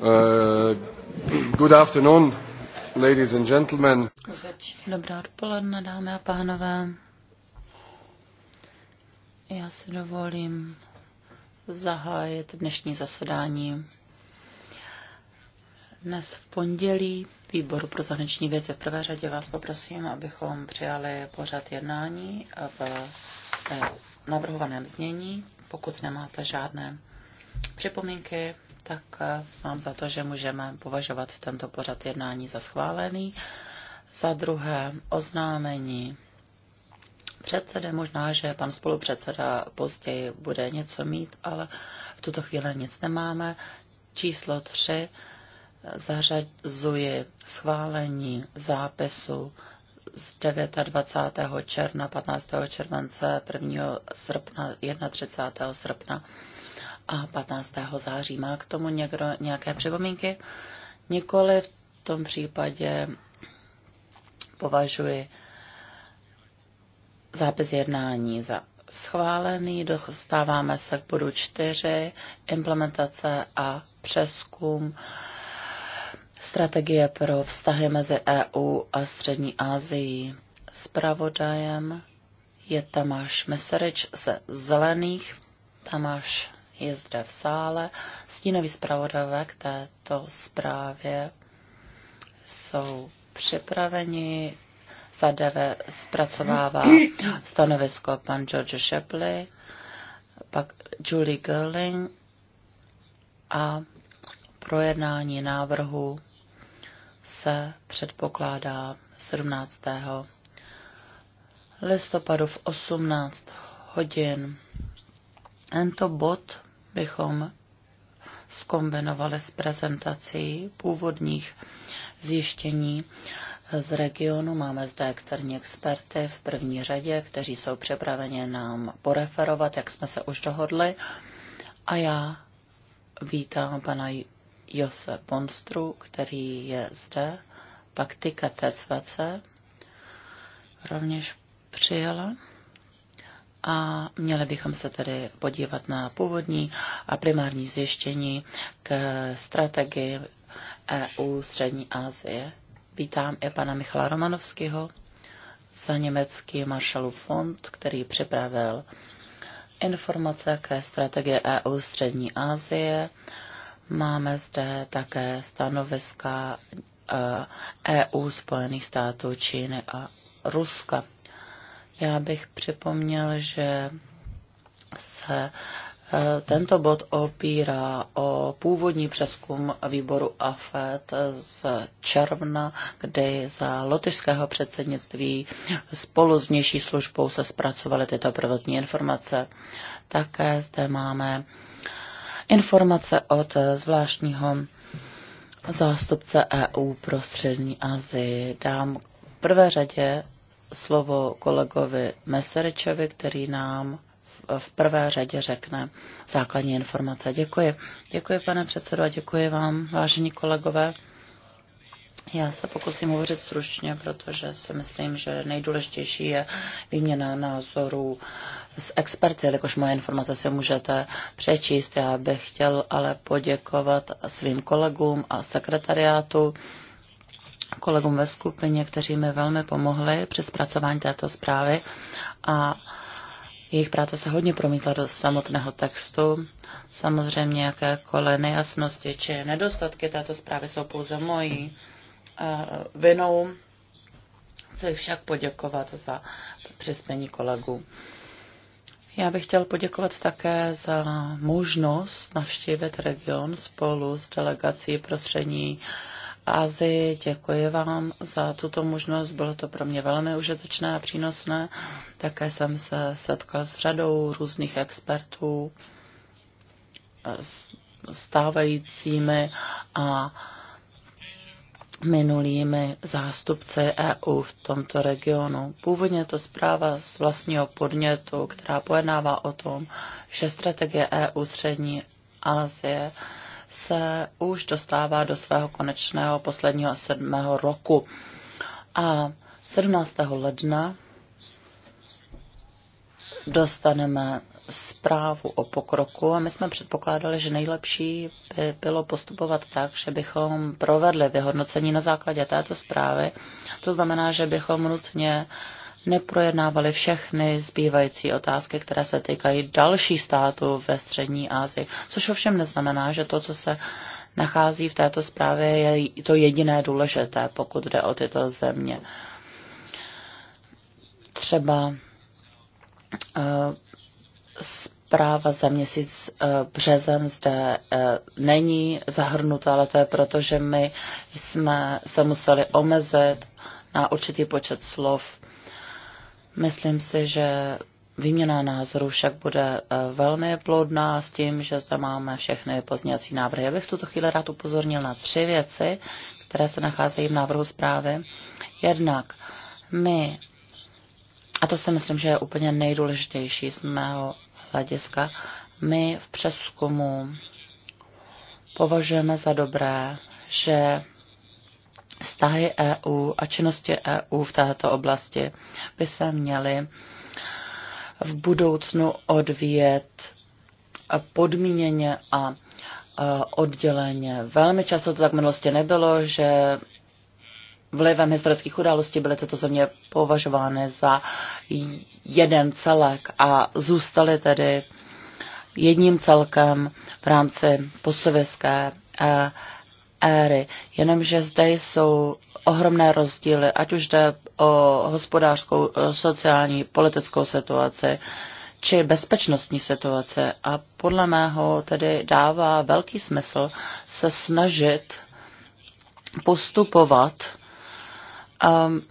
Uh, good afternoon, ladies and gentlemen. Dobré odpoledne, dámy a pánové. Já si dovolím zahájit dnešní zasedání. Dnes v pondělí výboru pro zahraniční věci. V prvé řadě vás poprosím, abychom přijali pořad jednání v eh, navrhovaném znění. Pokud nemáte žádné připomínky, tak eh, mám za to, že můžeme považovat tento pořad jednání za schválený. Za druhé oznámení předsedy, možná, že pan spolupředseda později bude něco mít, ale v tuto chvíli nic nemáme. Číslo tři zařazuji schválení zápisu z 29. června, 15. července, 1. srpna, 31. srpna a 15. září. Má k tomu někdo nějaké připomínky? Nikoli v tom případě považuji zápis jednání za schválený. Dostáváme se k bodu 4, implementace a přeskum strategie pro vztahy mezi EU a Střední Asií. Spravodajem je Tamáš Meserič ze Zelených. Tamáš, je zde v sále. Stínoví zpravodajové k této zprávě jsou připraveni. Zadeve zpracovává stanovisko pan George Shepley, pak Julie Girling a projednání návrhu se předpokládá 17. listopadu v 18 hodin. Tento bod bychom skombinovali s prezentací původních zjištění z regionu. Máme zde externí experty v první řadě, kteří jsou připraveni nám poreferovat, jak jsme se už dohodli. A já vítám pana Jose Bonstru, který je zde, pak Tika Tesvace rovněž přijela a měli bychom se tedy podívat na původní a primární zjištění k strategii EU Střední Asie. Vítám i pana Michala Romanovského za německý Marshallův fond, který připravil informace ke strategii EU Střední Asie. Máme zde také stanoviska EU, e Spojených států, Číny a Ruska. Já bych připomněl, že se eh, tento bod opírá o původní přeskum výboru AFET z června, kdy za lotyšského předsednictví spolu s vnější službou se zpracovaly tyto prvotní informace. Také zde máme informace od zvláštního zástupce EU pro střední Azii. Dám v prvé řadě slovo kolegovi Meserečovi, který nám v prvé řadě řekne základní informace. Děkuji. Děkuji, pane předsedo, a děkuji vám, vážení kolegové. Já se pokusím hovořit stručně, protože si myslím, že nejdůležitější je výměna názorů s experty, jelikož moje informace si můžete přečíst. Já bych chtěl ale poděkovat svým kolegům a sekretariátu kolegům ve skupině, kteří mi velmi pomohli při zpracování této zprávy a jejich práce se hodně promítla do samotného textu. Samozřejmě jakékoliv nejasnosti či nedostatky této zprávy jsou pouze mojí eh, vinou. Chci však poděkovat za přispění kolegů. Já bych chtěl poděkovat také za možnost navštívit region spolu s delegací prostřední uh, Azii. Děkuji vám za tuto možnost, bylo to pro mě velmi užitečné a přínosné. Také jsem se setkal s řadou různých expertů, stávajícími a minulými zástupci EU v tomto regionu. Původně to zpráva z vlastního podnětu, která pojednává o tom, že strategie EU střední Asie se už dostává do svého konečného posledního sedmého roku. A 17. ledna dostaneme zprávu o pokroku a my jsme předpokládali, že nejlepší by bylo postupovat tak, že bychom provedli vyhodnocení na základě této zprávy. To znamená, že bychom nutně uh, neprojednávali všechny zbývající otázky, které se týkají další států ve střední Asii. Což ovšem neznamená, že to, co se nachází v této zprávě, je to jediné důležité, pokud jde o tyto země. Třeba eh, zpráva za měsíc eh, březen zde eh, není zahrnuta, ale to je proto, že my jsme se museli omezit na určitý počet slov Myslím si, že výměna názorů však bude eh, velmi plodná s tím, že zde máme všechny pozměňovací návrhy. Já bych v tuto chvíli rád upozornil na tři věci, které se nacházejí v návrhu zprávy. Jednak my, a to si myslím, že je úplně nejdůležitější z mého hlediska, my v přeskumu považujeme za dobré, že vztahy EU a činnosti EU v této oblasti by se měly v budoucnu odvíjet podmíněně a e, odděleně. Velmi často to tak v minulosti nebylo, že vlivem historických událostí byly tyto země považovány za jeden celek a zůstaly tedy jedním celkem v rámci posovětské e, éry, jenomže zde jsou ohromné rozdíly, ať už jde o hospodářskou, e, sociální, politickou situaci či bezpečnostní situace. A podle mého tedy dává velký smysl se snažit postupovat um,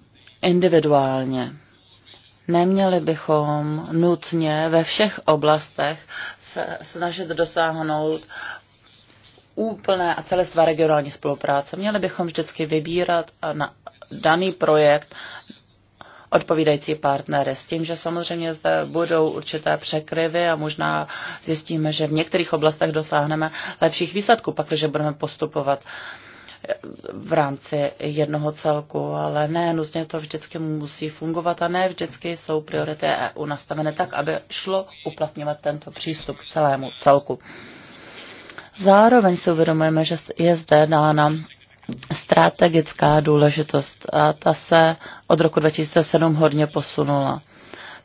individuálně. Neměli bychom nutně ve všech oblastech se snažit dosáhnout úplné a celestvá regionální spolupráce. Měli bychom vždycky vybírat na daný projekt odpovídající partnery. S tím, že samozřejmě zde budou určité překryvy a možná zjistíme, že v některých oblastech dosáhneme lepších výsledků, pak, když budeme postupovat v rámci jednoho celku, ale ne, nutně to vždycky musí fungovat a ne vždycky jsou priority EU nastavené tak, aby šlo uplatňovat tento přístup celému celku. Zároveň si uvědomujeme, že je zde dána strategická důležitost a ta se od roku 2007 hodně posunula.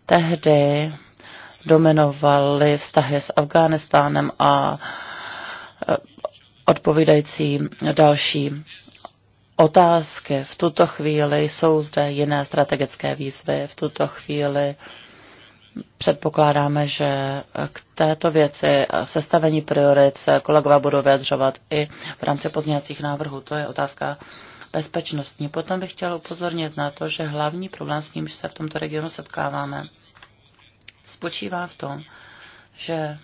Tehdy dominovaly vztahy s Afghánistánem a e, odpovídající další otázky. V tuto chvíli jsou zde jiné strategické výzvy, v tuto chvíli Předpokládáme, že k této věci sestavení priorit se kolegové budou vyjadřovat i v rámci pozměňovacích návrhů. To je otázka bezpečnostní. Potom bych chtěla upozornit na to, že hlavní problém, s nímž se v tomto regionu setkáváme, spočívá v tom, že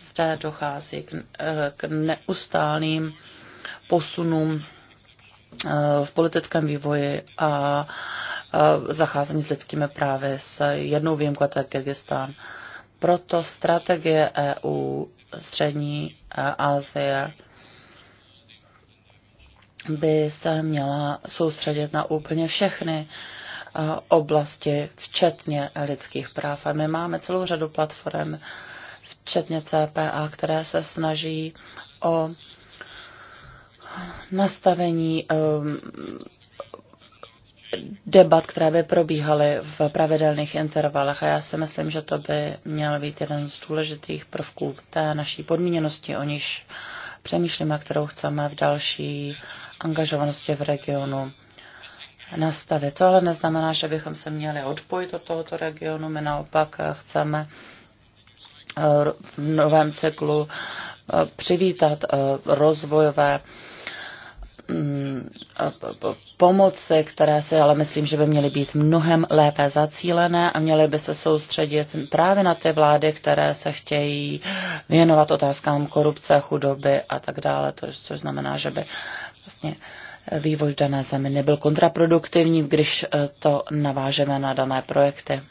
zde dochází k, k neustálým posunům eh, v politickém vývoji a Eh, zacházení s lidskými právy s jednou výjimkou, to je Kyrgyzstán. Proto strategie EU, střední eh, Asie, by se měla soustředit na úplně všechny eh, oblasti, včetně lidských práv. A my máme celou řadu platform, včetně CPA, které se snaží o nastavení debat, které by probíhaly v pravidelných intervalech. A já si myslím, že to by měl být jeden z důležitých prvků té naší podmíněnosti, o níž přemýšlíme, kterou chceme v další angažovanosti v regionu nastavit. To ale neznamená, že bychom se měli odpojit od tohoto regionu. My naopak chceme eh, v novém cyklu eh, přivítat eh, rozvojové Mm, pomoci, které si ale myslím, že by měly být mnohem lépe zacílené a měly by se soustředit právě na ty vlády, které se chtějí věnovat otázkám korupce, chudoby a tak dále, to, což znamená, že by vlastně vývoj v dané zemi nebyl kontraproduktivní, když eh, to navážeme na dané projekty.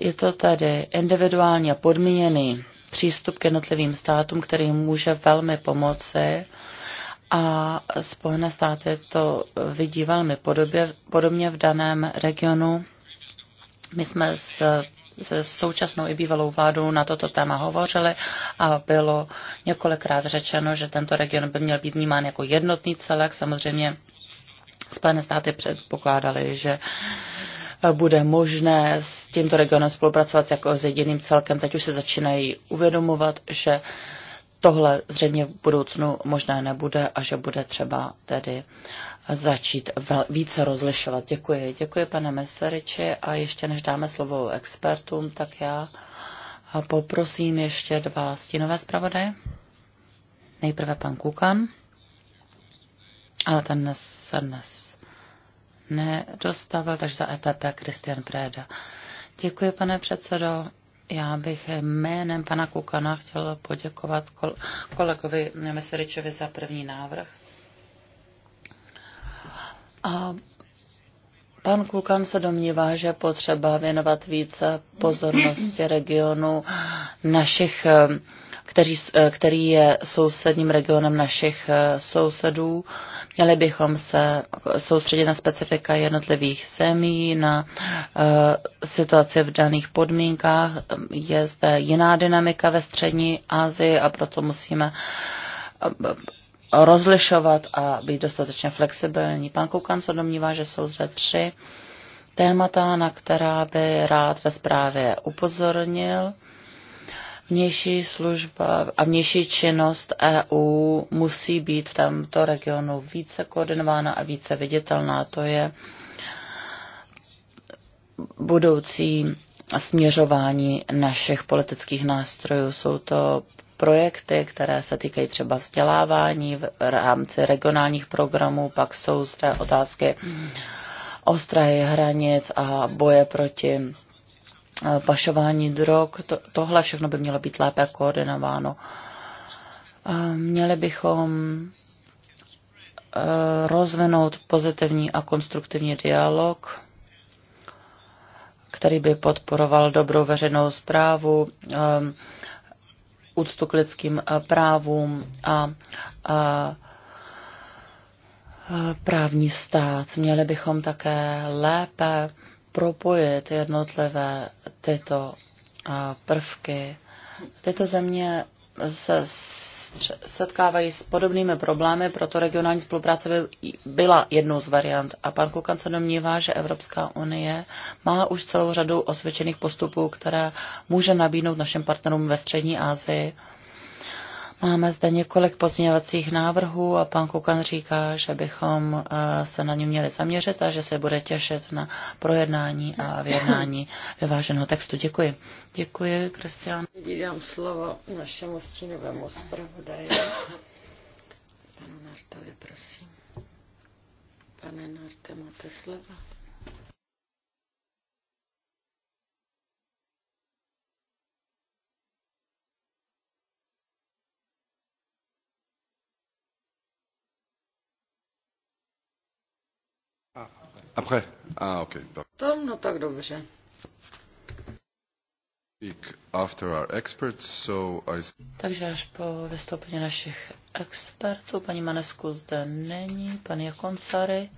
Je to tedy individuálně podmíněný přístup k jednotlivým státům, který může velmi pomoci a Spojené státy to vidí velmi podobě, podobně v daném regionu. My jsme s se současnou i bývalou vládou na toto téma hovořili a bylo několikrát řečeno, že tento region by měl být vnímán jako jednotný celek. Samozřejmě Spojené státy předpokládali, že bude možné s tímto regionem spolupracovat jako s jediným celkem. Teď už se začínají uvědomovat, že uh, tohle zřejmě v budoucnu možná nebude a že bude třeba tedy začít více rozlišovat. Děkuji. Děkuji, pane Meseriči. A ještě než dáme slovo expertům, tak já poprosím ještě dva stínové zpravodaje. Nejprve pan Kukan, ale ten dnes se dnes nedostavil, takže za EPP Kristian Preda. Děkuji, pane předsedo. Já bych jménem pana Kukana chtěl poděkovat kolegovi Meseričovi za první návrh. A Pan Kukan se domnívá, že potřeba věnovat více pozornosti regionu našich eh, kteří, eh, který je sousedním regionem našich eh, sousedů. Měli bychom se soustředit na specifika jednotlivých zemí, na eh, situaci v daných podmínkách. Je zde jiná dynamika ve střední Asii a proto musíme rozlišovat a být dostatečně flexibilní. Pan Koukan se domnívá, že jsou zde tři témata, na která by rád ve zprávě upozornil. Vnější služba a vnější činnost EU musí být v tomto regionu více koordinována a více viditelná. To je budoucí směřování našich politických nástrojů. Jsou to projekty, které se týkají třeba vzdělávání v rámci regionálních programů, pak jsou zde otázky ostrahy hranic a boje proti Eh, pašování drog, to, tohle všechno by mělo být lépe koordinováno. Eh, měli bychom eh, rozvinout pozitivní a konstruktivní dialog, který by podporoval dobrou veřejnou zprávu, úctu k lidským právům a, a právní stát. Měli bychom také lépe propojit jednotlivé tyto prvky. Tyto země se setkávají s podobnými problémy, proto regionální spolupráce by byla jednou z variant. A pan Kukan se domnívá, že Evropská unie má už celou řadu osvědčených postupů, které může nabídnout našim partnerům ve Střední Asii Máme zde několik pozměňovacích návrhů a pan Kukan říká, že bychom eh, se na ně měli zaměřit a že se bude těšit na projednání a vyjednání vyváženého textu. Děkuji. Děkuji, Kristián. Dám slovo našemu stínovému zpravodaji. Panu Nartovi, prosím. Pane Narte, máte slovo. Après. Ah, ok. To, no tak dobře. After our experts, so I... Takže až po vystoupení našich expertů, paní Manesku zde není, paní Jakoncary.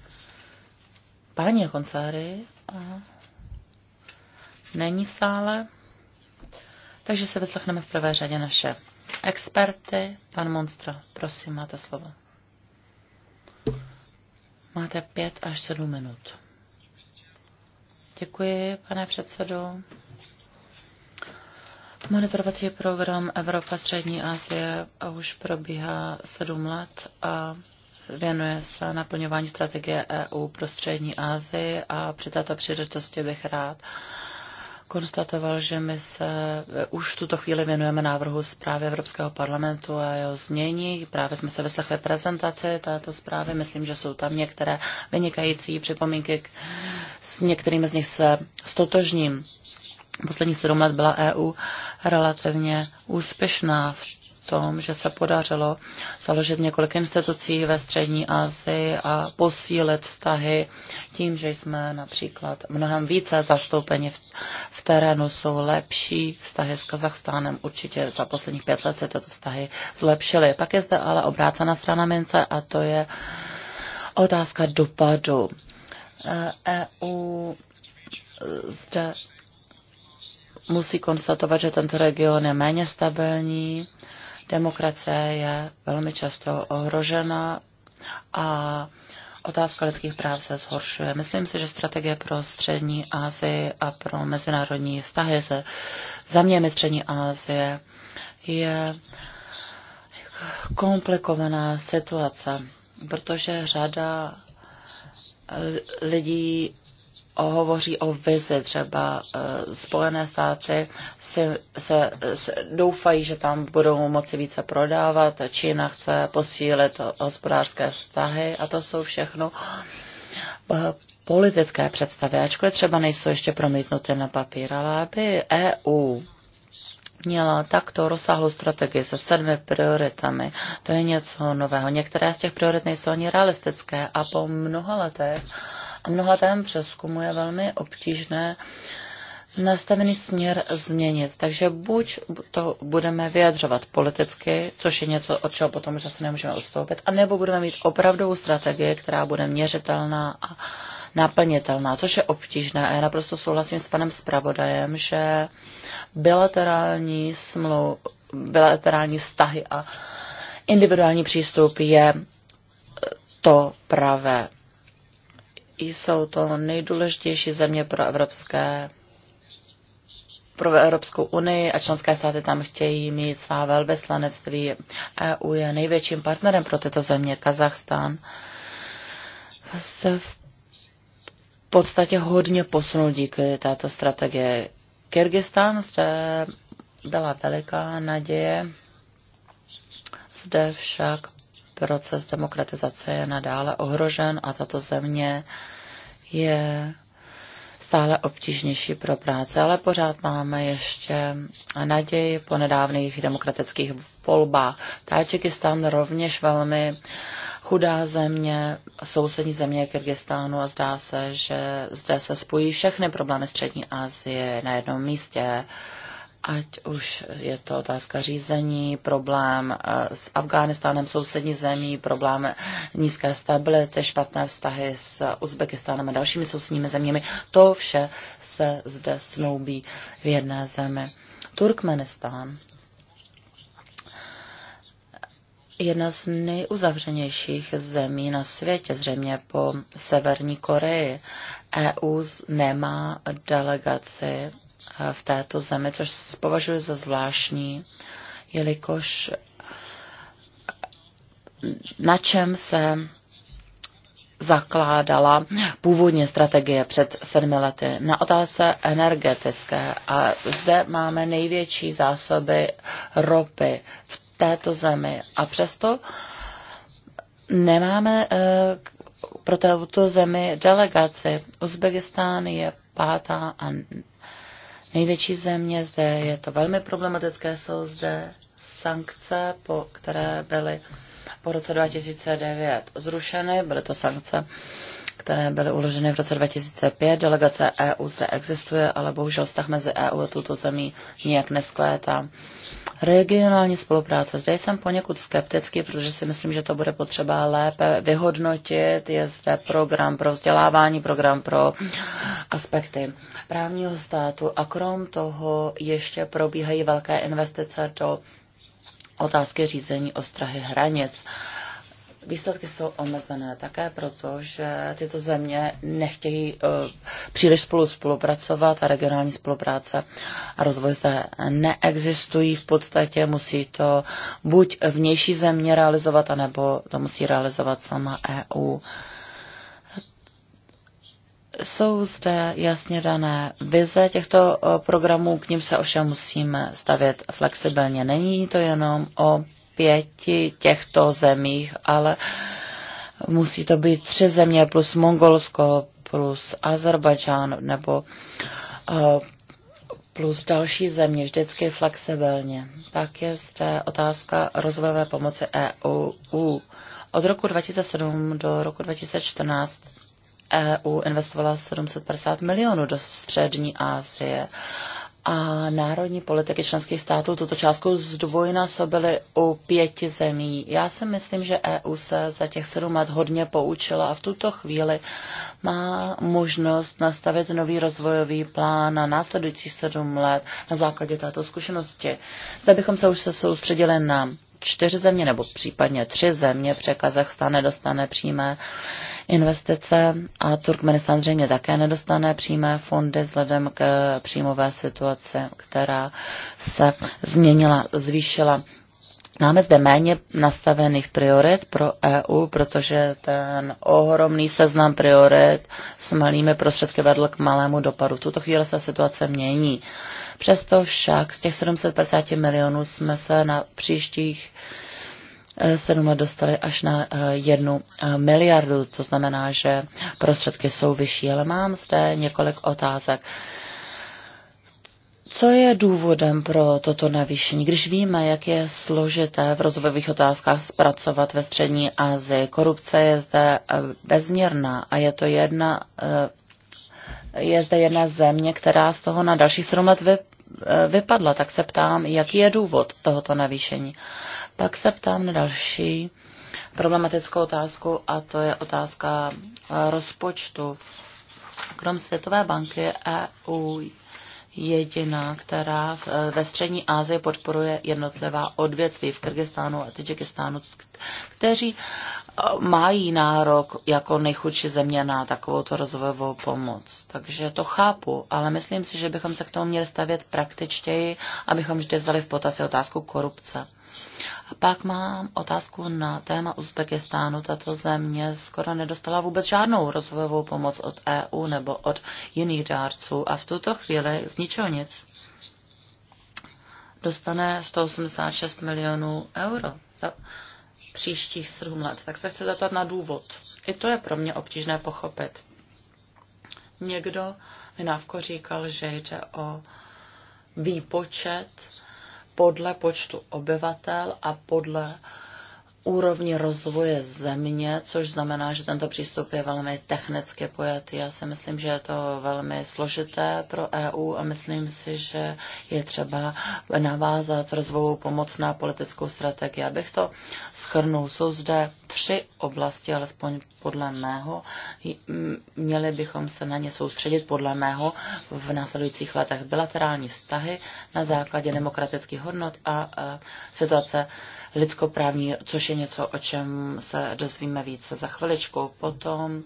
paní Jakoncary, není v sále, takže se vyslechneme v prvé řadě naše experty. Pan Monstra, prosím, máte slovo. Máte pět až sedm minut. Děkuji, pane předsedo. Monitorovací program Evropa Střední Asie už probíhá sedm let a věnuje se naplňování strategie EU pro Střední Asii a při této příležitosti bych rád konstatoval, že my se eh, už v tuto chvíli věnujeme návrhu zprávy Evropského parlamentu a jeho změní. Právě jsme se vyslechli prezentaci této zprávy. Myslím, že jsou tam některé vynikající připomínky. S některými z nich se stotožním. Poslední sedm let byla EU relativně úspěšná v tom, že se podařilo založit několik institucí ve střední Asii a posílit vztahy tím, že jsme například mnohem více zastoupeni v, v terénu, jsou lepší vztahy s Kazachstánem. Určitě za posledních pět let se tyto vztahy zlepšily. Pak je zde ale obrácená strana mince a to je otázka dopadu. EU e zde musí konstatovat, že tento region je méně stabilní, Demokracie je velmi často ohrožena a otázka lidských práv se zhoršuje. Myslím si, že strategie pro střední Asii a pro mezinárodní vztahy se zaměmi střední Asie je komplikovaná situace, protože řada lidí hovoří o vizi. Třeba eh, Spojené státy si, se, se doufají, že tam budou moci více prodávat, Čína chce posílit hospodářské vztahy a to jsou všechno eh, politické představy, ačkoliv třeba nejsou ještě promítnuty na papír, ale aby EU měla takto rozsáhlou strategii se sedmi prioritami. To je něco nového. Některé z těch priorit nejsou ani realistické a po mnoha letech a mnohatém přeskumu je velmi obtížné nastavený směr změnit. Takže buď to budeme vyjadřovat politicky, což je něco, od čeho potom už zase nemůžeme odstoupit, anebo budeme mít opravdovou strategii, která bude měřitelná a naplnitelná, což je obtížné. A já naprosto souhlasím s panem zpravodajem, že bilaterální smlou, bilaterální vztahy a individuální přístup je to pravé jsou to nejdůležitější země pro evropské pro Evropskou unii a členské státy tam chtějí mít svá velvyslanectví. EU je největším partnerem pro tyto země. Kazachstán se v podstatě hodně posunul díky této strategii. Kyrgyzstán zde byla veliká naděje. Zde však Proces demokratizace je nadále ohrožen a tato země je stále obtížnější pro práce, ale pořád máme ještě naději po nedávných demokratických volbách. Tajikistán rovněž velmi chudá země, sousední země Kyrgyzstánu a zdá se, že zde se spojí všechny problémy Střední Asie na jednom místě. Ať už je to otázka řízení, problém eh, s Afghánistánem, sousední zemí, problém nízké stability, špatné vztahy s Uzbekistánem a dalšími sousedními zeměmi, to vše se zde snoubí v jedné zemi. Turkmenistán jedna z nejuzavřenějších zemí na světě, zřejmě po Severní Koreji. EU nemá delegaci v této zemi, což považuji za zvláštní, jelikož na čem se zakládala původně strategie před sedmi lety na otázce energetické. A zde máme největší zásoby ropy v této zemi. A přesto nemáme eh, pro tuto zemi delegaci. Uzbekistán je pátá a největší země, zde je to velmi problematické, jsou zde sankce, po, které byly po roce 2009 zrušeny, byly to sankce které byly uloženy v roce 2005. Delegace EU zde existuje, ale bohužel vztah mezi EU a tuto zemí nijak neskvétá. Regionální spolupráce. Zde jsem poněkud skeptický, protože si myslím, že to bude potřeba lépe vyhodnotit. Je zde program pro vzdělávání, program pro aspekty právního státu a krom toho ještě probíhají velké investice do otázky řízení ostrahy hranic. Uh, Výsledky jsou omezené také proto, že tyto země nechtějí eh, příliš spolu spolupracovat a regionální spolupráce a rozvoj zde neexistují. V podstatě musí to buď vnější země realizovat, anebo to musí realizovat sama EU. Jsou zde jasně dané vize těchto eh, programů, k ním se ovšem musíme stavět flexibilně. Není to jenom o pěti těchto zemích, ale musí to být tři země plus Mongolsko, plus Azerbajdžán nebo eh, plus další země, vždycky flexibilně. Pak je zde otázka rozvojové pomoci EU. Od roku 2007 do roku 2014 EU investovala 750 milionů do střední Asie a národní politiky členských států tuto částku zdvojnásobily u pěti zemí. Já si myslím, že EU se za těch sedm let hodně poučila a v tuto chvíli má možnost nastavit nový rozvojový plán na následujících sedm let na základě této zkušenosti. Zde bychom se už se soustředili na čtyři země nebo případně tři země, protože Kazachstán nedostane přímé investice a Turkmenistán zřejmě také nedostane přímé fondy vzhledem k příjmové situaci, která se změnila, zvýšila Máme zde méně nastavených priorit pro EU, protože ten ohromný seznam priorit s malými prostředky vedl k malému dopadu. tuto chvíli se situace mění. Přesto však z těch 750 milionů jsme se na příštích eh, sedm let dostali až na eh, jednu eh, miliardu, to znamená, že prostředky jsou vyšší, ale mám zde několik otázek. Co je důvodem pro toto navýšení, když víme, jak je složité v rozvojových otázkách zpracovat ve střední Asii? Korupce je zde eh, bezměrná a je to jedna, eh, je zde jedna země, která z toho na další sedm let vy, eh, vypadla. Tak se ptám, jaký je důvod tohoto navýšení. Pak se ptám na další problematickou otázku a to je otázka rozpočtu. Krom Světové banky EU jediná, která eh, ve střední Asii podporuje jednotlivá odvětví v Kyrgyzstánu a Tadžikistánu, kteří eh, mají nárok jako nejchudší země na takovou rozvojovou pomoc. Takže to chápu, ale myslím si, že bychom se k tomu měli stavět praktičtěji, abychom vždy vzali v potaz otázku korupce. A pak mám otázku na téma Uzbekistánu. Tato země skoro nedostala vůbec žádnou rozvojovou pomoc od EU nebo od jiných dárců a v tuto chvíli z ničeho nic dostane 186 milionů euro za příštích 7 let. Tak se chci zeptat na důvod. I to je pro mě obtížné pochopit. Někdo mi návko říkal, že jde o výpočet podle počtu obyvatel a podle úrovni rozvoje země, což znamená, že tento přístup je velmi technicky pojatý. Já si myslím, že je to velmi složité pro EU a myslím si, že je třeba navázat rozvojovou pomoc na politickou strategii. Abych to schrnul, jsou zde tři oblasti, alespoň podle mého. Měli bychom se na ně soustředit podle mého v následujících letech. Bilaterální vztahy na základě demokratických hodnot a e, situace lidskoprávní, což je ještě něco, o čem se dozvíme více za chviličku. Potom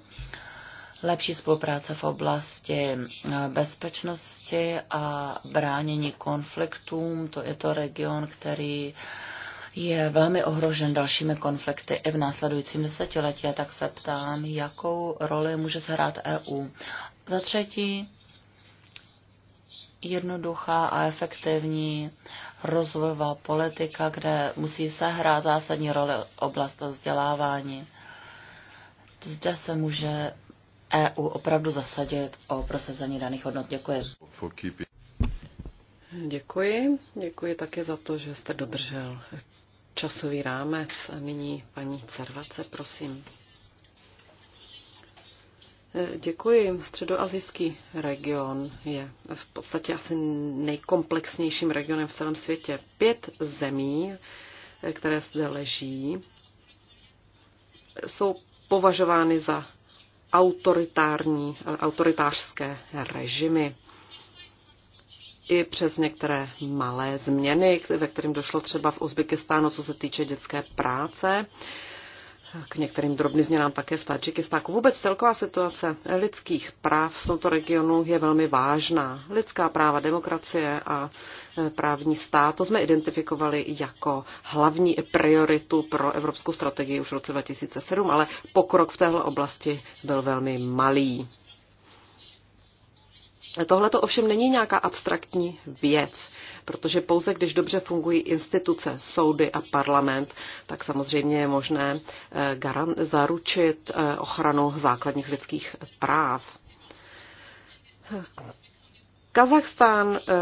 lepší spolupráce v oblasti eh, bezpečnosti a bránění konfliktům. To je to region, který je velmi ohrožen dalšími konflikty i v následujícím desetiletí, tak se ptám, jakou roli může zhrát EU. Za třetí, jednoduchá a efektivní rozvojová politika, kde musí hrát zásadní roli oblast vzdělávání. Zde se může EU opravdu zasadit o prosazení daných hodnot. Děkuji. Děkuji. Děkuji také za to, že jste dodržel časový rámec. A nyní paní Cervace, prosím. Děkuji. Středoazijský region je v podstatě asi nejkomplexnějším regionem v celém světě. Pět zemí, které zde leží, jsou považovány za autoritární, autoritářské režimy. I přes některé malé změny, ve kterým došlo třeba v Uzbekistánu, co se týče dětské práce, k některým drobným změnám také v Tadžikistáku. Vůbec celková situace lidských práv v tomto regionu je velmi vážná. Lidská práva, demokracie a e, právní stát, to jsme identifikovali jako hlavní prioritu pro evropskou strategii už v roce 2007, ale pokrok v téhle oblasti byl velmi malý. Tohle to ovšem není nějaká abstraktní věc, protože pouze když dobře fungují instituce, soudy a parlament, tak samozřejmě je možné eh, zaručit eh, ochranu základních lidských práv. Kazachstán eh,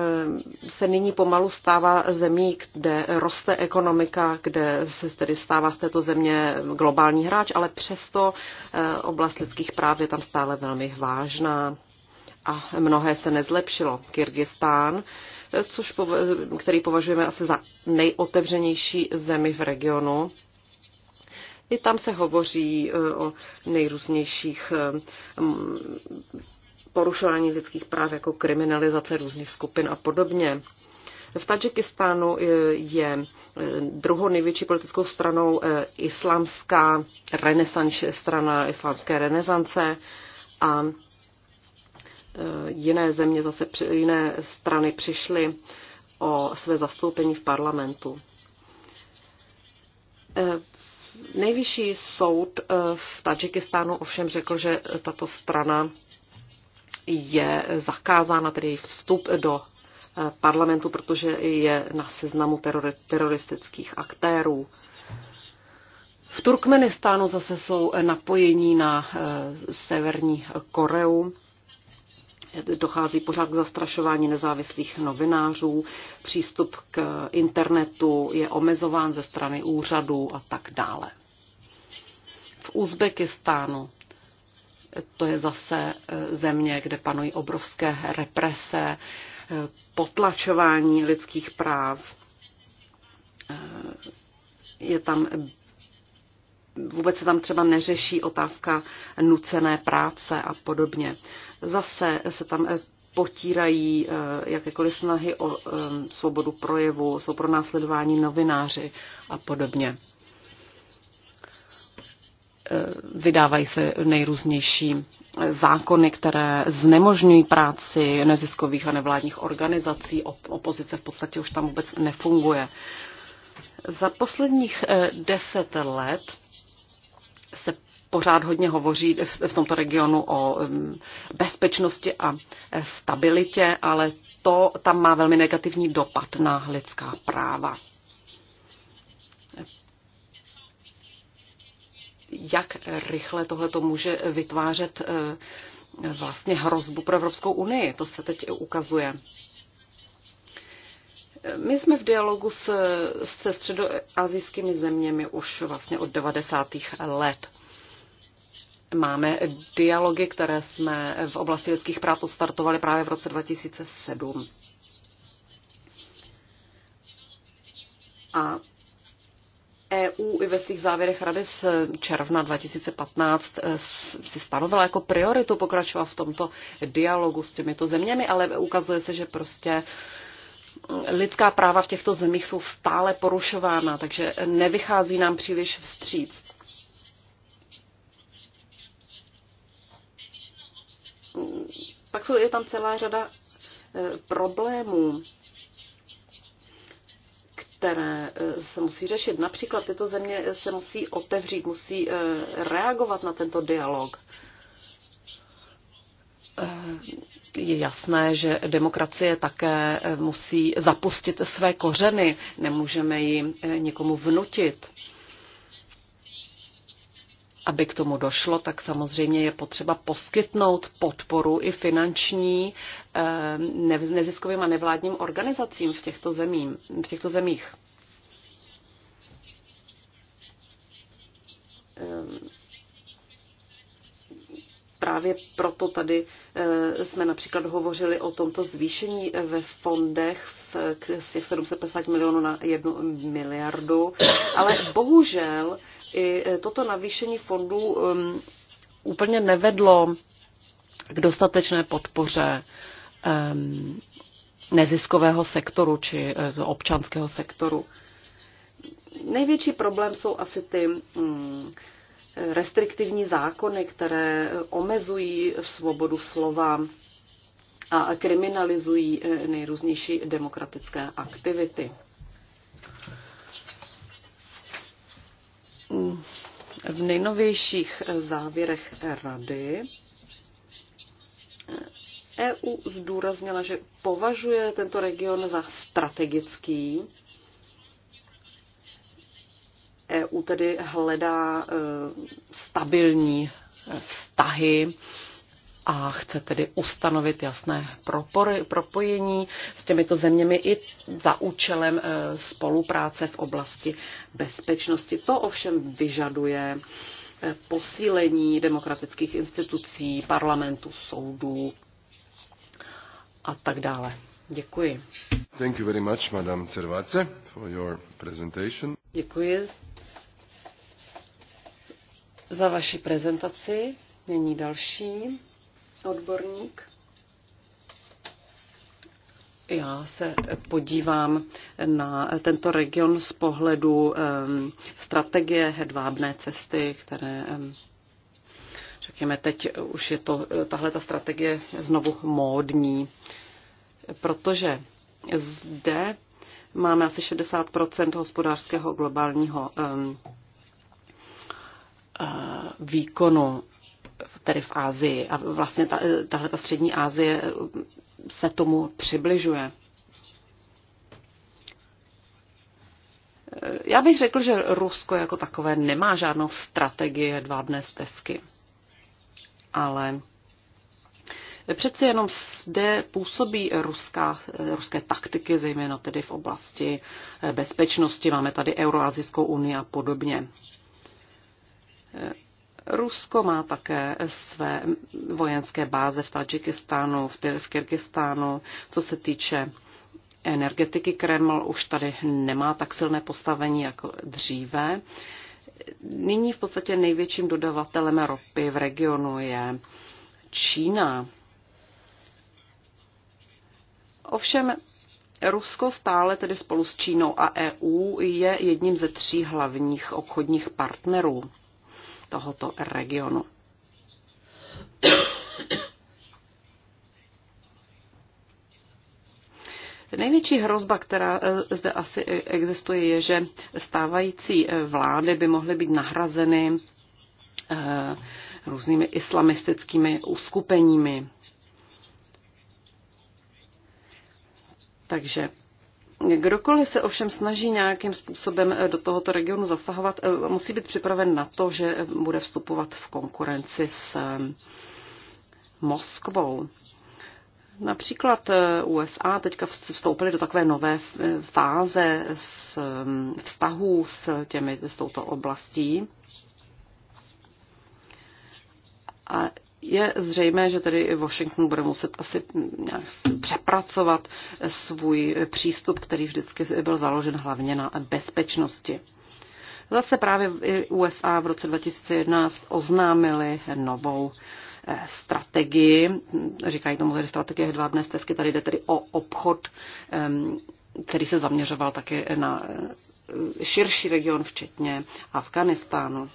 se nyní pomalu stává zemí, kde roste ekonomika, kde se tedy stává z této země globální hráč, ale přesto oblast lidských práv je tam stále velmi vážná a mnohé se nezlepšilo. Kyrgyzstán, což pov- který považujeme asi za nejotevřenější zemi v regionu, i tam se hovoří e, o nejrůznějších e, porušování lidských práv jako kriminalizace různých skupin a podobně. V Tadžikistánu e, je druhou největší politickou stranou islámská renesanč, strana islámské renesance a Eh, jiné země, zase jiné strany přišly o své zastoupení v parlamentu. Eh, nejvyšší soud eh, v Tadžikistánu ovšem řekl, že tato strana je zakázána, tedy její vstup do parlamentu, protože je na seznamu teroristických aktérů. V Turkmenistánu zase jsou napojení na Severní Koreu dochází pořád k zastrašování nezávislých novinářů, přístup k internetu je omezován ze strany úřadů a tak dále. V Uzbekistánu to je zase e, země, kde panují obrovské represe, e, potlačování lidských práv. E, je tam vůbec se tam třeba neřeší otázka nucené práce a podobně. Zase se tam eh, potírají eh, jakékoliv snahy o eh, svobodu projevu, jsou pro následování novináři a podobně. Vydávají se nejrůznější zákony, které znemožňují práci neziskových a nevládních organizací. Opozice v podstatě už tam vůbec nefunguje. Za posledních deset let se pořád hodně hovoří v tomto regionu o bezpečnosti a stabilitě, ale to tam má velmi negativní dopad na lidská práva. Jak rychle tohle to může vytvářet eh, vlastně hrozbu pro Evropskou unii? To se teď ukazuje. My jsme v dialogu s, se středoazijskými zeměmi už vlastně od 90. let. Máme dialogy, které jsme v oblasti lidských práv odstartovali právě v roce 2007. A EU i ve svých závěrech Rady z června 2015 si stanovila jako prioritu pokračovat v tomto dialogu s těmito zeměmi, ale ukazuje se, že prostě lidská práva v těchto zemích jsou stále porušována, takže nevychází nám příliš vstříc. Pak jsou, je tam celá řada e, problémů, které e, se musí řešit. Například tyto země se musí otevřít, musí e, reagovat na tento dialog. Je jasné, že demokracie také musí zapustit své kořeny, nemůžeme ji někomu vnutit aby k tomu došlo, tak samozřejmě je potřeba poskytnout podporu i finanční eh, neziskovým a nevládním organizacím v těchto, zemím, v těchto zemích. Eh, právě proto tady eh, jsme například hovořili o tomto zvýšení ve fondech z těch 750 milionů na 1 miliardu, ale bohužel i eh, toto navýšení fondů ehm, úplně nevedlo k dostatečné podpoře ehm, neziskového sektoru či eh, občanského sektoru. Největší problém jsou asi ty mm, restriktivní zákony, které omezují svobodu slova a kriminalizují eh, nejrůznější demokratické aktivity. V nejnovějších eh, závěrech Rady EU eh, e zdůraznila, že považuje tento region za strategický EU tedy hledá e, stabilní e, vztahy a chce tedy ustanovit jasné propojení s těmito zeměmi i za účelem e, spolupráce v oblasti bezpečnosti. To ovšem vyžaduje posílení demokratických institucí, parlamentu, soudů a tak dále. Děkuji. Thank you very much, Madame Cervace, for your presentation. Děkuji za vaši prezentaci. Není další odborník. Já se podívám na tento region z pohledu ehm, strategie hedvábné cesty, které, ehm, řekněme, teď už je to, eh, tahle ta strategie znovu módní protože zde máme asi 60 hospodářského globálního eh, výkonu tedy v Ázii. A vlastně ta, tahle ta střední Asie eh, se tomu přibližuje. Eh, já bych řekl, že Rusko jako takové nemá žádnou strategii dvábné stezky. Ale Přeci jenom zde působí ruská, ruské taktiky, zejména tedy v oblasti eh, bezpečnosti. Máme tady Euroazijskou unii a podobně. Eh, Rusko má také své vojenské báze v Tadžikistánu, v, v Kyrgyzstánu. Co se týče energetiky, Kreml už tady nemá tak silné postavení jako dříve. Nyní v podstatě největším dodavatelem ropy v regionu je Čína. Ovšem Rusko stále tedy spolu s Čínou a EU je jedním ze tří hlavních obchodních partnerů tohoto regionu. Největší hrozba, která eh, zde asi existuje, je, že stávající eh, vlády by mohly být nahrazeny eh, různými islamistickými uskupeními. Takže kdokoliv se ovšem snaží nějakým způsobem eh, do tohoto regionu zasahovat, eh, musí být připraven na to, že eh, bude vstupovat v konkurenci s Moskvou. Například USA teďka vstoupily do takové nové fáze s vztahů s, těmi, s touto oblastí. A je zřejmé, že tedy Washington bude muset asi nějak přepracovat svůj přístup, který vždycky byl založen hlavně na bezpečnosti. Zase právě USA v roce 2011 oznámili novou eh, strategii, říkají tomu tedy strategie dnes stezky, tady jde tedy o obchod, ehm, který se zaměřoval také na eh, širší region, včetně Afganistánu.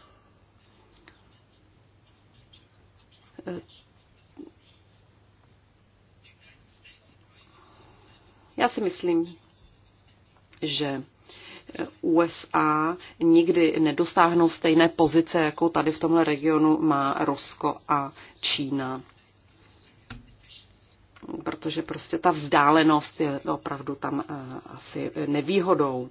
Já si myslím, že USA nikdy nedostáhnou stejné pozice, jako tady v tomhle regionu má Rusko a Čína. Protože prostě ta vzdálenost je opravdu tam eh, asi nevýhodou.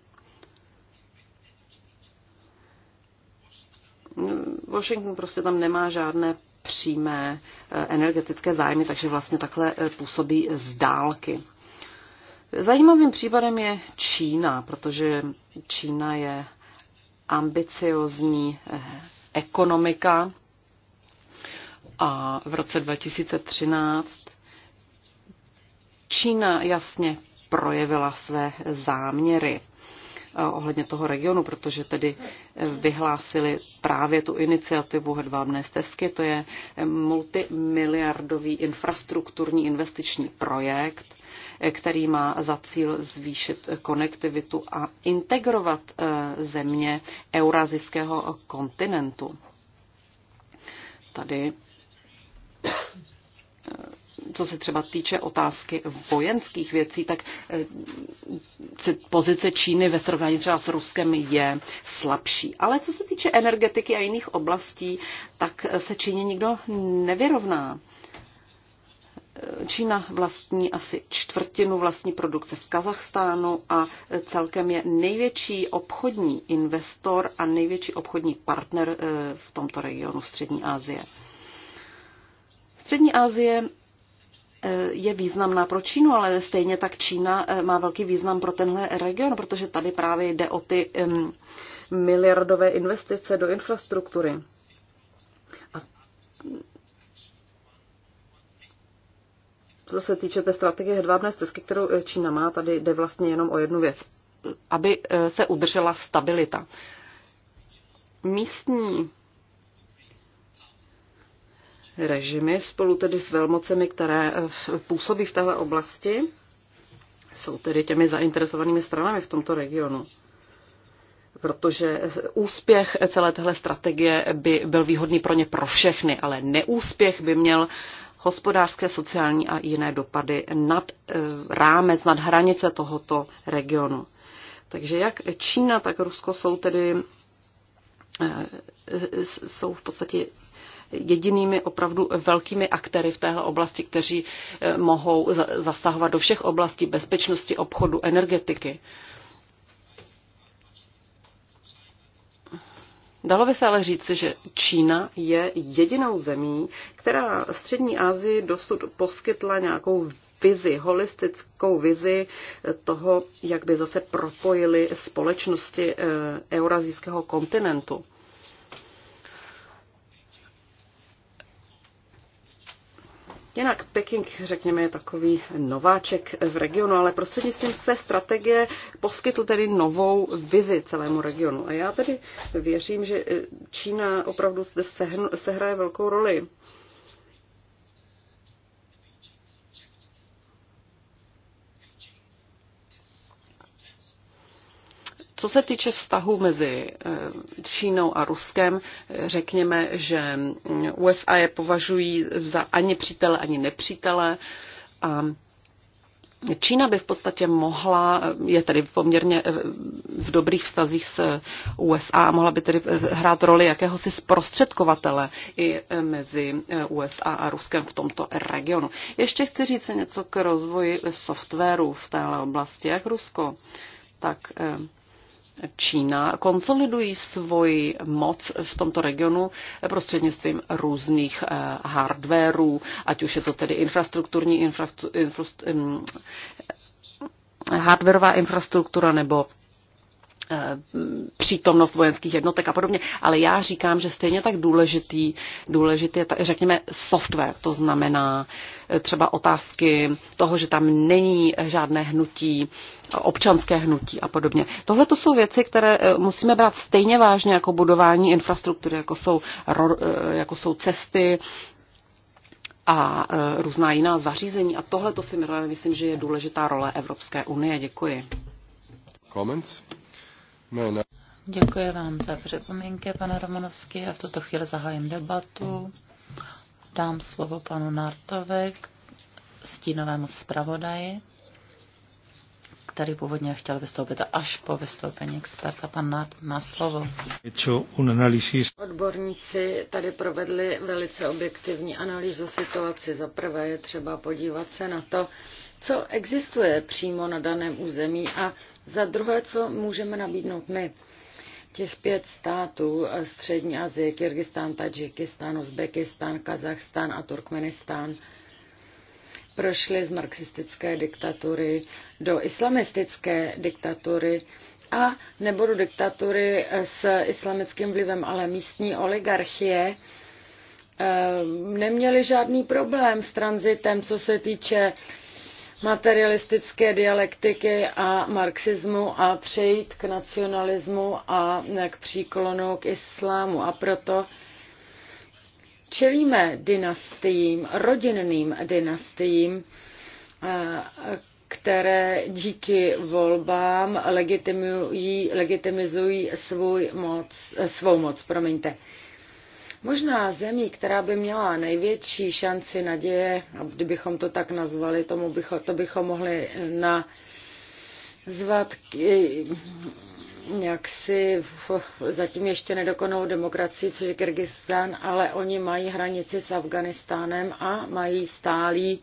Washington prostě tam nemá žádné přímé eh, energetické zájmy, takže vlastně takhle eh, působí z dálky. Zajímavým případem je Čína, protože Čína je ambiciozní eh, ekonomika a v roce 2013 Čína jasně projevila své záměry ohledně toho regionu, protože tedy vyhlásili právě tu iniciativu Hedvábné stezky. To je multimiliardový infrastrukturní investiční projekt, který má za cíl zvýšit konektivitu a integrovat eh, země eurazijského kontinentu. Tady eh, co se třeba týče otázky vojenských věcí, tak eh, pozice Číny ve srovnání třeba s Ruskem je slabší. Ale co se týče energetiky a jiných oblastí, tak eh, se Číně nikdo nevyrovná. Eh, Čína vlastní asi čtvrtinu vlastní produkce v Kazachstánu a celkem je největší obchodní investor a největší obchodní partner v tomto regionu Střední Asie. Střední Asie Eh, je významná pro Čínu, ale stejně tak Čína eh, má velký význam pro tenhle region, protože tady právě jde o ty miliardové investice do infrastruktury. A co se týče té strategie hedvábné stezky, kterou eh, Čína má, tady jde vlastně jenom o jednu věc. Aby se udržela stabilita. Místní režimy spolu tedy s velmocemi, které eh, působí v této oblasti, jsou tedy těmi zainteresovanými stranami v tomto regionu. Protože eh, úspěch celé téhle strategie by byl výhodný pro ně pro všechny, ale neúspěch by měl hospodářské, sociální a jiné dopady nad eh, rámec, nad hranice tohoto regionu. Takže jak Čína, tak Rusko jsou tedy jsou v podstatě jedinými opravdu velkými aktéry v téhle oblasti, kteří eh, mohou zasahovat do všech oblastí bezpečnosti, obchodu, energetiky. Dalo by se ale říci, že Čína je jedinou zemí, která Střední Asii dosud poskytla nějakou vizi, holistickou vizi eh, toho, jak by zase propojili společnosti eh, eurazijského kontinentu. Jinak Peking, řekněme, je takový nováček v regionu, ale prostřednictvím své strategie poskytl tedy novou vizi celému regionu. A já tedy věřím, že eh, Čína opravdu zde sehraje velkou roli. Co se týče vztahu mezi eh, Čínou a Ruskem, eh, řekněme, že USA je považují za ani přítele, ani nepřítele. A Čína by v podstatě mohla, eh, je tedy poměrně v dobrých vztazích s USA a mohla by tedy hrát roli jakéhosi zprostředkovatele i mezi USA a Ruskem v tomto regionu. Ještě chci říct něco k rozvoji softwaru v téhle oblasti, jak Rusko, tak Čína konsolidují svoji moc v tomto regionu prostřednictvím různých eh, hardwareů, ať už je to tedy infrastrukturní infrastru, infrastru, mm, hardwareová infrastruktura nebo přítomnost vojenských jednotek a podobně. Ale já říkám, že stejně tak důležitý, důležitý je, řekněme, software. To znamená eh, třeba otázky toho, že tam není žádné hnutí, občanské hnutí a podobně. Tohle to jsou věci, které eh, musíme brát stejně vážně jako budování infrastruktury, jako jsou, eh, jako jsou cesty, a různá jiná zařízení. A tohle to si myslím, že je důležitá role Evropské unie. Děkuji. Comments? Děkuji vám za připomínky, pane Romanovský. A v tuto chvíli zahájím debatu. Dám slovo panu Nartovi, stínovému zpravodaji, který původně chtěl vystoupit až po vystoupení experta. Pan Nart má slovo. Odborníci tady provedli velice objektivní analýzu situaci. Za prvé je třeba podívat se na to, co existuje přímo na daném území a za druhé, co můžeme nabídnout my. Těch pět států eh, Střední Asie, Kyrgyzstán, Tadžikistán, Uzbekistán, Kazachstán a Turkmenistán prošly z marxistické diktatury do islamistické diktatury a nebo do diktatury eh, s islamickým vlivem, ale místní oligarchie eh, neměli žádný problém s tranzitem, co se týče materialistické dialektiky a marxismu a přejít k nacionalismu a k příklonu k islámu. A proto čelíme dynastiím, rodinným dynastiím, které díky volbám legitimizují svůj moc, svou moc. Promiňte. Možná zemí, která by měla největší šanci naděje, a kdybychom to tak nazvali, tomu bychom, to bychom mohli eh, nazvat eh, si zatím ještě nedokonou demokracii, což je Kyrgyzstán, ale oni mají hranici s Afganistánem a mají stálý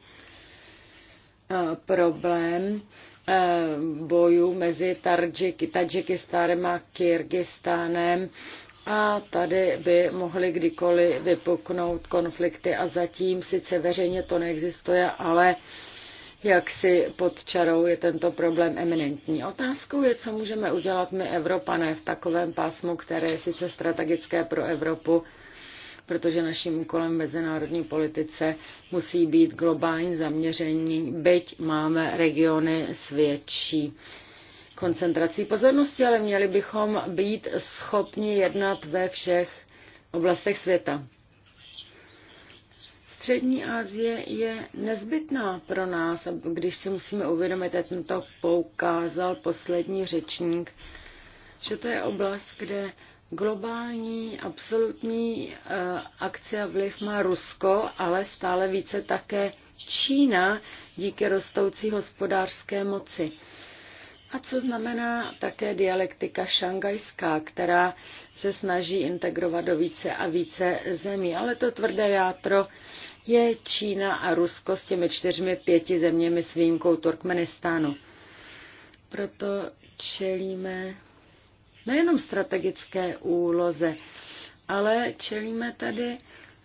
eh, problém bojů mezi Tadžikistánem a Kyrgyzstánem a tady by mohly kdykoliv vypuknout konflikty a zatím sice veřejně to neexistuje, ale jak si pod čarou je tento problém eminentní. Otázkou je, co můžeme udělat my Evropané v takovém pásmu, které je sice strategické pro Evropu, protože naším úkolem v mezinárodní politice musí být globální zaměření, byť máme regiony s větší koncentrací pozornosti, ale měli bychom být schopni jednat ve všech oblastech světa. Střední Asie je nezbytná pro nás, když si musíme uvědomit, jak to poukázal poslední řečník, že to je oblast, kde globální absolutní eh, akce a vliv má Rusko, ale stále více také Čína díky rostoucí hospodářské moci. A co znamená také dialektika šangajská, která se snaží integrovat do více a více zemí. Ale to tvrdé játro je Čína a Rusko s těmi čtyřmi pěti zeměmi s výjimkou Turkmenistánu. Proto čelíme nejenom strategické úloze, ale čelíme tady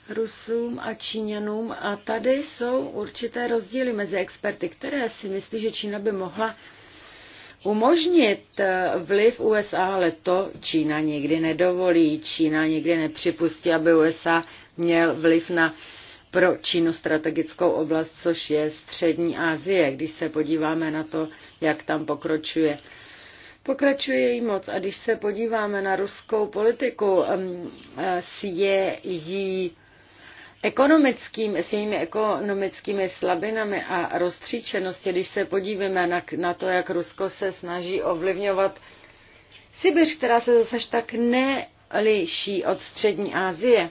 Rusům a Číňanům a tady jsou určité rozdíly mezi experty, které si myslí, že Čína by mohla umožnit eh, vliv USA, ale to Čína nikdy nedovolí. Čína nikdy nepřipustí, aby USA měl vliv na pro Čínu strategickou oblast, což je střední Asie, když se podíváme na to, jak tam pokročuje. Pokračuje její moc a když se podíváme na ruskou politiku, eh, je jí Ekonomickými, s jejími ekonomickými slabinami a roztříčeností, když se podíváme na, na to, jak Rusko se snaží ovlivňovat Sibiř, která se zase tak neliší od střední Asie.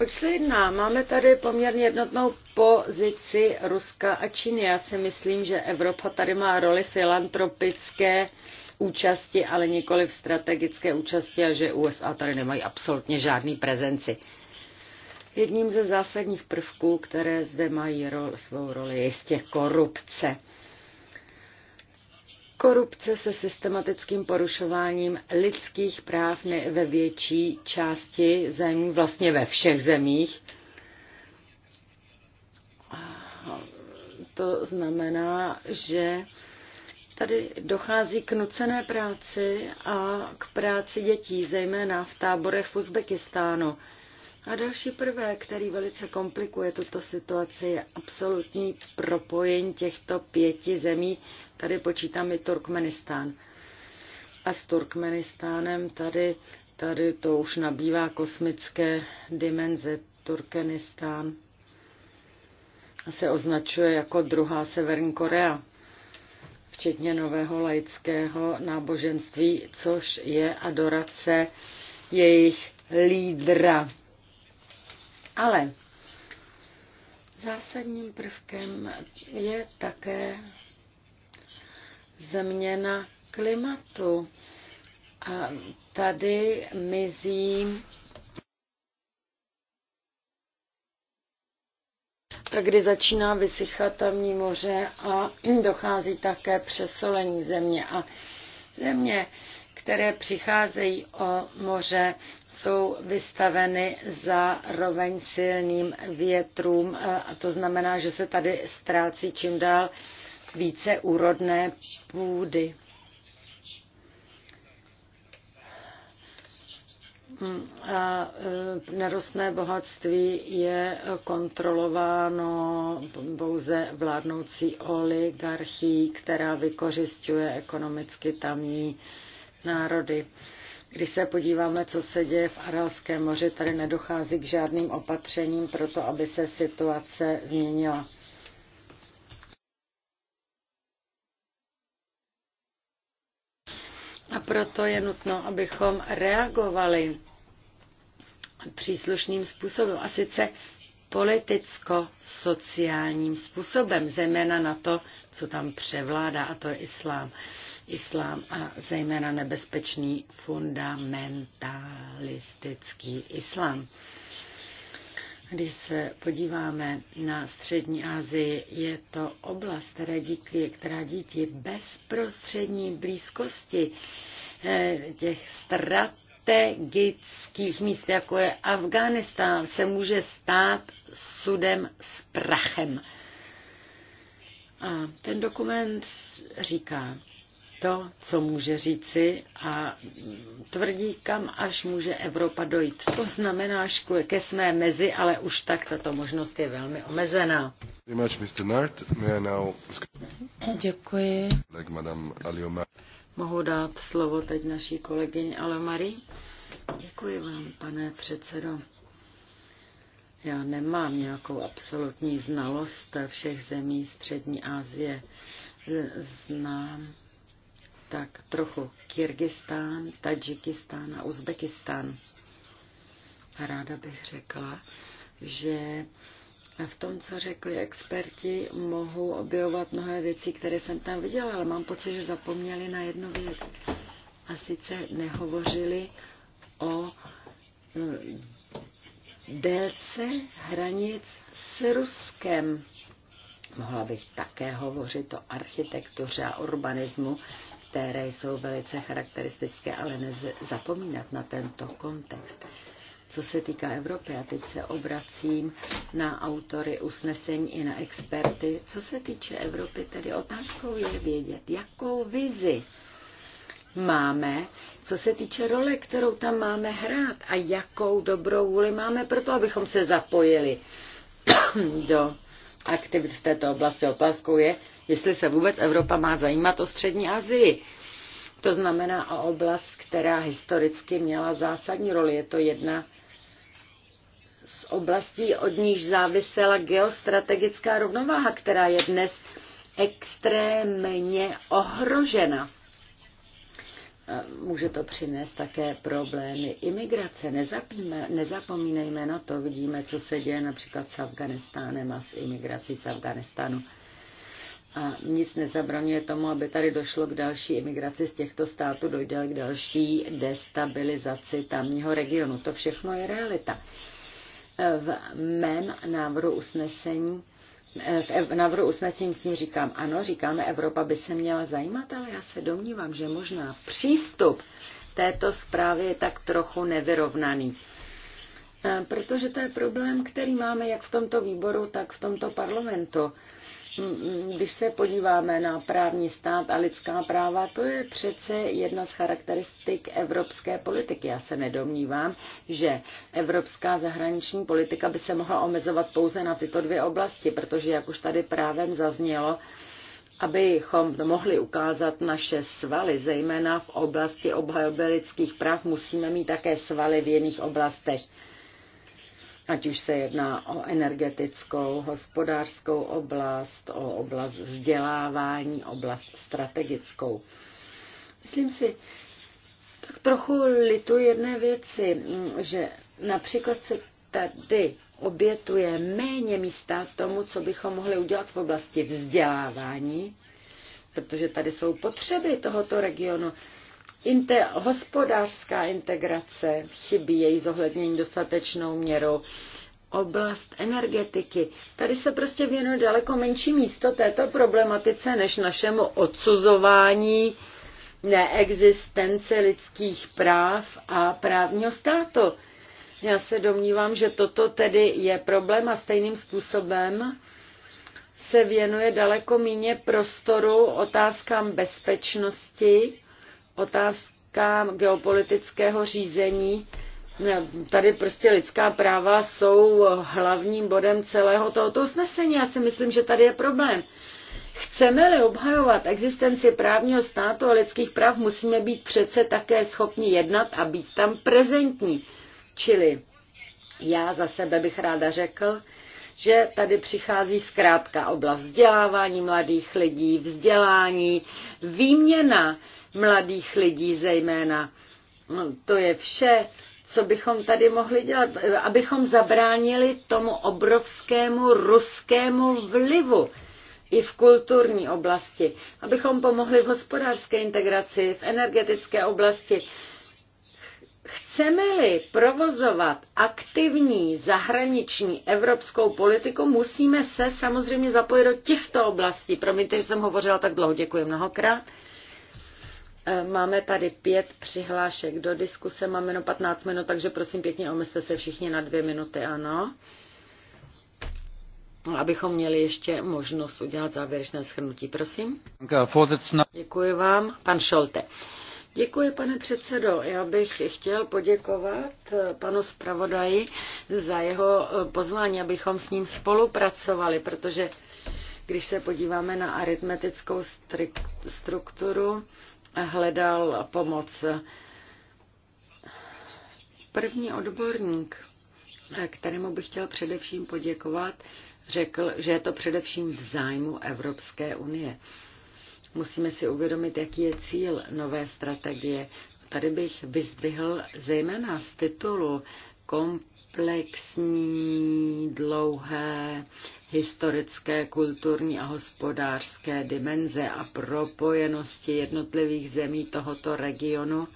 Oč se jedná? Máme tady poměrně jednotnou pozici Ruska a Číny. Já si myslím, že Evropa tady má roli filantropické účasti, ale nikoli v strategické účasti a že USA tady nemají absolutně žádný prezenci. Jedním ze zásadních prvků, které zde mají rol, svou roli, je jistě korupce. Korupce se systematickým porušováním lidských práv ne ve větší části zemí, vlastně ve všech zemích. To znamená, že Tady dochází k nucené práci a k práci dětí, zejména v táborech v Uzbekistánu. A další prvek, který velice komplikuje tuto situaci, je absolutní propojení těchto pěti zemí. Tady počítám i Turkmenistán. A s Turkmenistánem tady, tady to už nabývá kosmické dimenze. Turkmenistán se označuje jako druhá Severní Korea včetně nového laického náboženství, což je adorace jejich lídra ale zásadním prvkem je také změna klimatu. A tady mizí kdy začíná vysychat tamní moře a dochází také přesolení země. A země, které přicházejí o moře, jsou vystaveny zároveň silným větrům eh, a to znamená, že se tady ztrácí čím dál více úrodné půdy. Hmm, a eh, nerostné bohatství je kontrolováno pouze vládnoucí oligarchií, která vykořišťuje ekonomicky tamní národy. Když se podíváme, co se děje v Aralském moři, tady nedochází k žádným opatřením pro to, aby se situace změnila. A proto je nutno, abychom reagovali příslušným způsobem. A sice politicko-sociálním způsobem, zejména na to, co tam převládá, a to je islám. Islám a zejména nebezpečný fundamentalistický islám. Když se podíváme na střední Asii, je to oblast, která díky, která díky bezprostřední blízkosti eh, těch strat strategických míst, jako je Afghánistán, se může stát sudem s prachem. A ten dokument říká to, co může říci a tvrdí, kam až může Evropa dojít. To znamená, že ke své mezi, ale už tak tato možnost je velmi omezená. Děkuji. Mohu dát slovo teď naší kolegyni Alomary. Děkuji vám, pane předsedo. Já nemám nějakou absolutní znalost všech zemí Střední Asie. Znám tak trochu Kyrgyzstán, Tadžikistán a Uzbekistán. A ráda bych řekla, že v tom, co řekli experti, mohu objevovat mnohé věci, které jsem tam viděla, ale mám pocit, že zapomněli na jednu věc. A sice nehovořili o eh, délce hranic s Ruskem. Mohla bych také hovořit o architektuře a urbanismu, které jsou velice charakteristické, ale nezapomínat na tento kontext. Co se týká Evropy, a teď se obracím na autory usnesení i na experty. Co se týče Evropy, tedy otázkou je vědět, jakou vizi máme, co se týče role, kterou tam máme hrát a jakou dobrou vůli máme pro to, abychom se zapojili do aktivit v této oblasti. Otázkou je, jestli se vůbec Evropa má zajímat o střední Azii. To znamená a oblast, která historicky měla zásadní roli. Je to jedna z oblastí, od níž závisela geostrategická rovnováha, která je dnes extrémně ohrožena. Může to přinést také problémy imigrace. Nezapíme, nezapomínejme na to, vidíme, co se děje například s Afganistánem a s imigrací z Afganistánu a nic nezabraňuje tomu, aby tady došlo k další imigraci z těchto států, dojde k další destabilizaci tamního regionu. To všechno je realita. V mém návrhu usnesení v návrhu usnesení s tím říkám, ano, říkáme, Evropa by se měla zajímat, ale já se domnívám, že možná přístup této zprávy je tak trochu nevyrovnaný. Ehm, protože to je problém, který máme jak v tomto výboru, tak v tomto parlamentu. Když se podíváme na právní stát a lidská práva, to je přece jedna z charakteristik evropské politiky. Já se nedomnívám, že evropská zahraniční politika by se mohla omezovat pouze na tyto dvě oblasti, protože, jak už tady právem zaznělo, Abychom mohli ukázat naše svaly, zejména v oblasti obhajoby lidských práv, musíme mít také svaly v jiných oblastech ať už se jedná o energetickou, hospodářskou oblast, o oblast vzdělávání, oblast strategickou. Myslím si, tak trochu litu jedné věci, že například se tady obětuje méně místa tomu, co bychom mohli udělat v oblasti vzdělávání, protože tady jsou potřeby tohoto regionu. Inte, hospodářská integrace chybí její zohlednění dostatečnou měrou. Oblast energetiky. Tady se prostě věnuje daleko menší místo této problematice než našemu odsuzování neexistence lidských práv a právního státu. Já se domnívám, že toto tedy je problém a stejným způsobem se věnuje daleko míně prostoru otázkám bezpečnosti otázkám geopolitického řízení. Tady prostě lidská práva jsou hlavním bodem celého tohoto usnesení. Já si myslím, že tady je problém. Chceme-li obhajovat existenci právního státu a lidských práv, musíme být přece také schopni jednat a být tam prezentní. Čili já za sebe bych ráda řekl, že tady přichází zkrátka oblast vzdělávání mladých lidí, vzdělání, výměna mladých lidí zejména. No, to je vše, co bychom tady mohli dělat, abychom zabránili tomu obrovskému ruskému vlivu i v kulturní oblasti, abychom pomohli v hospodářské integraci, v energetické oblasti. Chceme-li provozovat aktivní zahraniční evropskou politiku, musíme se samozřejmě zapojit do těchto oblastí. Promiňte, že jsem hovořila tak dlouho, děkuji mnohokrát. Eh, máme tady pět přihlášek do diskuse, máme jenom 15 minut, takže prosím pěkně omezte se všichni na dvě minuty, ano. Abychom měli ještě možnost udělat závěrečné shrnutí, prosím. Děkuji vám, pan Šolte. Děkuji, pane předsedo. Já bych chtěl poděkovat eh, panu zpravodaji za jeho eh, pozvání, abychom s ním spolupracovali, protože když se podíváme na aritmetickou strukturu, hledal pomoc. První odborník, kterému bych chtěl především poděkovat, řekl, že je to především v zájmu Evropské unie. Musíme si uvědomit, jaký je cíl nové strategie. Tady bych vyzdvihl zejména z titulu komplexní, dlouhé historické, kulturní a hospodářské dimenze a propojenosti jednotlivých zemí tohoto regionu,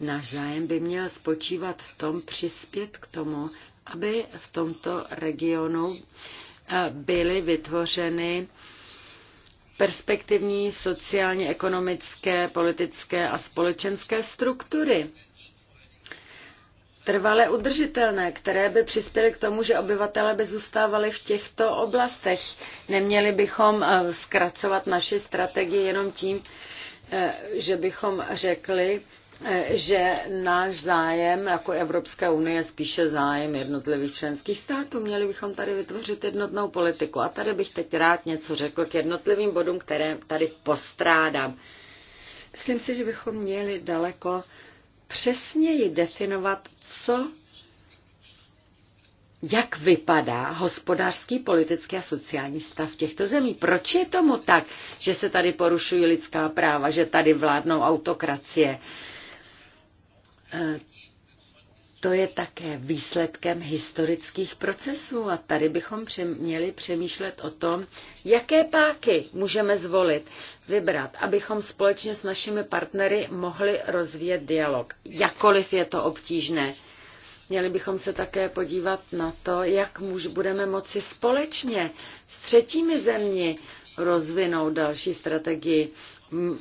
náš zájem by měl spočívat v tom přispět k tomu, aby v tomto regionu eh, byly vytvořeny perspektivní sociálně ekonomické, politické a společenské struktury trvale udržitelné, které by přispěly k tomu, že obyvatele by zůstávali v těchto oblastech. Neměli bychom eh, zkracovat naši strategii jenom tím, eh, že bychom řekli, eh, že náš zájem jako Evropské unie je spíše zájem jednotlivých členských států. Měli bychom tady vytvořit jednotnou politiku. A tady bych teď rád něco řekl k jednotlivým bodům, které tady postrádám. Myslím si, že bychom měli daleko přesněji definovat, co jak vypadá hospodářský, politický a sociální stav těchto zemí. Proč je tomu tak, že se tady porušují lidská práva, že tady vládnou autokracie? to je také výsledkem historických procesů a tady bychom měli přemýšlet o tom, jaké páky můžeme zvolit, vybrat, abychom společně s našimi partnery mohli rozvíjet dialog. Jakkoliv je to obtížné. Měli bychom se také podívat na to, jak muž budeme moci společně s třetími zemí rozvinout další strategii Mm,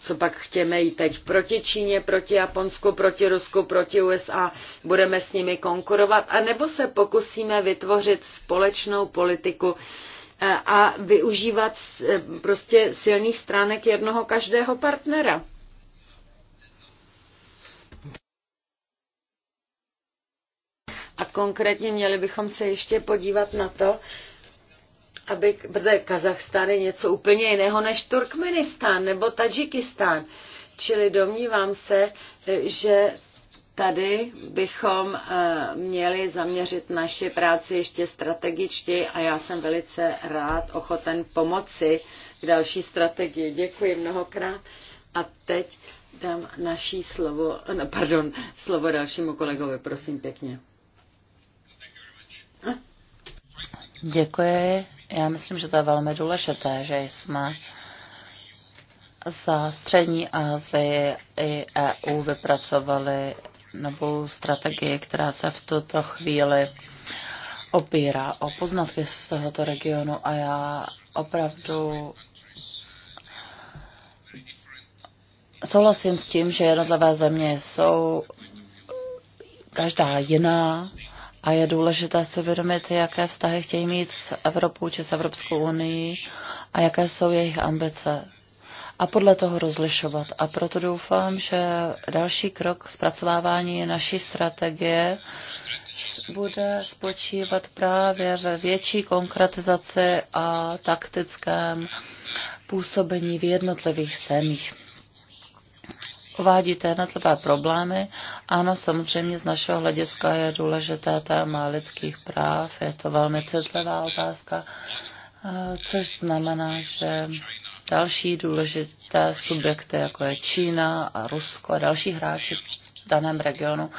co pak chtěme jít teď proti Číně, proti Japonsku, proti Rusku, proti USA, budeme s nimi konkurovat, anebo se pokusíme vytvořit společnou politiku eh, a využívat eh, prostě silných stránek jednoho každého partnera. A konkrétně měli bychom se ještě podívat na to, aby, protože Kazachstán je něco úplně jiného než Turkmenistán nebo Tadžikistán. Čili domnívám se, že tady bychom eh, měli zaměřit naši práci ještě strategičtěji a já jsem velice rád ochoten pomoci k další strategii. Děkuji mnohokrát a teď dám naší slovo, eh, no, pardon, slovo dalšímu kolegovi, prosím pěkně. Děkuji. Já myslím, že to je velmi důležité, že jsme za střední Asii i EU vypracovali novou strategii, která se v tuto chvíli opírá o poznatky z tohoto regionu a já opravdu souhlasím s tím, že jednotlivé země jsou každá jiná a je důležité si uvědomit, jaké vztahy chtějí mít s Evropou či s Evropskou unii a jaké jsou jejich ambice. A podle toho rozlišovat. A proto doufám, že další krok zpracovávání naší strategie bude spočívat právě ve větší konkretizaci a taktickém působení v jednotlivých zemích uvádíte jednotlivé problémy. Ano, samozřejmě z našeho hlediska je důležité téma lidských práv, je to velmi citlivá otázka, eh, což znamená, že další důležité subjekty, jako je Čína a Rusko a další hráči v daném regionu,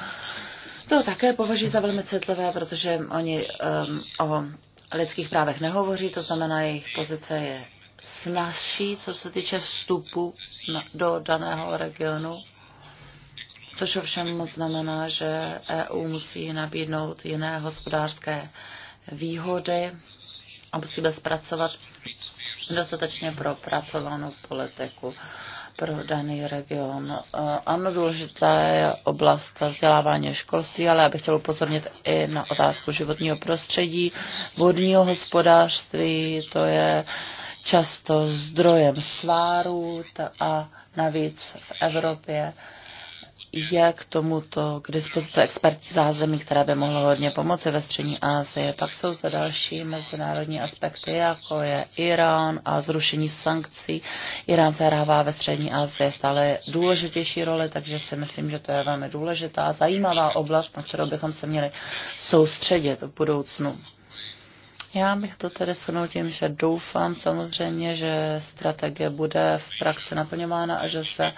to také považuji za velmi citlivé, protože oni um, o lidských právech nehovoří, to znamená, jejich pozice je snažší, co se týče vstupu do daného regionu, což ovšem znamená, že EU musí nabídnout jiné hospodářské výhody a musí zpracovat dostatečně propracovanou politiku pro daný region. E, ano, důležitá je oblast vzdělávání školství, ale já bych chtěl upozornit i na otázku životního prostředí, vodního hospodářství, to je často zdrojem sváru a navíc v Evropě je k tomuto k dispozici expertní zázemí, které by mohlo hodně pomoci ve střední Asii. Pak jsou zde další mezinárodní aspekty, jako je Irán a zrušení sankcí. Irán hrává ve střední Asii stále důležitější roli, takže si myslím, že to je velmi důležitá, zajímavá oblast, na kterou bychom se měli soustředit v budoucnu. Já bych to tedy shrnul tím, že doufám samozřejmě, že strategie bude v praxi naplňována a že se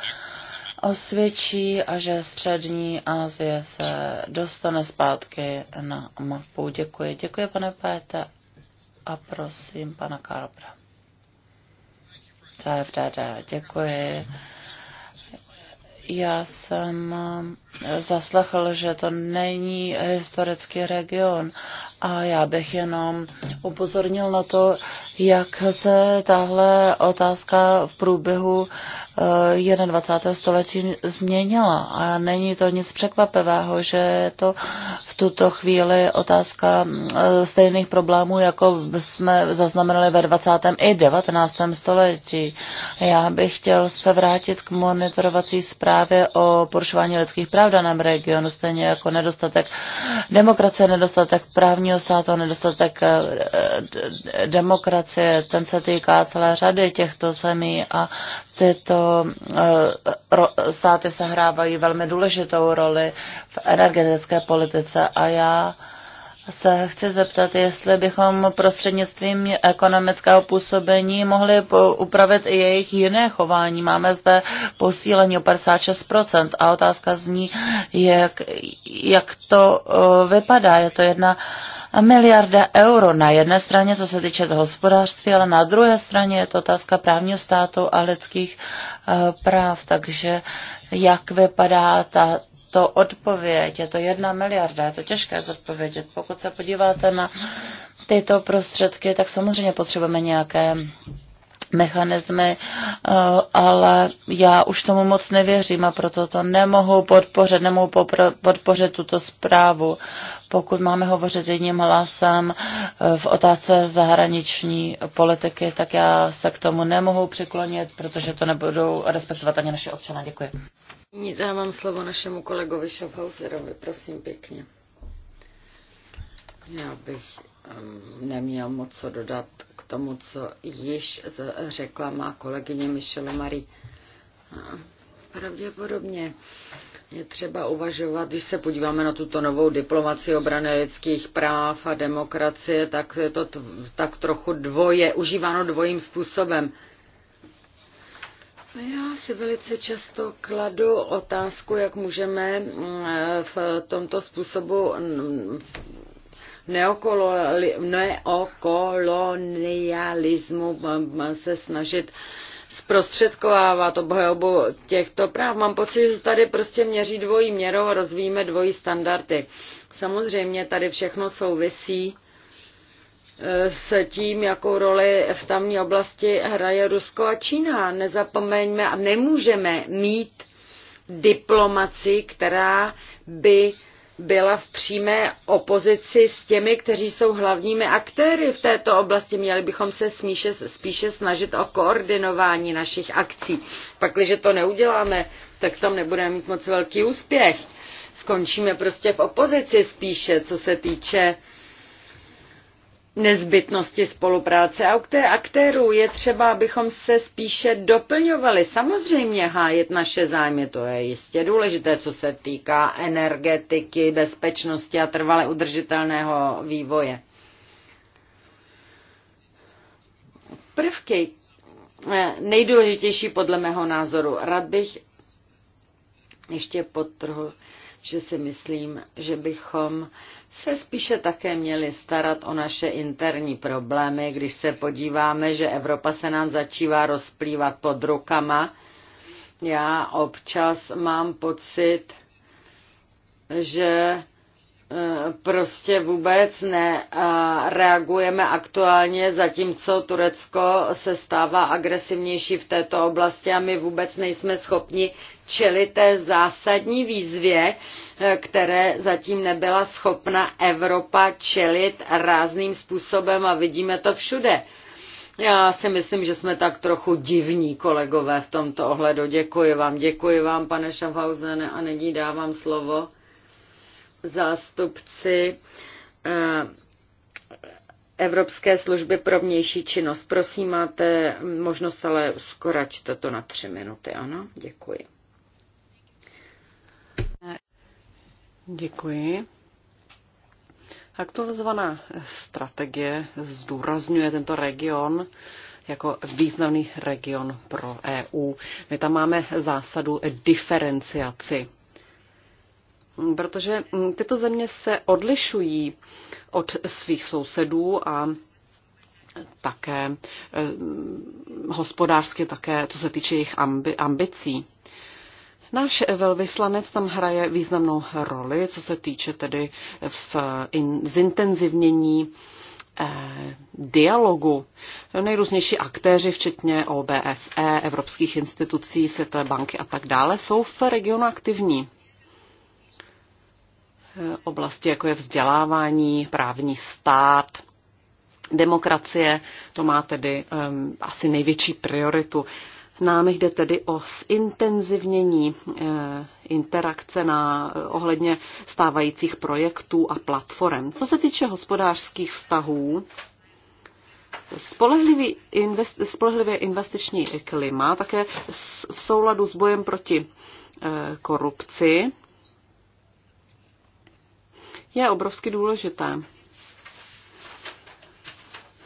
osvědčí a že střední Asie se dostane zpátky na mapu. Děkuji. Děkuji, pane Péte. A prosím pana Karobra. CFDD. Děkuji. Já jsem zaslechl, že to není historický region. A já bych jenom upozornil na to, jak se tahle otázka v průběhu 21. Eh, století změnila. A není to nic překvapivého, že je to v tuto chvíli otázka eh, stejných problémů, jako jsme zaznamenali ve 20. i 19. století. Já bych chtěl se vrátit k monitorovací zprávě o porušování lidských práv v daném regionu, stejně jako nedostatek demokracie, nedostatek právního státu, nedostatek eh, demokracie. Ten se týká celé řady těchto zemí a tyto eh, státy sehrávají velmi důležitou roli v energetické politice a já se chci zeptat, jestli bychom prostřednictvím ekonomického působení mohli upravit i jejich jiné chování. Máme zde posílení o 56% a otázka zní, jak, jak to vypadá. Je to jedna miliarda euro na jedné straně, co se týče hospodářství, ale na druhé straně je to otázka právního státu a lidských e, práv. Takže jak vypadá ta to odpověď, je to jedna miliarda, je to těžké zodpovědět. Pokud se podíváte na tyto prostředky, tak samozřejmě potřebujeme nějaké mechanismy, eh, ale já už tomu moc nevěřím a proto to nemohu podpořit, nemohu podpořit tuto zprávu. Pokud máme hovořit jedním hlasem eh, v otázce zahraniční politiky, tak já se k tomu nemohu přiklonit, protože to nebudou respektovat ani naše občana. Děkuji. Dávám slovo našemu kolegovi Schaffhauserovi, prosím pěkně. Já bych um, neměl moc co dodat k tomu, co již řekla má kolegyně Michelle Marie. Pravděpodobně je třeba uvažovat, když se podíváme na tuto novou diplomaci obrany lidských práv a demokracie, tak je to tak trochu dvoje, užíváno dvojím způsobem. Já si velice často kladu otázku, jak můžeme eh, v tomto způsobu mm, neokolonialismu mm, mm, se snažit zprostředkovávat obhajobu těchto práv. Mám pocit, že tady prostě měří dvojí měrou a rozvíjíme dvojí standardy. Samozřejmě tady všechno souvisí s tím, jakou roli v tamní oblasti hraje Rusko a Čína. Nezapomeňme a nemůžeme mít diplomaci, která by byla v přímé opozici s těmi, kteří jsou hlavními aktéry v této oblasti. Měli bychom se smíše, spíše snažit o koordinování našich akcí. Pak, když to neuděláme, tak tam nebudeme mít moc velký úspěch. Skončíme prostě v opozici spíše, co se týče uh, nezbytnosti spolupráce a u aktérů je třeba, abychom se spíše doplňovali. Samozřejmě hájet naše zájmy, to je jistě důležité, co se týká energetiky, bezpečnosti a trvale udržitelného vývoje. Prvky eh, nejdůležitější podle mého názoru. Rad bych ještě potrhl, že si myslím, že bychom se spíše také měli starat o naše interní problémy, když se podíváme, že Evropa se nám začívá rozplývat pod rukama. Já občas mám pocit, že prostě vůbec nereagujeme aktuálně, zatímco Turecko se stává agresivnější v této oblasti a my vůbec nejsme schopni čelit té zásadní výzvě, které zatím nebyla schopna Evropa čelit rázným způsobem a vidíme to všude. Já si myslím, že jsme tak trochu divní kolegové v tomto ohledu. Děkuji vám, děkuji vám, pane Schaffhausen, a nyní dávám slovo zástupci eh, Evropské služby pro vnější činnost. Prosím, máte možnost, ale skoračte to na tři minuty, ano? Děkuji. Děkuji. Aktualizovaná strategie zdůrazňuje tento region jako významný region pro EU. My tam máme zásadu diferenciaci protože tyto země se odlišují od svých sousedů a také eh, hospodářsky, také co se týče jejich ambi, ambicí. Náš velvyslanec tam hraje významnou roli, co se týče tedy v in, zintenzivnění eh, dialogu. Nejrůznější aktéři, včetně OBSE, evropských institucí, Světové banky a tak dále, jsou v regionu aktivní oblasti, jako je vzdělávání, právní stát, demokracie. To má tedy um, asi největší prioritu. Nám jde tedy o zintenzivnění eh, interakce na eh, ohledně stávajících projektů a platform. Co se týče hospodářských vztahů, Spolehlivý invest, spolehlivé investiční klima také v souladu s bojem proti eh, korupci je obrovsky důležité.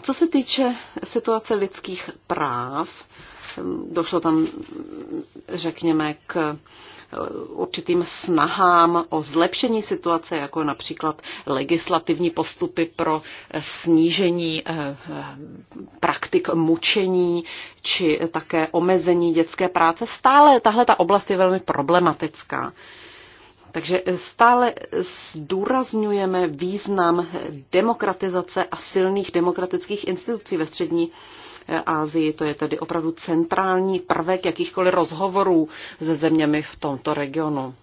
Co se týče situace lidských práv, došlo tam, řekněme, k eh, určitým snahám o zlepšení situace, jako například legislativní postupy pro eh, snížení eh, praktik mučení či také omezení dětské práce. Stále tahle ta oblast je velmi problematická. Takže stále zdůrazňujeme význam demokratizace a silných demokratických institucí ve střední eh, Asii. To je tedy opravdu centrální prvek jakýchkoliv rozhovorů se zeměmi v tomto regionu.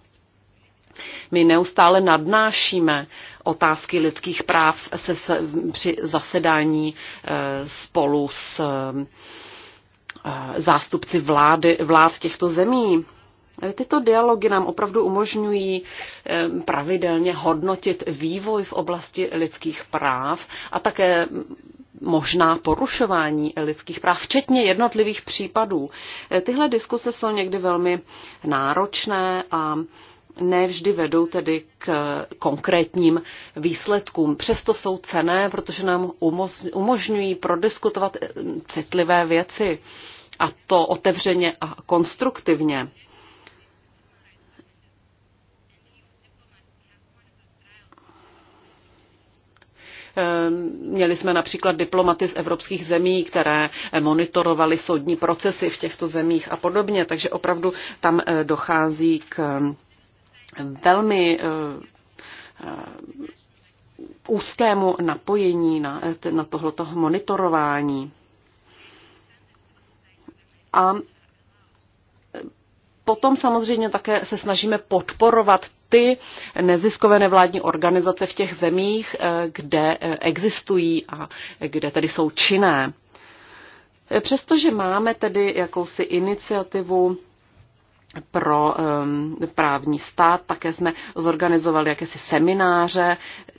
My neustále nadnášíme otázky lidských práv se, se, při zasedání e, spolu s e, zástupci vlády, vlád těchto zemí. Tyto dialogy nám opravdu umožňují eh, pravidelně hodnotit vývoj v oblasti lidských práv a také možná porušování lidských práv, včetně jednotlivých případů. Eh, tyhle diskuse jsou někdy velmi náročné a nevždy vedou tedy k konkrétním výsledkům. Přesto jsou cené, protože nám umožňují prodiskutovat eh, citlivé věci a to otevřeně a konstruktivně. Ehm, měli jsme například diplomaty z evropských zemí, které monitorovali soudní procesy v těchto zemích a podobně, takže opravdu tam eh, dochází k ehm, velmi eh, úzkému napojení na, eh, na tohleto monitorování. A potom samozřejmě také se snažíme podporovat ty neziskové nevládní organizace v těch zemích, eh, kde eh, existují a kde tedy jsou činné. Eh, přestože máme tedy jakousi iniciativu pro um, právní stát, také jsme zorganizovali jakési semináře,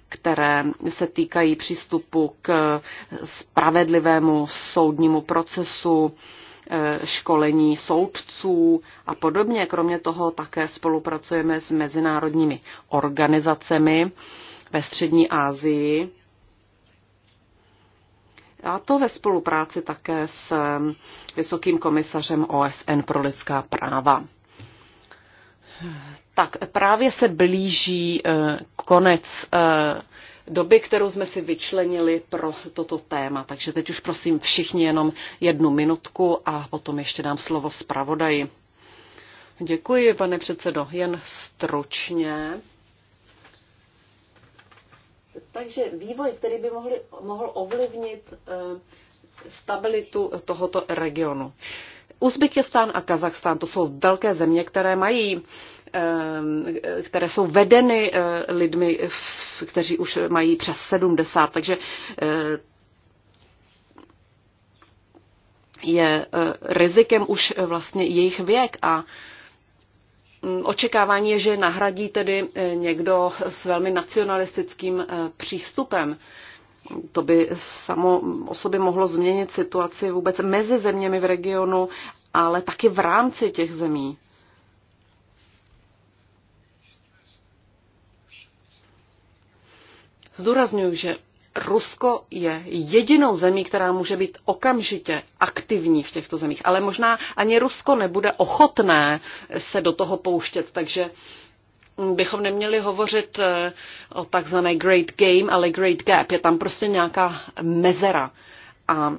které se týkají přístupu k spravedlivému soudnímu procesu, E, školení soudců a podobně. Kromě toho také spolupracujeme s mezinárodními organizacemi ve Střední Asii. A to ve spolupráci také s Vysokým komisařem OSN pro lidská práva. Tak právě se blíží e, konec e, doby, kterou jsme si vyčlenili pro toto téma. Takže teď už prosím všichni jenom jednu minutku a potom ještě dám slovo zpravodaji. Děkuji, pane předsedo. Jen stručně. Takže vývoj, který by mohli, mohl ovlivnit eh, stabilitu tohoto regionu. Uzbekistán a Kazachstán to jsou velké země, které mají Eh, které jsou vedeny eh, lidmi, kteří už mají přes 70. Takže eh, je rizikem už vlastně jejich věk a mm, očekávání je, že nahradí tedy někdo s velmi nacionalistickým přístupem. To by samo o sobě mohlo změnit situaci vůbec mezi zeměmi v regionu, ale taky v rámci těch zemí. Zdůraznuju, že Rusko je jedinou zemí, která může být okamžitě aktivní v těchto zemích, ale možná ani Rusko nebude ochotné se do toho pouštět, takže bychom neměli hovořit eh, o takzvané great game, ale great gap. Je tam prostě nějaká mezera. A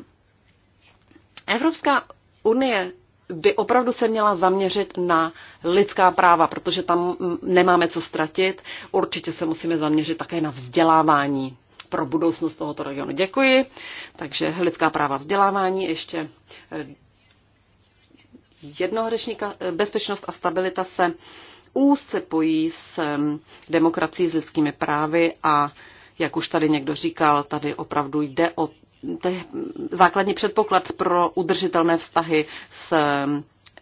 Evropská unie by opravdu se měla zaměřit na lidská práva, protože tam mm, nemáme co ztratit. Určitě se musíme zaměřit také na vzdělávání pro budoucnost tohoto regionu. Děkuji. Takže lidská práva vzdělávání ještě eh, jednoho řečníka. Eh, bezpečnost a stabilita se úzce pojí s mm, demokracií, s lidskými právy a jak už tady někdo říkal, tady opravdu jde o to je základní předpoklad pro udržitelné vztahy s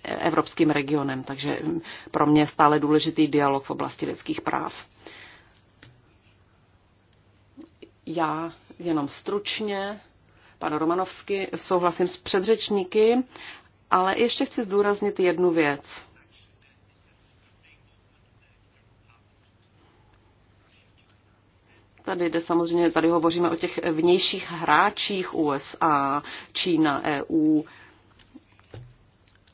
evropským regionem, takže pro mě je stále důležitý dialog v oblasti lidských práv. Já jenom stručně, pan Romanovsky, souhlasím s předřečníky, ale ještě chci zdůraznit jednu věc. Tady jde samozřejmě, tady hovoříme o těch vnějších hráčích USA, Čína, EU.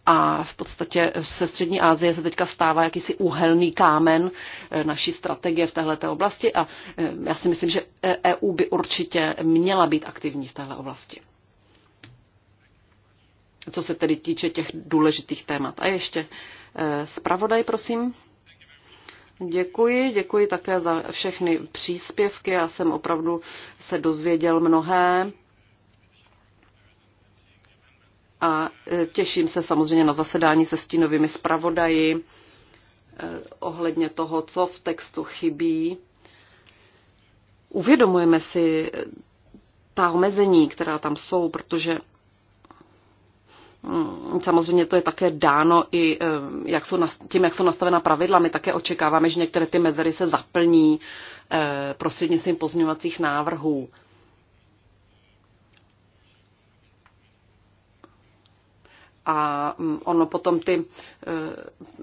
A v podstatě se Střední Asie se teďka stává jakýsi uhelný kámen e, naší strategie v této oblasti a e, já si myslím, že EU by určitě měla být aktivní v této oblasti. Co se tedy týče těch důležitých témat. A ještě e, zpravodaj, prosím. Děkuji, děkuji také za všechny příspěvky. Já jsem opravdu se dozvěděl mnohé. A e, těším se samozřejmě na zasedání se stínovými zpravodaji e, ohledně toho, co v textu chybí. Uvědomujeme si ta omezení, která tam jsou, protože Mm, samozřejmě to je také dáno i eh, jak jsou, tím, jak jsou nastavena pravidla. My také očekáváme, že některé ty mezery se zaplní eh, prostřednictvím pozměňovacích návrhů. a mm, ono potom ty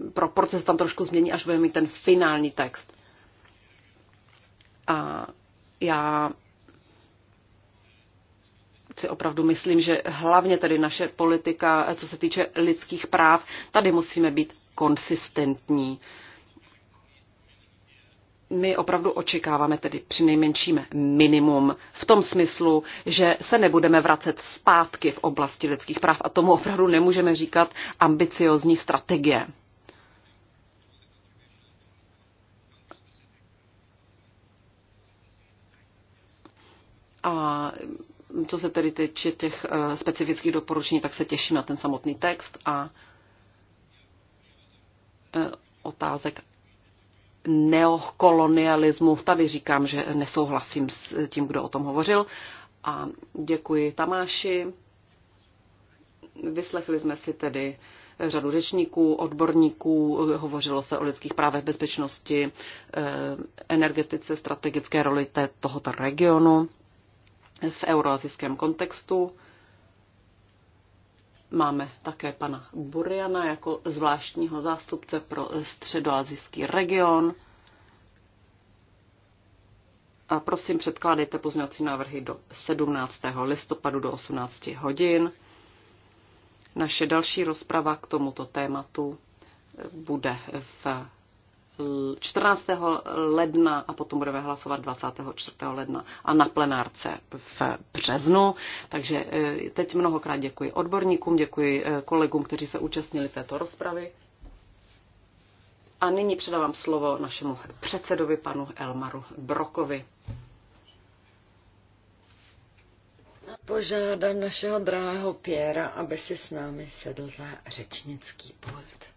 eh, proporce se tam trošku změní, až budeme mít ten finální text. A já si opravdu myslím, že hlavně tedy naše politika, co se týče lidských práv, tady musíme být konsistentní. My opravdu očekáváme tedy při nejmenším minimum v tom smyslu, že se nebudeme vracet zpátky v oblasti lidských práv a tomu opravdu nemůžeme říkat ambiciozní strategie. A co se tedy týče těch eh, specifických doporučení, tak se těším na ten samotný text a eh, otázek neokolonialismu. Tady říkám, že nesouhlasím s tím, kdo o tom hovořil. A děkuji Tamáši. Vyslechli jsme si tedy řadu řečníků, odborníků, hovořilo se o lidských právech bezpečnosti, eh, energetice, strategické roli tohoto regionu v euroazijském kontextu. Máme také pana Buriana jako zvláštního zástupce pro středoazijský region. A prosím, předkládejte pozměňovací návrhy do 17. listopadu do 18 hodin. Naše další rozprava k tomuto tématu bude v 14. ledna a potom budeme hlasovat 24. ledna a na plenárce v březnu. Takže e, teď mnohokrát děkuji odborníkům, děkuji e, kolegům, kteří se účastnili této rozpravy. A nyní předávám slovo našemu předsedovi, panu Elmaru Brokovi. Požádám našeho drahého Pěra, aby si s námi sedl za řečnický pult.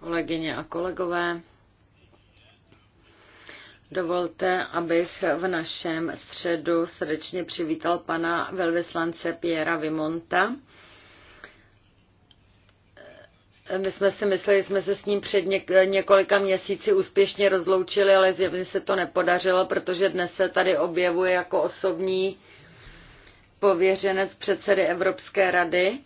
Kolegyně a kolegové, dovolte, abych v našem středu srdečně přivítal pana velvyslance Piera Vimonta. My jsme si mysleli, že jsme se s ním před několika měsíci úspěšně rozloučili, ale zjevně se to nepodařilo, protože dnes se tady objevuje jako osobní pověřenec předsedy Evropské rady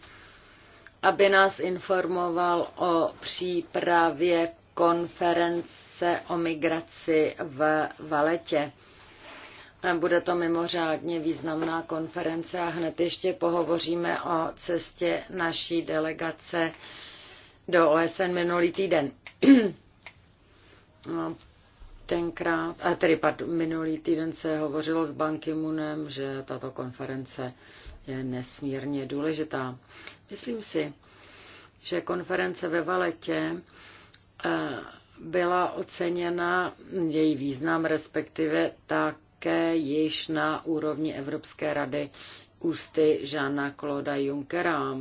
aby nás informoval o přípravě konference o migraci v Valetě. Bude to mimořádně významná konference a hned ještě pohovoříme o cestě naší delegace do OSN minulý týden. No, tenkrát, a tedy pardon, minulý týden se hovořilo s Banky Munem, že tato konference je nesmírně důležitá. Myslím si, že konference ve Valetě eh, byla oceněna její význam, respektive také již na úrovni Evropské rady ústy Žána Kloda Junckera.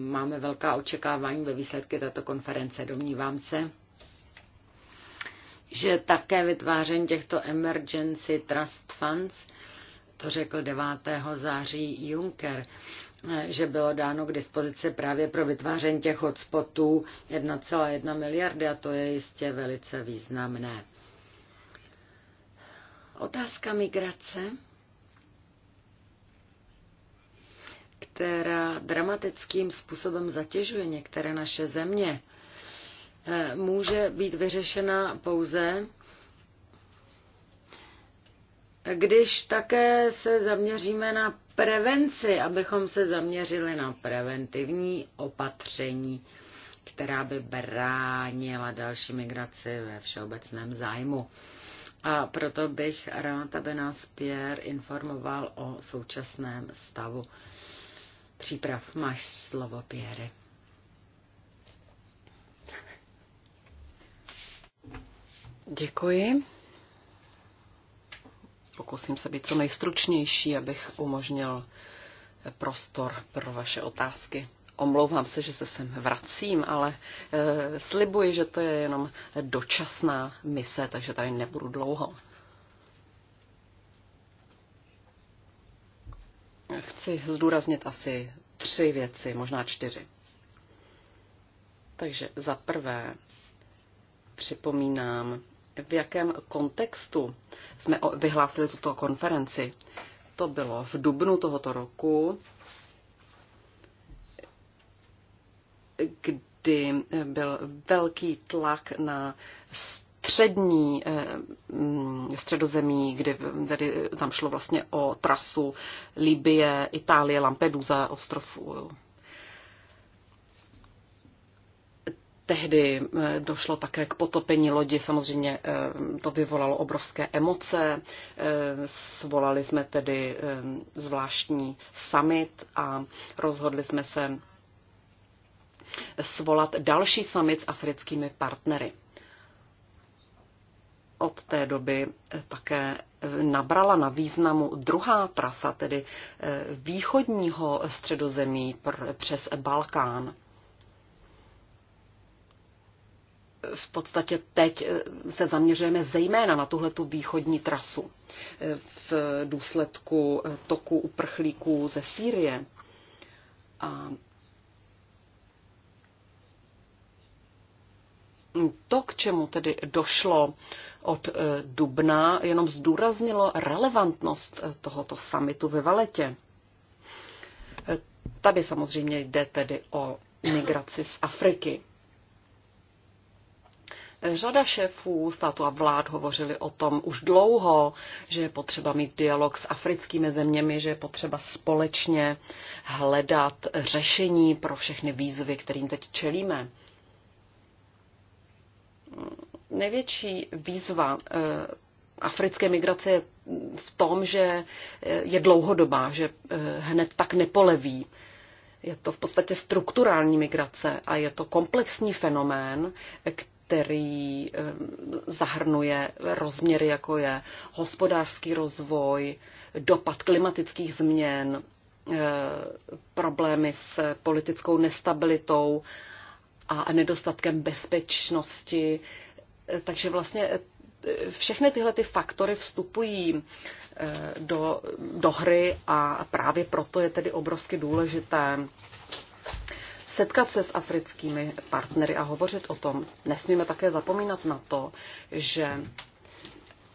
Máme velká očekávání ve výsledky této konference, domnívám se že také vytváření těchto Emergency Trust Funds, to řekl 9. září Juncker, že bylo dáno k dispozici právě pro vytváření těch hotspotů 1,1 miliardy a to je jistě velice významné. Otázka migrace, která dramatickým způsobem zatěžuje některé naše země může být vyřešena pouze, když také se zaměříme na prevenci, abychom se zaměřili na preventivní opatření, která by bránila další migraci ve všeobecném zájmu. A proto bych rád, aby nás Pierre informoval o současném stavu příprav. Máš slovo, Pierre. Děkuji. Pokusím se být co nejstručnější, abych umožnil prostor pro vaše otázky. Omlouvám se, že se sem vracím, ale e, slibuji, že to je jenom dočasná mise, takže tady nebudu dlouho. Chci zdůraznit asi tři věci, možná čtyři. Takže za prvé připomínám, v jakém kontextu jsme vyhlásili tuto konferenci. To bylo v dubnu tohoto roku, kdy byl velký tlak na střední eh, mm, středozemí, kdy tady tam šlo vlastně o trasu Libie, Itálie, Lampedusa, ostrov Tehdy eh, došlo také k potopení lodi, samozřejmě eh, to vyvolalo obrovské emoce. Eh, svolali jsme tedy zvláštní summit a rozhodli jsme se svolat další summit s africkými partnery. Od té doby také nabrala na významu druhá trasa, tedy východního středozemí přes Balkán. v podstatě teď eh, se zaměřujeme zejména na tuhle východní trasu eh, v důsledku eh, toku uprchlíků ze Sýrie. A to, k čemu tedy došlo od dubna, jenom zdůraznilo relevantnost tohoto samitu ve Valetě. Tady samozřejmě jde tedy o migraci z Afriky. Řada šéfů státu a vlád hovořili o tom už dlouho, že je potřeba mít dialog s africkými zeměmi, že je potřeba společně hledat řešení pro všechny výzvy, kterým teď čelíme. Největší výzva eh, africké migrace je v tom, že eh, je dlouhodobá, že eh, hned tak nepoleví. Je to v podstatě strukturální migrace a je to komplexní fenomén, který který zahrnuje rozměry, jako je hospodářský rozvoj, dopad klimatických změn, eh, problémy s politickou nestabilitou a nedostatkem bezpečnosti. Eh, takže vlastně eh, všechny tyhle ty faktory vstupují do, do hry a právě proto je tedy obrovsky důležité setkat se s africkými partnery a hovořit o tom. Nesmíme také zapomínat na to, že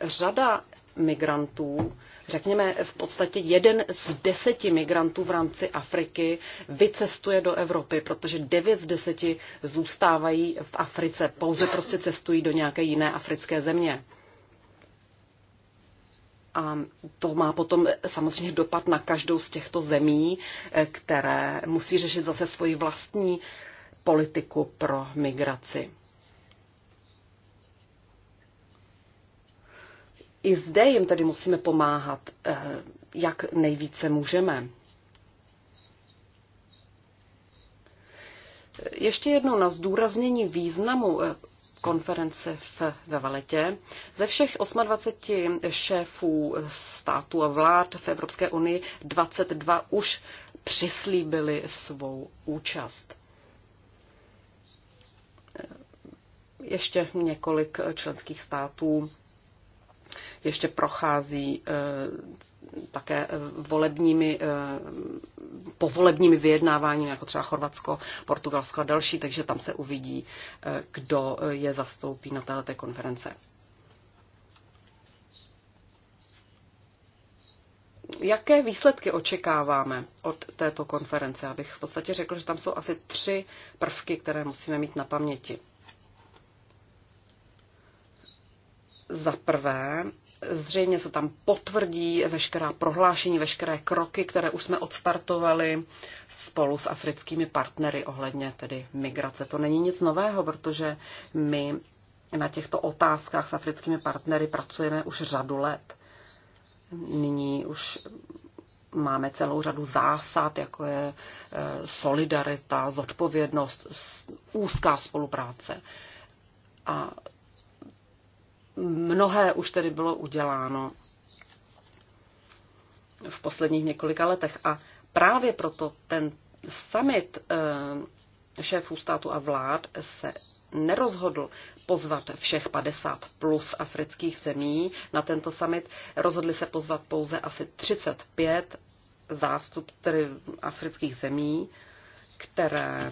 řada migrantů, řekněme v podstatě jeden z deseti migrantů v rámci Afriky vycestuje do Evropy, protože devět z deseti zůstávají v Africe, pouze prostě cestují do nějaké jiné africké země. A to má potom samozřejmě dopad na každou z těchto zemí, eh, které musí řešit zase svoji vlastní politiku pro migraci. I zde jim tedy musíme pomáhat, eh, jak nejvíce můžeme. Ještě jednou na zdůraznění významu eh, Konference v, ve Valetě. Ze všech 28 šéfů států a vlád v Evropské unii 22 už přislíbili svou účast. Ještě několik členských států ještě prochází eh, také eh, volebními, eh, povolebními vyjednáváními, jako třeba Chorvatsko, Portugalsko a další, takže tam se uvidí, kdo je zastoupí na této konference. Jaké výsledky očekáváme od této konference? Abych v podstatě řekl, že tam jsou asi tři prvky, které musíme mít na paměti. Za prvé, zřejmě se tam potvrdí veškerá prohlášení, veškeré kroky, které už jsme odstartovali spolu s africkými partnery ohledně tedy migrace. To není nic nového, protože my na těchto otázkách s africkými partnery pracujeme už řadu let. Nyní už máme celou řadu zásad, jako je eh, solidarita, zodpovědnost, úzká spolupráce. A Mnohé už tedy bylo uděláno v posledních několika letech a právě proto ten summit eh, šéfů státu a vlád se nerozhodl pozvat všech 50 plus afrických zemí na tento summit. Rozhodli se pozvat pouze asi 35 zástup tedy afrických zemí, které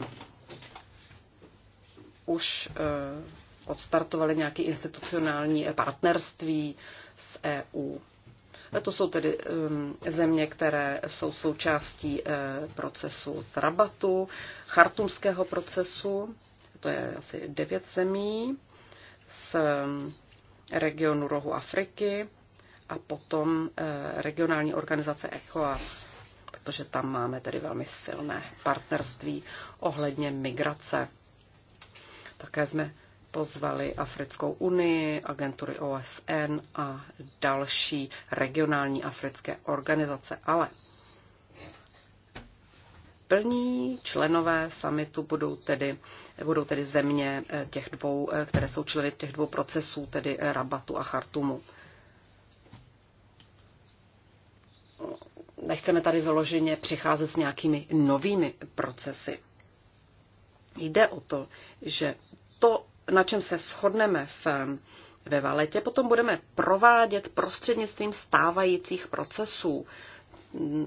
už eh, odstartovali nějaké institucionální partnerství s EU. To jsou tedy um, země, které jsou součástí uh, procesu z rabatu, chartumského procesu, to je asi devět zemí z um, regionu rohu Afriky a potom uh, regionální organizace ECOAS, protože tam máme tedy velmi silné partnerství ohledně migrace. Také jsme pozvali Africkou unii, agentury OSN a další regionální africké organizace. Ale plní členové samitu budou tedy, budou tedy země eh, těch dvou, eh, které jsou členy těch dvou procesů, tedy Rabatu a Chartumu. Nechceme tady vyloženě přicházet s nějakými novými procesy. Jde o to, že to, na čem se shodneme v, ve valetě, potom budeme provádět prostřednictvím stávajících procesů.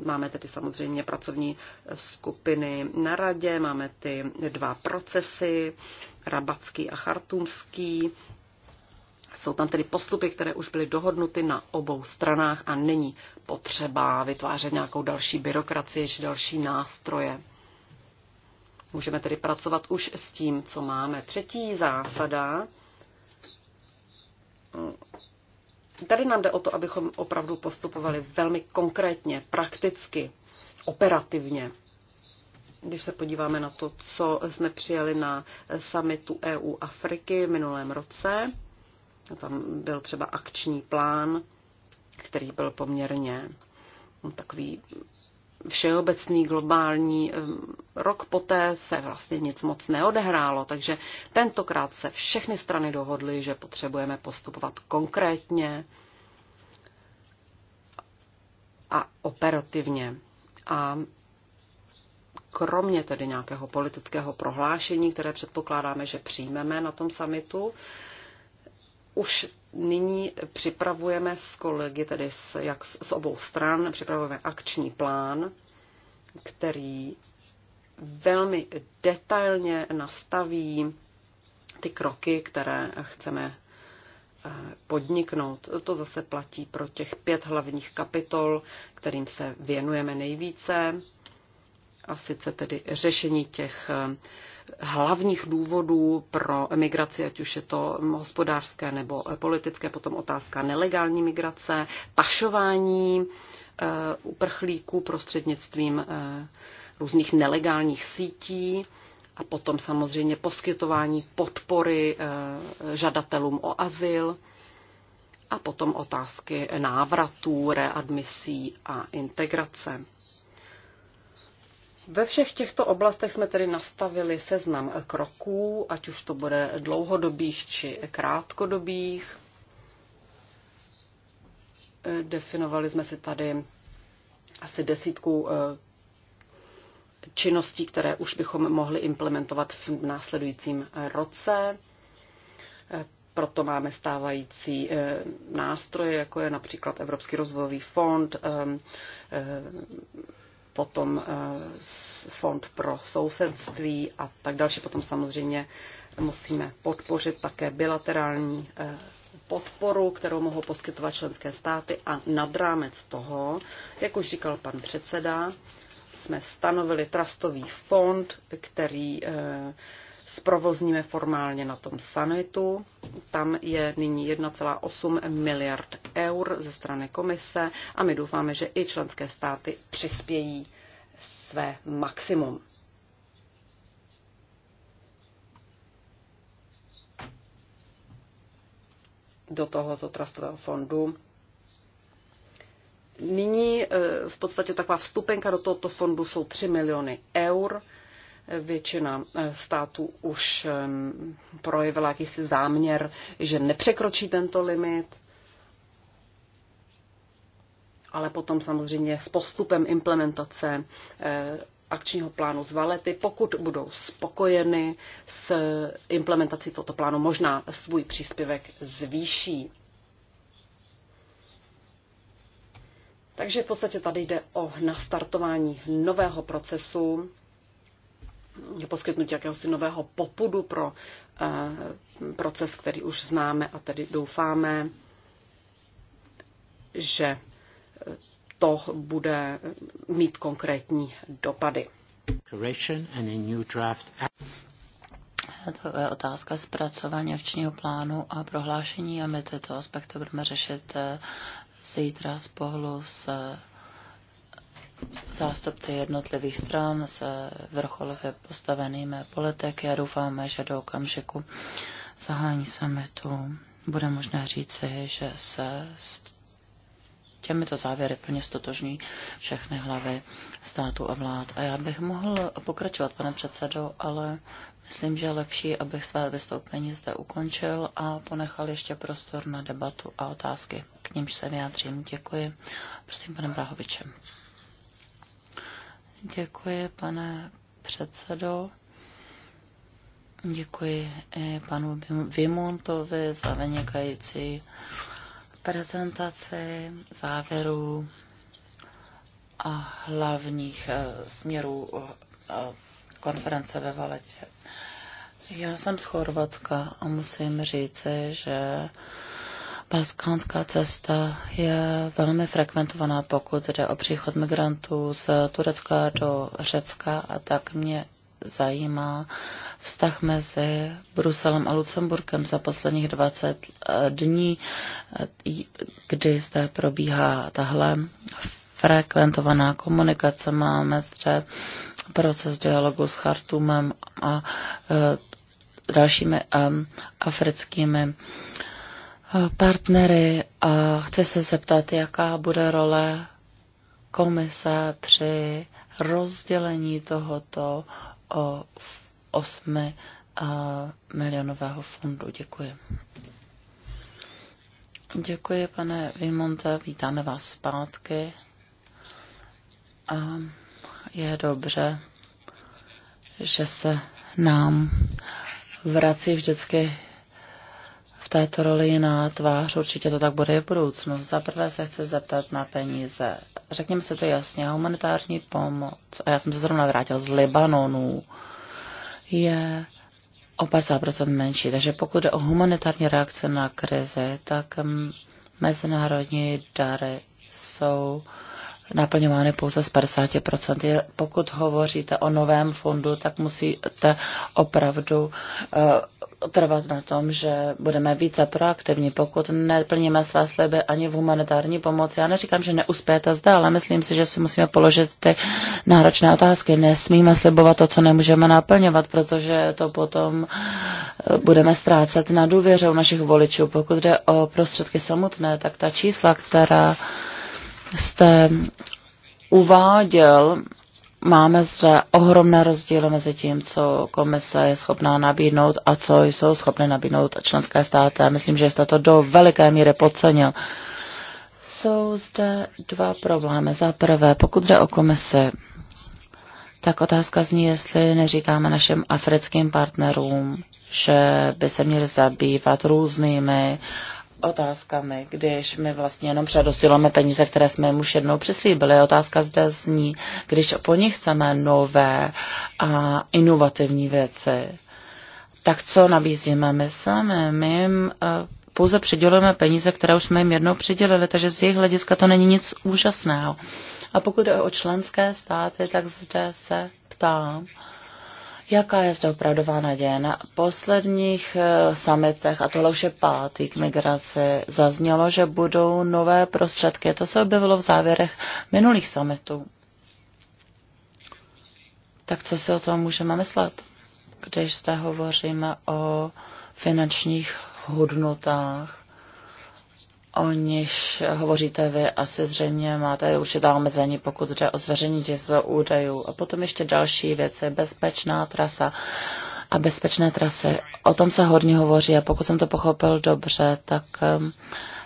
Máme tedy samozřejmě pracovní skupiny na radě, máme ty dva procesy, rabatský a chartumský. Jsou tam tedy postupy, které už byly dohodnuty na obou stranách a není potřeba vytvářet nějakou další byrokracii či další nástroje. Můžeme tedy pracovat už s tím, co máme. Třetí zásada. Tady nám jde o to, abychom opravdu postupovali velmi konkrétně, prakticky, operativně. Když se podíváme na to, co jsme přijali na summitu EU Afriky v minulém roce, tam byl třeba akční plán, který byl poměrně takový všeobecný globální rok poté se vlastně nic moc neodehrálo, takže tentokrát se všechny strany dohodly, že potřebujeme postupovat konkrétně a operativně. A kromě tedy nějakého politického prohlášení, které předpokládáme, že přijmeme na tom samitu, už nyní připravujeme s kolegy, tedy s, jak s obou stran, připravujeme akční plán, který velmi detailně nastaví ty kroky, které chceme eh, podniknout. To zase platí pro těch pět hlavních kapitol, kterým se věnujeme nejvíce, a sice tedy řešení těch eh, hlavních důvodů pro emigraci, ať už je to hospodářské nebo politické, potom otázka nelegální migrace, pašování eh, uprchlíků prostřednictvím eh, různých nelegálních sítí a potom samozřejmě poskytování podpory eh, žadatelům o azyl a potom otázky návratů, readmisí a integrace. Ve všech těchto oblastech jsme tedy nastavili seznam kroků, ať už to bude dlouhodobých či krátkodobých. Definovali jsme si tady asi desítku eh, činností, které už bychom mohli implementovat v následujícím roce. Eh, proto máme stávající eh, nástroje, jako je například Evropský rozvojový fond, potom eh, fond pro sousedství a tak další. Potom samozřejmě musíme podpořit také bilaterální eh, podporu, kterou mohou poskytovat členské státy a nad rámec toho, jak už říkal pan předseda, jsme stanovili trastový fond, který eh, Sprovozníme formálně na tom sanitu. Tam je nyní 1,8 miliard eur ze strany komise a my doufáme, že i členské státy přispějí své maximum. do tohoto trustového fondu. Nyní eh, v podstatě taková vstupenka do tohoto fondu jsou 3 miliony eur Většina eh, států už projevila jakýsi záměr, že nepřekročí tento limit, ale potom samozřejmě s postupem implementace eh, akčního plánu z Valety, pokud budou spokojeny s implementací tohoto plánu, možná svůj příspěvek zvýší. Takže v podstatě tady jde o nastartování nového procesu, poskytnout jakéhosi nového popudu pro eh, proces, který už známe a tedy doufáme, že eh, to bude mít konkrétní dopady. To je otázka zpracování akčního plánu a prohlášení a my tyto aspekty budeme řešit eh, zítra spolu s zástupci jednotlivých stran se eh, vrcholově postavenými politiky a doufáme, že do okamžiku zahání summitu bude možné říci, že se s těmito závěry plně stotožní všechny hlavy státu a vlád. A já bych mohl pokračovat, pane předsedo, ale myslím, že je lepší, abych své vystoupení zde ukončil a ponechal ještě prostor na debatu a otázky. K nímž se vyjádřím. Děkuji. Prosím, pane Brahoviče. Děkuji, pane předsedo. Děkuji i panu Vimontovi za vynikající prezentaci závěrů a hlavních eh, směrů eh, konference ve Valetě. Já jsem z Chorvatska a musím říci, že Balkánská cesta je velmi frekventovaná, pokud jde o příchod migrantů z Turecka do Řecka a tak mě zajímá vztah mezi Bruselem a Lucemburkem za posledních 20 eh, dní, eh, kdy zde probíhá tahle frekventovaná komunikace. Máme zde proces dialogu s Chartumem a eh, dalšími africkými partnery a chci se zeptat, jaká bude role komise při rozdělení tohoto o 8 milionového fondu. Děkuji. Děkuji, pane Vimonte, vítáme vás zpátky. A je dobře, že se nám vrací vždycky této roli na tvář, určitě to tak bude i v budoucnu. Za prvé se chci zeptat na peníze. Řekněme si to jasně, humanitární pomoc, a já jsem se zrovna vrátil z Libanonu, je o 50% menší. Takže pokud jde o humanitární reakce na krizi, tak mezinárodní dary jsou naplňovány pouze z 50%. Pokud hovoříte o novém fondu, tak musíte opravdu eh, trvat na tom, že budeme více proaktivní, pokud neplníme své sliby ani v humanitární pomoci. Já neříkám, že neuspějete zde, ale myslím si, že si musíme položit ty náročné otázky. Nesmíme slibovat to, co nemůžeme naplňovat, protože to potom eh, budeme ztrácet na důvěře u našich voličů. Pokud jde o prostředky samotné, tak ta čísla, která jste uváděl, máme zde ohromné rozdíly mezi tím, co komise je schopná nabídnout a co jsou schopny nabídnout členské státy. Myslím, že jste to do veliké míry podcenil. Jsou zde dva problémy. Za prvé, pokud jde o komisi, tak otázka zní, jestli neříkáme našim africkým partnerům, že by se měli zabývat různými otázkami, když my vlastně jenom předostilujeme peníze, které jsme jim už jednou přislíbili. Otázka zde zní, když po nich chceme nové a inovativní věci, tak co nabízíme my sami? My jim eh, pouze přidělujeme peníze, které už jsme jim jednou přidělili, takže z jejich hlediska to není nic úžasného. A pokud jde o členské státy, tak zde se ptám, Jaká je zde opravdová naděje? Na posledních eh, sametech a tohle už je pátý k migraci, zaznělo, že budou nové prostředky. To se objevilo v závěrech minulých sametů. Tak co si o tom můžeme myslet, když zde hovoříme o finančních hodnotách o nich hovoříte vy, asi zřejmě máte určitá omezení, pokud jde o zveřejnění těchto údajů. A potom ještě další je bezpečná trasa a bezpečné trasy. O tom se hodně hovoří a pokud jsem to pochopil dobře, tak ehm,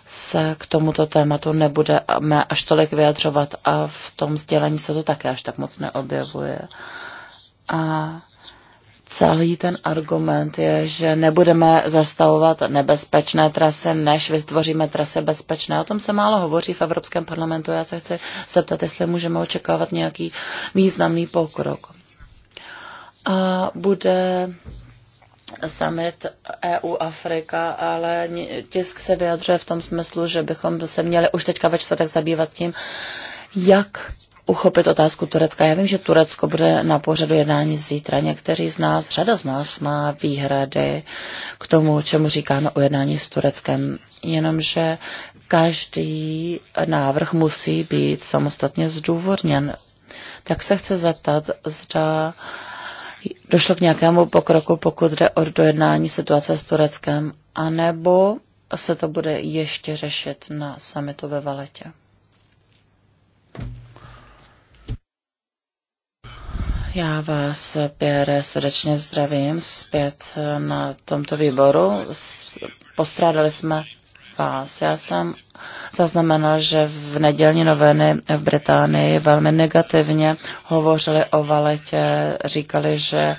se k tomuto tématu nebudeme až tolik vyjadřovat a v tom sdělení se to také až tak moc neobjevuje. A Celý ten argument je, že nebudeme zastavovat nebezpečné trasy, než vytvoříme trasy bezpečné. O tom se málo hovoří v Evropském parlamentu. Já se chci zeptat, jestli můžeme očekávat nějaký významný pokrok. A bude summit EU Afrika, ale tisk se vyjadřuje v tom smyslu, že bychom se měli už teďka ve čtvrtek zabývat tím, jak uchopit otázku Turecka. Já vím, že Turecko bude na pořadu jednání zítra. Někteří z nás, řada z nás má výhrady k tomu, čemu říkáme o jednání s Tureckem. Jenomže každý návrh musí být samostatně zdůvodněn. Tak se chce zeptat, zda došlo k nějakému pokroku, pokud jde o dojednání situace s Tureckem, anebo se to bude ještě řešit na samitu ve Valetě. Já vás, Pierre, srdečně zdravím zpět eh, na tomto výboru. Postrádali jsme vás. Já jsem zaznamenal, že v nedělní noviny v Británii velmi negativně hovořili o valetě, říkali, že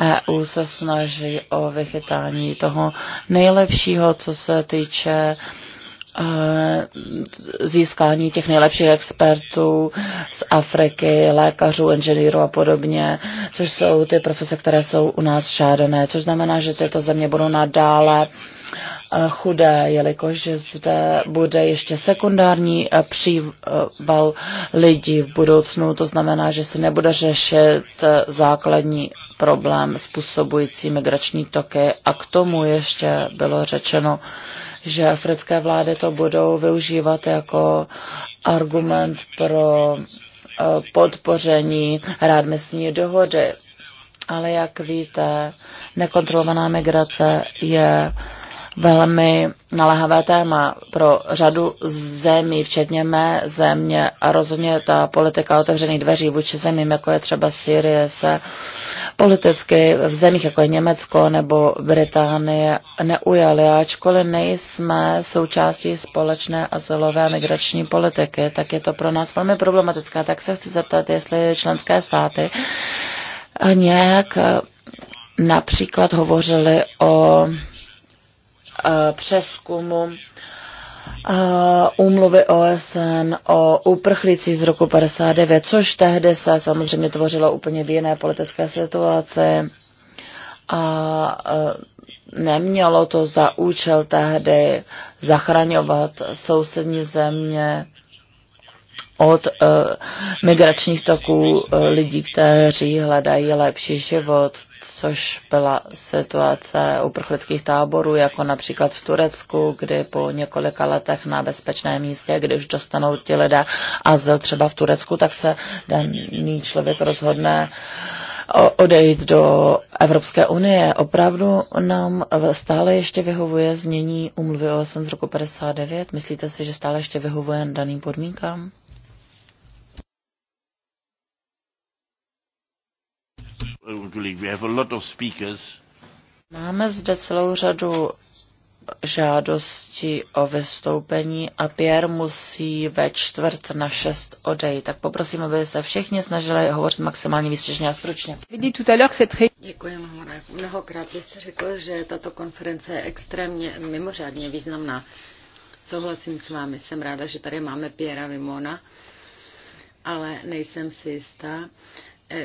EU se snaží o vychytání toho nejlepšího, co se týče uh, Eh, získání těch nejlepších expertů z Afriky, lékařů, inženýrů a podobně, což jsou ty profese, které jsou u nás žádané, což znamená, že tyto země budou nadále eh, chudé, jelikož zde bude ještě sekundární eh, příval lidí v budoucnu. To znamená, že se nebude řešit základní problém způsobující migrační toky. A k tomu ještě bylo řečeno, že africké vlády to budou využívat jako argument pro eh, podpoření rádmesní dohody. Ale jak víte, nekontrolovaná migrace je velmi naléhavé téma pro řadu zemí, včetně mé země a rozhodně ta politika otevřených dveří vůči zemím, jako je třeba Syrie, se politicky v zemích, jako je Německo nebo Británie, neujaly. Ačkoliv nejsme součástí společné asilové a migrační politiky, tak je to pro nás velmi problematické. Tak se chci zeptat, jestli členské státy nějak například hovořili o Eh, přeskumu eh, úmluvy OSN o uprchlících z roku 59, což tehdy se samozřejmě tvořilo úplně v jiné politické situaci a eh, nemělo to za účel tehdy zachraňovat sousední země od uh, migračních toků uh, lidí, kteří hledají lepší život, což byla situace uprchlických táborů, jako například v Turecku, kdy po několika letech na bezpečném místě, už dostanou ti lidé azyl třeba v Turecku, tak se daný člověk rozhodne odejít do Evropské unie. Opravdu nám stále ještě vyhovuje znění umluvy OSN z roku 59? Myslíte si, že stále ještě vyhovuje daným podmínkám? Uh, máme zde celou řadu žádostí o vystoupení a Pierre musí ve čtvrt na šest odejít. Tak poprosím, aby se všichni snažili hovořit maximálně výstěžně a stručně. Děkuji mnohokrát. jste řekl, že tato konference je extrémně mimořádně významná. Souhlasím s vámi. Jsem ráda, že tady máme Piera Vimona, ale nejsem si jistá,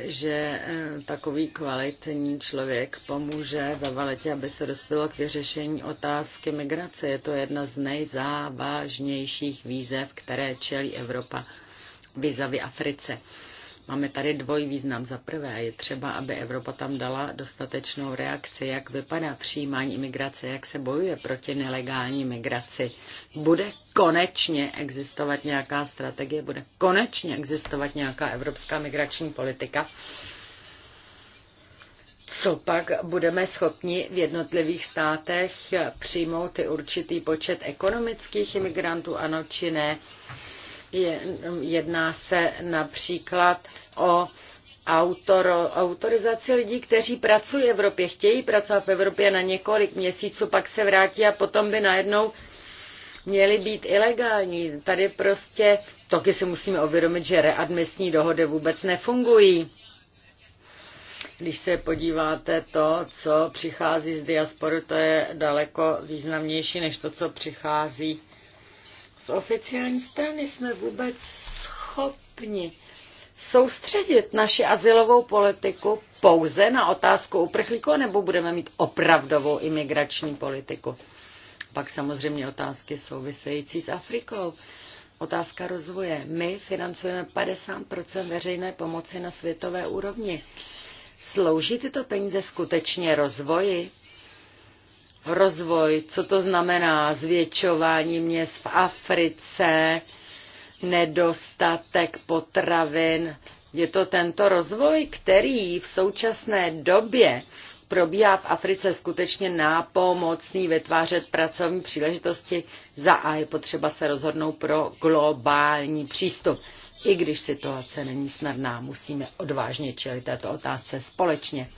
že eh, takový kvalitní člověk pomůže ve valetě, aby se dospělo k vyřešení otázky migrace. Je to jedna z nejzávažnějších výzev, které čelí Evropa vizavy Africe. Máme tady dvoj význam. Za prvé je třeba, aby Evropa tam dala dostatečnou reakci, jak vypadá přijímání imigrace, jak se bojuje proti nelegální migraci. Bude konečně existovat nějaká strategie, bude konečně existovat nějaká evropská migrační politika. Co pak budeme schopni v jednotlivých státech přijmout i určitý počet ekonomických imigrantů, ano či ne? Jedná se například o autor, autorizaci lidí, kteří pracují v Evropě, chtějí pracovat v Evropě na několik měsíců, pak se vrátí a potom by najednou měli být ilegální. Tady prostě toky si musíme uvědomit, že readmisní dohody vůbec nefungují. Když se podíváte to, co přichází z diasporu, to je daleko významnější než to, co přichází z oficiální strany jsme vůbec schopni soustředit naši asilovou politiku pouze na otázku uprchlíků, nebo budeme mít opravdovou imigrační politiku? Pak samozřejmě otázky související s Afrikou. Otázka rozvoje. My financujeme 50 veřejné pomoci na světové úrovni. Slouží tyto peníze skutečně rozvoji? rozvoj, co to znamená zvětšování měst v Africe, nedostatek potravin. Je to tento rozvoj, který v současné době probíhá v Africe skutečně nápomocný vytvářet pracovní příležitosti za a je potřeba se rozhodnout pro globální přístup. I když situace není snadná, musíme odvážně čelit této otázce společně.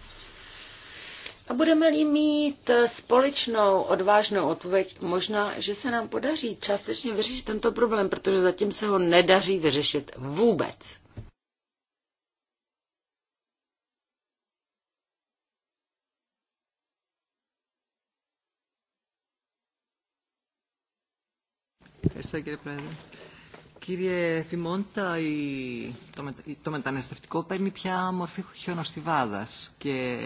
A budeme-li mít eh, společnou odvážnou odpověď, možná, že se nám podaří částečně vyřešit tento problém, protože zatím se ho nedaří vyřešit vůbec. thank you, President. Κύριε Φιμόντα, η... το, το μεταναστευτικό παίρνει πια μορφή χιονοστιβάδας και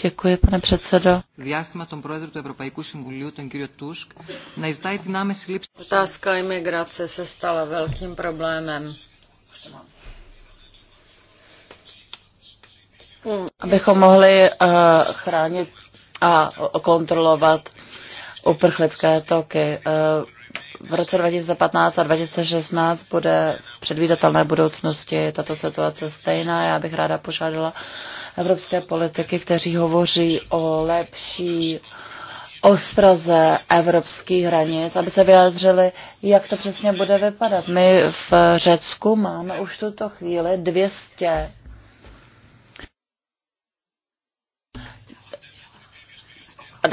Děkuji, pane předsedo. διάστημα τον πρόεδρο του Ευρωπαϊκού Συμβουλίου, τον κύριο Τούσκ, να ζητάει την άμεση λήψη... Otázka imigrace se stala velkým problémem. Abychom mohli uh, chránit a kontrolovat uprchlické toky. Uh, v roce 2015 a 2016 bude v předvídatelné budoucnosti tato situace stejná. Já bych ráda požádala evropské politiky, kteří hovoří o lepší ostraze evropských hranic, aby se vyjádřili, jak to přesně bude vypadat. My v Řecku máme už tuto chvíli 200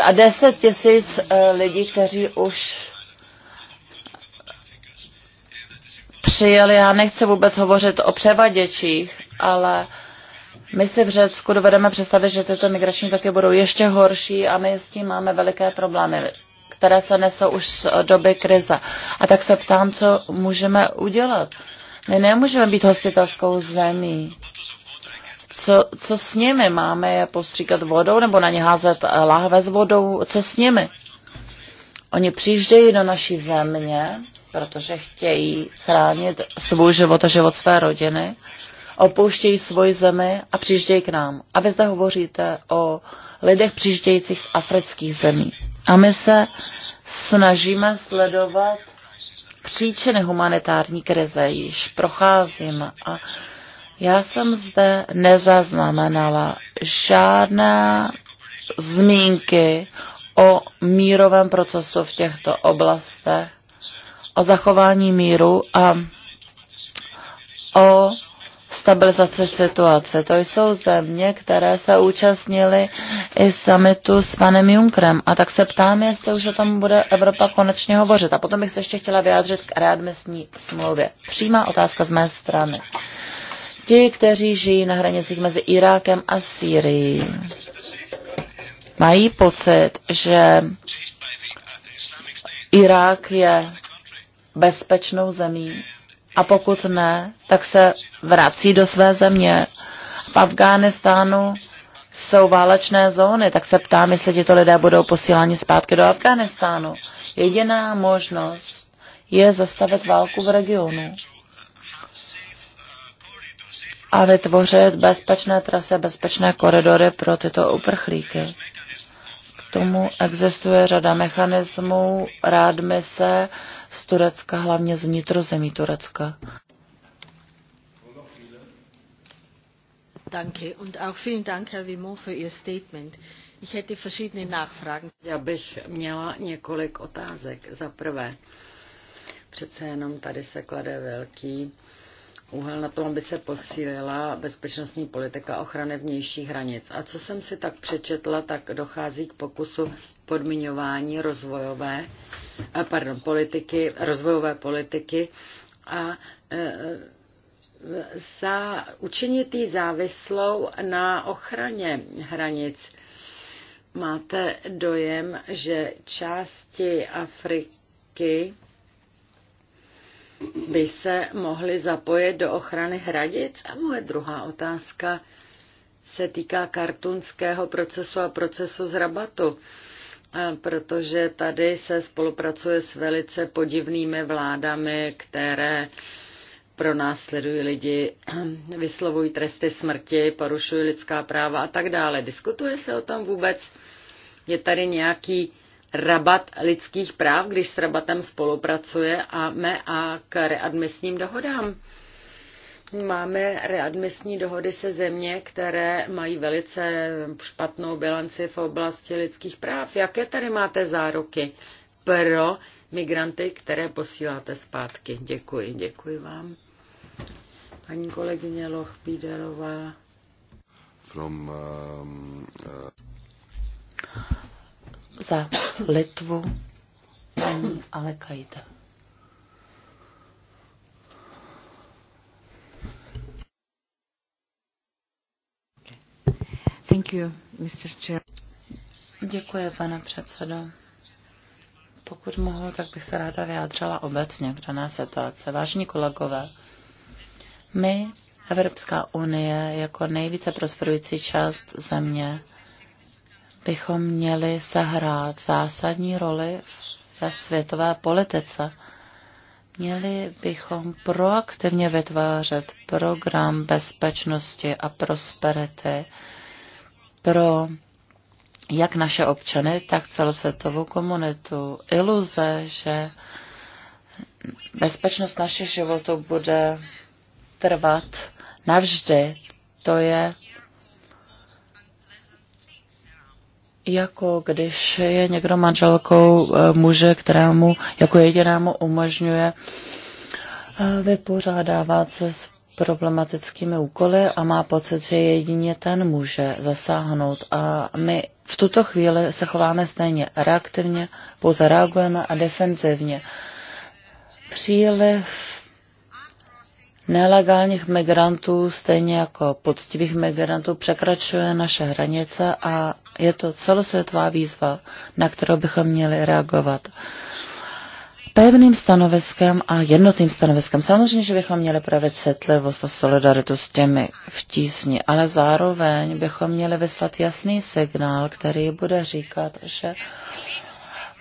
a 10 tisíc eh, lidí, kteří už přijeli. Já nechci vůbec hovořit o převaděčích, ale my si v Řecku dovedeme představit, že tyto migrační toky budou ještě horší a my s tím máme veliké problémy, které se nesou už z doby krize. A tak se ptám, co můžeme udělat. My nemůžeme být hostitelskou zemí. Co, co s nimi? Máme je postříkat vodou nebo na ně házet láhve s vodou? Co s nimi? Oni přijíždějí do naší země, protože chtějí chránit svůj život a život své rodiny, opouštějí svoji zemi a přijíždějí k nám. A vy zde hovoříte o lidech přijíždějících z afrických zemí. A my se snažíme sledovat příčiny humanitární krize, již procházím A já jsem zde nezaznamenala žádné zmínky o mírovém procesu v těchto oblastech o zachování míru a o stabilizaci situace. To jsou země, které se účastnily i summitu s panem Junkrem. A tak se ptám, jestli už o tom bude Evropa konečně hovořit. A potom bych se ještě chtěla vyjádřit k readmisní smlouvě. Přímá otázka z mé strany. Ti, kteří žijí na hranicích mezi Irákem a Sýrií, mají pocit, že Irák je bezpečnou zemí. A pokud ne, tak se vrací do své země. V Afghánistánu jsou válečné zóny, tak se ptám, jestli tito lidé budou posíláni zpátky do Afghánistánu. Jediná možnost je zastavit válku v regionu a vytvořit bezpečné trasy, bezpečné koridory pro tyto uprchlíky tomu existuje řada mechanismů. Rádme se z Turecka, hlavně z vnitrozemí Turecka. Danke und auch vielen Dank, Herr Vimont, für Ihr Statement. Ich hätte verschiedene Nachfragen. Já bych měla několik otázek. Za prvé, přece jenom tady se klade velký úhel na tom, aby se posílila bezpečnostní politika ochrany vnějších hranic. A co jsem si tak přečetla, tak dochází k pokusu podmiňování rozvojové, eh, pardon, politiky, rozvojové politiky a e, za, učinitý závislou na ochraně hranic. Máte dojem, že části Afriky by se mohli zapojit do ochrany hradic? A moje druhá otázka se týká kartunského procesu a procesu z rabatu, eh, protože tady se spolupracuje s velice podivnými vládami, které pro nás sledují lidi, vyslovují tresty smrti, porušují lidská práva a tak dále. Diskutuje se o tom vůbec? Je tady nějaký Rabat lidských práv, když s Rabatem spolupracuje a me a k readmisním dohodám. Máme readmisní dohody se země, které mají velice špatnou bilanci v oblasti lidských práv. Jaké tady máte záruky pro migranty, které posíláte zpátky? Děkuji, děkuji vám. Paní kolegyně Píderová. From, um, uh za Litvu paní Alekajda. Thank you, Mr. Chair. Děkuji, pane předsedo. Pokud mohu, tak bych se ráda vyjádřila obecně k dané situace. Vážení kolegové, my, Evropská unie, jako nejvíce prosperující část země, bychom měli sehrát zásadní roli ve světové politice. Měli bychom proaktivně vytvářet program bezpečnosti a prosperity pro jak naše občany, tak celosvětovou komunitu. Iluze, že bezpečnost našich životů bude trvat navždy, to je jako když je někdo manželkou e, muže, kterému jako jedinému umožňuje e, vypořádávat se s problematickými úkoly a má pocit, že jedině ten může zasáhnout. A my v tuto chvíli se chováme stejně reaktivně, pouze reagujeme a defenzivně. Příliv nelegálních migrantů, stejně jako poctivých migrantů, překračuje naše hranice a je to celosvětová výzva, na kterou bychom měli reagovat pevným stanoviskem a jednotným stanoviskem. Samozřejmě, že bychom měli projevit setlivost a solidaritu s těmi v tísni, ale zároveň bychom měli vyslat jasný signál, který bude říkat, že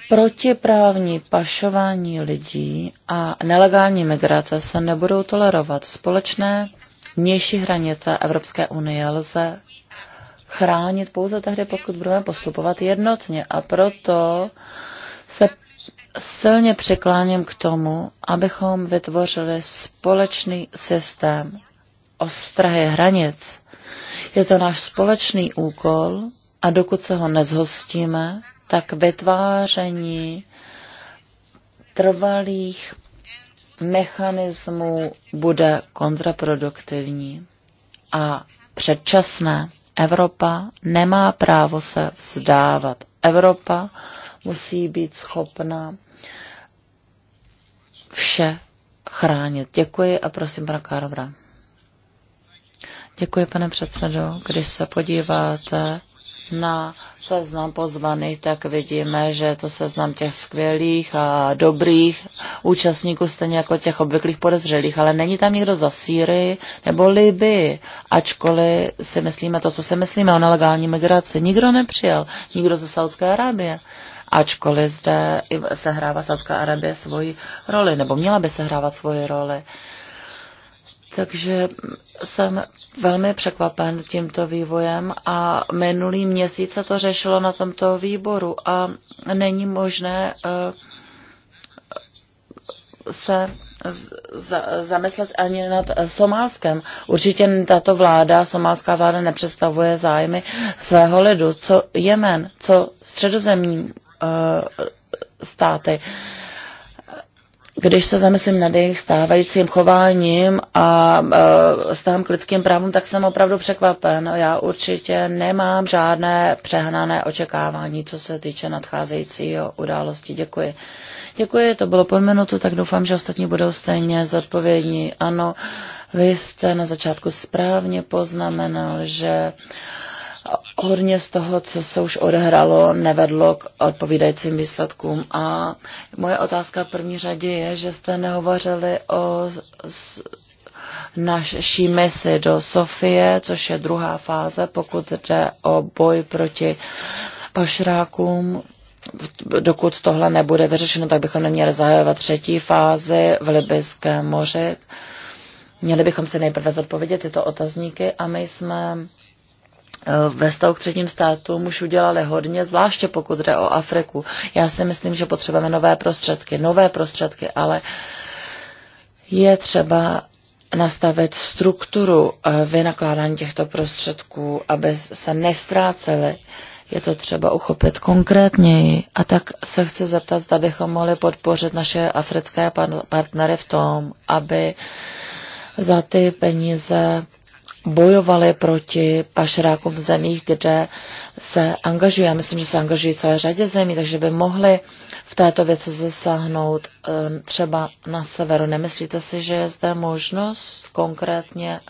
protiprávní pašování lidí a nelegální migrace se nebudou tolerovat. Společné vnější hranice Evropské unie lze chránit pouze tehdy, pokud budeme postupovat jednotně. A proto se silně přikláním k tomu, abychom vytvořili společný systém ostrahy hranic. Je to náš společný úkol a dokud se ho nezhostíme, tak vytváření trvalých mechanismů bude kontraproduktivní a předčasné. Evropa nemá právo se vzdávat. Evropa musí být schopna vše chránit. Děkuji a prosím pana Karvra. Děkuji, pane předsedo. Když se podíváte na seznam pozvaných, tak vidíme, že je to seznam těch skvělých a dobrých účastníků, stejně jako těch obvyklých podezřelých, ale není tam nikdo za Sýry nebo Liby ačkoliv si myslíme to, co si myslíme o nelegální migraci. Nikdo nepřijel, nikdo ze Saudské Arábie ačkoliv zde sehrává Saudská Arabie svoji roli, nebo měla by sehrávat svoji roli. Takže jsem velmi překvapen tímto vývojem a minulý měsíc se to řešilo na tomto výboru a není možné eh, se zamyslet ani nad eh, Somálskem. Určitě tato vláda, somálská vláda nepředstavuje zájmy svého lidu. Co Jemen, co středozemní eh, státy. Uh, když se zamyslím nad jejich stávajícím chováním a e, stávám k lidským právům, tak jsem opravdu překvapen. Já určitě nemám žádné přehnané očekávání, co se týče nadcházejícího události. Děkuji. Děkuji, to bylo po minutu, tak doufám, že ostatní budou stejně zodpovědní. Ano, vy jste na začátku správně poznamenal, že e, hodně z toho, co se už odehralo, nevedlo k odpovídajícím výsledkům. A moje otázka v první řadě je, že jste nehovořili o naší misi do Sofie, což je druhá fáze, pokud jde o boj proti pašrákům. Dokud tohle nebude vyřešeno, tak bychom neměli zahajovat třetí fázi v Libyském moři. Měli bychom si nejprve zodpovědět tyto otazníky a my jsme Eh, ve stavu k třetím státům už udělali hodně, zvláště pokud jde o Afriku. Já si myslím, že potřebujeme nové prostředky, nové prostředky, ale je třeba nastavit strukturu eh, vynakládání těchto prostředků, aby se nestrácely. Je to třeba uchopit konkrétněji. A tak se chci zeptat, zda bychom mohli podpořit naše africké partnery v tom, aby za ty peníze bojovali proti pašerákům v zemích, kde se angažují. Já myslím, že se angažují celé řadě zemí, takže by mohli v této věci zasáhnout ehm, třeba na severu. Nemyslíte si, že je zde možnost konkrétně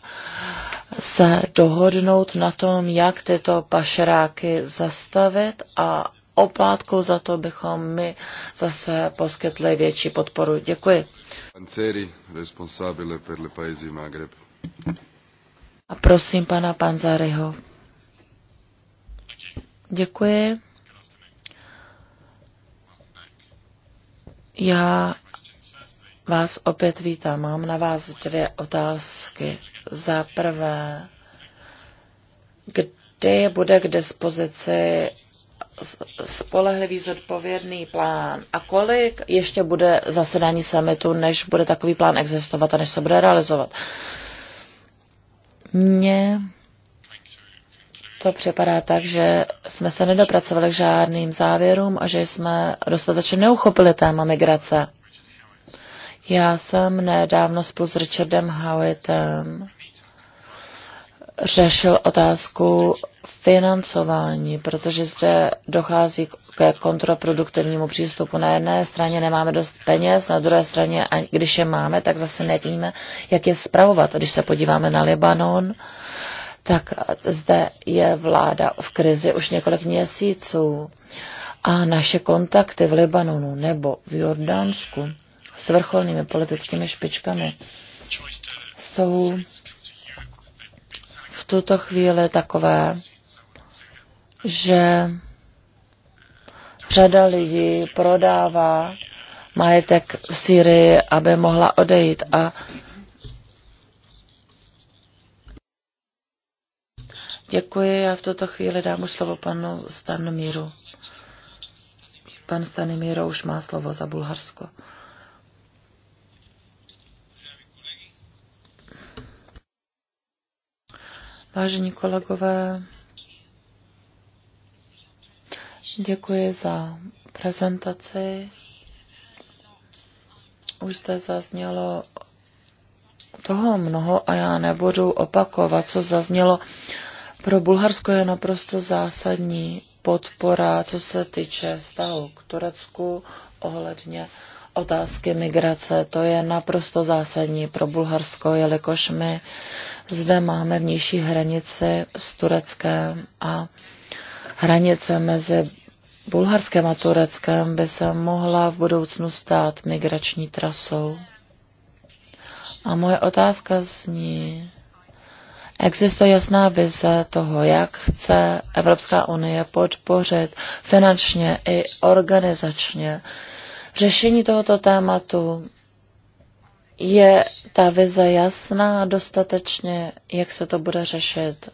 se dohodnout na tom, jak tyto pašeráky zastavit a oplátkou za to bychom my zase poskytli větší podporu. Děkuji. responsabile per le paesi a prosím pana Panzaryho. Děkuji. Já vás opět vítám. Mám na vás dvě otázky. Za prvé, kdy bude k dispozici spolehlivý zodpovědný plán a kolik ještě bude zasedání samitu, než bude takový plán existovat a než se bude realizovat. Mně to připadá tak, že jsme se nedopracovali k žádným závěrům a že jsme dostatečně neuchopili téma migrace. Já jsem nedávno spolu s Richardem Howittem řešil otázku financování, protože zde dochází ke kontraproduktivnímu přístupu. Na jedné straně nemáme dost peněz, na druhé straně, a když je máme, tak zase nevíme, jak je spravovat. Když se podíváme na Libanon, tak zde je vláda v krizi už několik měsíců a naše kontakty v Libanonu nebo v Jordánsku s vrcholnými politickými špičkami jsou tuto chvíli takové, že řada lidí prodává majetek v Syrii, aby mohla odejít a Děkuji a v tuto chvíli dám už slovo panu Stanomíru. Pan Stanimíro už má slovo za Bulharsko. Vážení kolegové, děkuji za prezentaci. Už zde zaznělo toho mnoho a já nebudu opakovat, co zaznělo. Pro Bulharsko je naprosto zásadní podpora, co se týče vztahu k Turecku ohledně otázky migrace. To je naprosto zásadní pro Bulharsko, jelikož my zde máme vnější hranici s Tureckem a hranice mezi Bulharskem a Tureckem by se mohla v budoucnu stát migrační trasou. A moje otázka zní, Existuje jasná vize toho, jak chce Evropská unie podpořit finančně i organizačně řešení tohoto tématu je ta vize jasná dostatečně, jak se to bude řešit?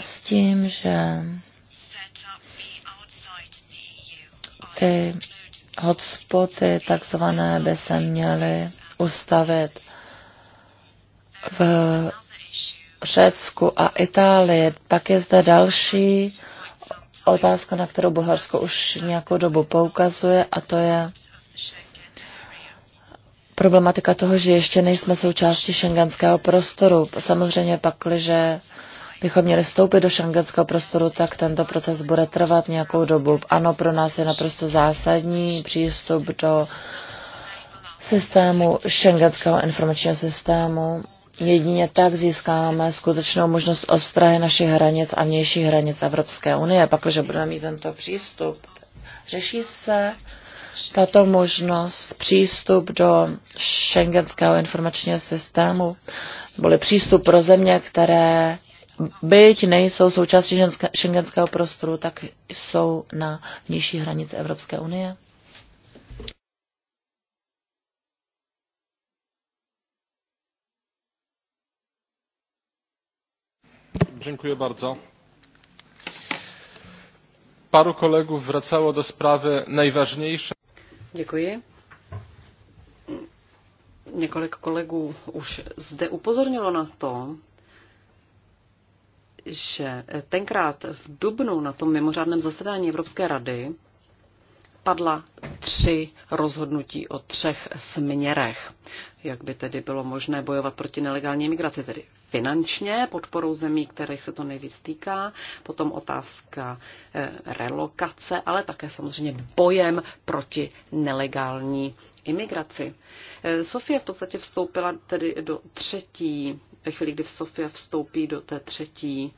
S tím, že ty hotspoty takzvané by se měly ustavit v Řecku a Itálii. Pak je zde další otázka, na kterou Bulharsko už nějakou dobu poukazuje, a to je problematika toho, že ještě nejsme součástí šengenského prostoru. Samozřejmě pak, že bychom měli vstoupit do šengenského prostoru, tak tento proces bude trvat nějakou dobu. Ano, pro nás je naprosto zásadní přístup do systému, šengenského informačního systému Jedině tak získáme skutečnou možnost ostrahy našich hranic a vnějších hranic Evropské unie, pakliže budeme mít tento přístup. Řeší se tato možnost přístup do šengenského informačního systému, byly přístup pro země, které byť nejsou součástí šengenského prostoru, tak jsou na vnější hranici Evropské unie? Dziękuję bardzo. Paru kolegów wracało do sprawy nejważnější. Děkuji. Několik kolegů už zde upozornilo na to, že tenkrát v Dubnu na tom mimořádném zasedání Evropské rady padla tři rozhodnutí o třech směrech, jak by tedy bylo možné bojovat proti nelegální migraci, tedy finančně, podporou zemí, kterých se to nejvíc týká, potom otázka eh, relokace, ale také samozřejmě bojem proti nelegální imigraci. Eh, Sofie v podstatě vstoupila tedy do třetí, ve chvíli, kdy Sofie vstoupí do té třetí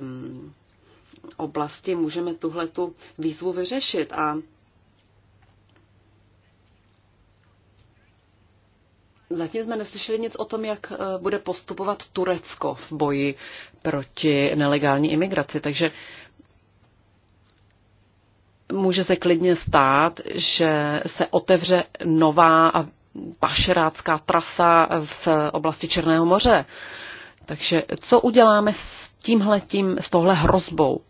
um, oblasti, můžeme tuhle tu výzvu vyřešit a Zatím jsme neslyšeli nic o tom, jak eh, bude postupovat Turecko v boji proti nelegální imigraci, takže může se klidně stát, že se otevře nová pašerácká trasa v oblasti Černého moře. Takže co uděláme s tímhletím, s tohle hrozbou?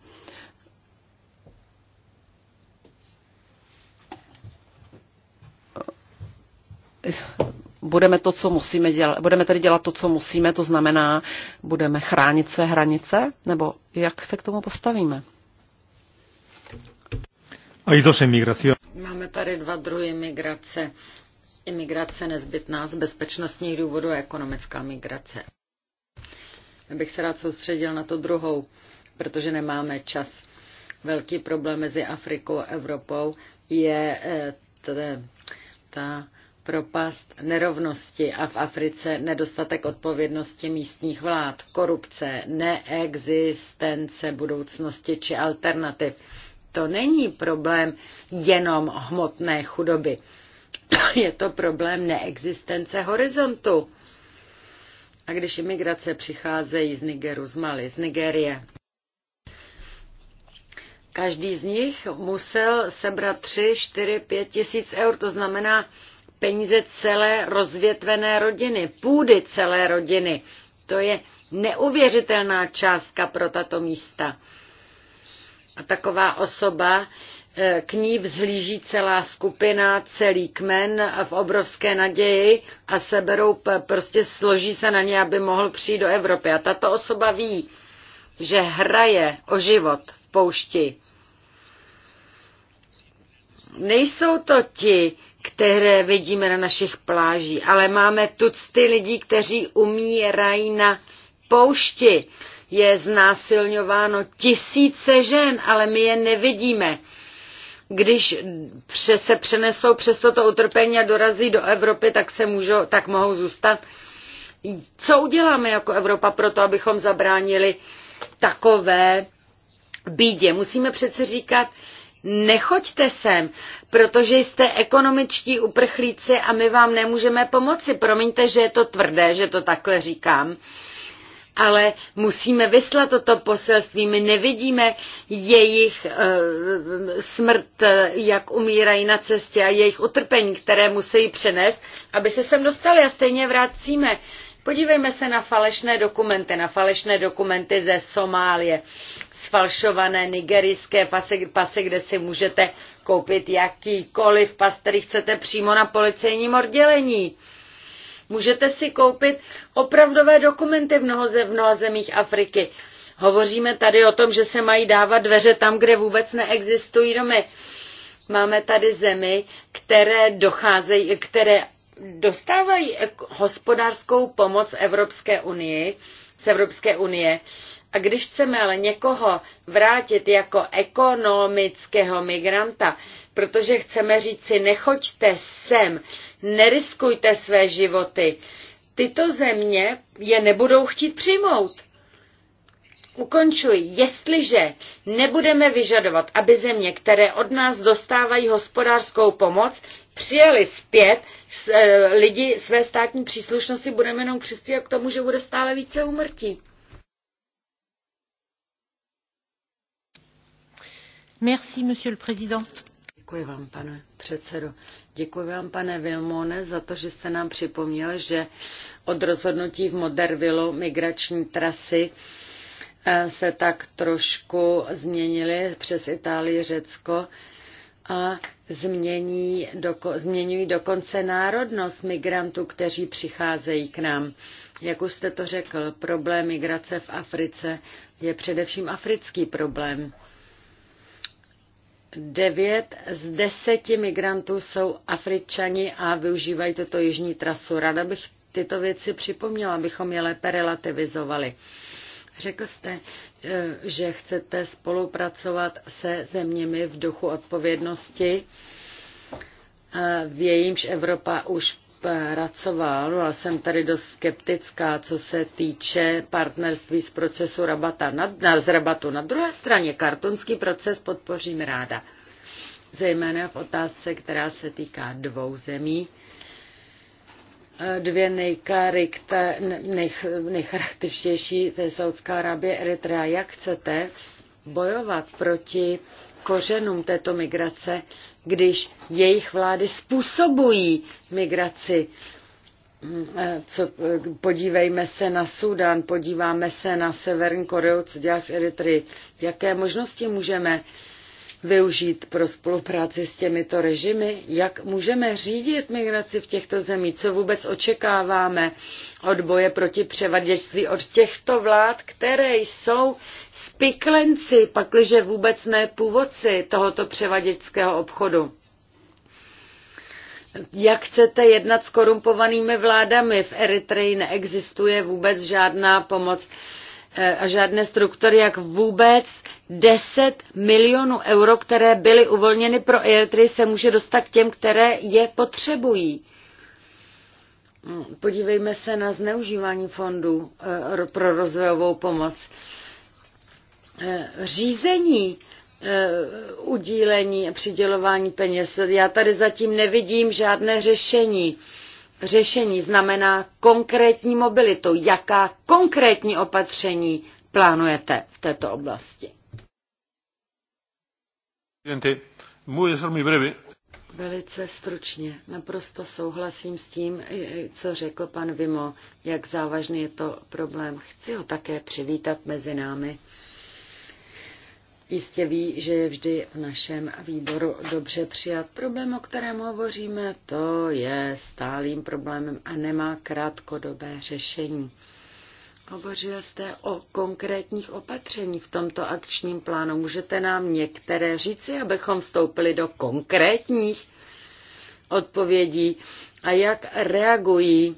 budeme to, co musíme dělat, budeme tedy dělat to, co musíme, to znamená, budeme chránit své hranice, nebo jak se k tomu postavíme? Hay dos emigración. Máme tady dva druhy migrace. Imigrace nezbytná z bezpečnostních důvodů a ekonomická migrace. Já bych se rád soustředil na to druhou, protože nemáme čas. Velký problém mezi Afrikou a Evropou je eh, ta propast nerovnosti a v Africe nedostatek odpovědnosti místních vlád, korupce, neexistence budoucnosti či alternativ. To není problém jenom hmotné chudoby. Je to problém neexistence horizontu. A když imigrace přicházejí z Nigeru, z Mali, z Nigérie, každý z nich musel sebrat 3, 4, 5 tisíc eur, to znamená peníze celé rozvětvené rodiny, půdy celé rodiny. To je neuvěřitelná částka pro tato místa. A taková osoba, eh, k ní vzhlíží celá skupina, celý kmen v obrovské naději a seberou, prostě složí se na ně, aby mohl přijít do Evropy. A tato osoba ví, že hraje o život v poušti Nejsou to ti, které vidíme na našich plážích, ale máme tucty lidí, kteří umírají na poušti. Je znásilňováno tisíce žen, ale my je nevidíme. Když se přenesou přes toto utrpení a dorazí do Evropy, tak, se můžou, tak mohou zůstat. Co uděláme jako Evropa pro to, abychom zabránili takové bídě? Musíme přece říkat, nechoďte sem, protože jste ekonomičtí uprchlíci a my vám nemůžeme pomoci. Promiňte, že je to tvrdé, že to takhle říkám. Ale musíme vyslat toto poselství. My nevidíme jejich e, smrt, eh, jak umírají na cestě a jejich utrpení, které musí přenést, aby se sem dostali a stejně vracíme Podívejme se na falešné dokumenty, na falešné dokumenty ze Somálie, sfalšované nigerijské pasy, pasy, kde si můžete koupit jakýkoliv pas, který chcete přímo na policejním oddělení. Můžete si koupit opravdové dokumenty v mnoha, v mnoha zemích Afriky. Hovoříme tady o tom, že se mají dávat dveře tam, kde vůbec neexistují domy. Máme tady zemi, které, docházejí, které dostávají hospodářskou pomoc Evropské unii, z Evropské unie. A když chceme ale někoho vrátit jako ekonomického migranta, protože chceme říct si, nechoďte sem, neriskujte své životy, tyto země je nebudou chtít přijmout. Ukončuji. Jestliže nebudeme vyžadovat, aby země, které od nás dostávají hospodářskou pomoc, přijeli zpět eh, lidi své státní příslušnosti, budeme jenom přispívat k tomu, že bude stále více umrtí. Merci, monsieur le président. Děkuji vám, pane předsedo. Děkuji vám, pane Vilmone, za to, že jste nám připomněl, že od rozhodnutí v Modervilu migrační trasy Eh, se tak trošku změnily přes Itálii, Řecko a změní, doko, změňují dokonce národnost migrantů, kteří přicházejí k nám. Jak už jste to řekl, problém migrace v Africe je především africký problém. Devět z deseti migrantů jsou Afričani a využívají toto jižní trasu. Rada bych tyto věci připomněla, abychom je lépe relativizovali. Řekl jste, eh, že chcete spolupracovat se zeměmi v duchu odpovědnosti, eh, v jejímž Evropa už pracoval, no jsem tady dost skeptická, co se týče partnerství z procesu rabata na, na, z rabatu. Na druhé straně kartonský proces podpořím ráda, zejména v otázce, která se týká dvou zemí, dvě nejcharakterističtější, to je Saudská Arábie, Eritrea. Jak chcete bojovat proti kořenům této migrace, když jejich vlády způsobují migraci? Mm, eh, co, podívejme se na Sudan, podíváme se na Severní Koreu, co dělá v Eritrii. Jaké možnosti můžeme uh, využít pro spolupráci s těmito režimy? Jak můžeme řídit migraci v těchto zemích? Co vůbec očekáváme od boje proti převaděčství od těchto vlád, které jsou spiklenci, pakliže vůbec ne původci tohoto převaděčského obchodu? Jak chcete jednat s korumpovanými vládami? V Eritreji neexistuje vůbec žádná pomoc eh, a žádné struktury, jak vůbec Deset milionů euro, které byly uvolněny pro Airtry, se může dostat k těm, které je potřebují. Podívejme se na zneužívání fondů eh, pro rozvojovou pomoc. Eh, řízení eh, udílení a přidělování peněz. Já tady zatím nevidím žádné řešení. Řešení znamená konkrétní mobilitu. Jaká konkrétní opatření plánujete v této oblasti? Velice stručně. Naprosto souhlasím s tím, co řekl pan Vimo, jak závažný je to problém. Chci ho také přivítat mezi námi. Jistě ví, že je vždy v našem výboru dobře přijat. Problém, o kterém hovoříme, to je stálým problémem a nemá krátkodobé řešení. Hovořil jste o konkrétních opatření v tomto akčním plánu. Můžete nám některé říci, abychom vstoupili do konkrétních odpovědí a jak reagují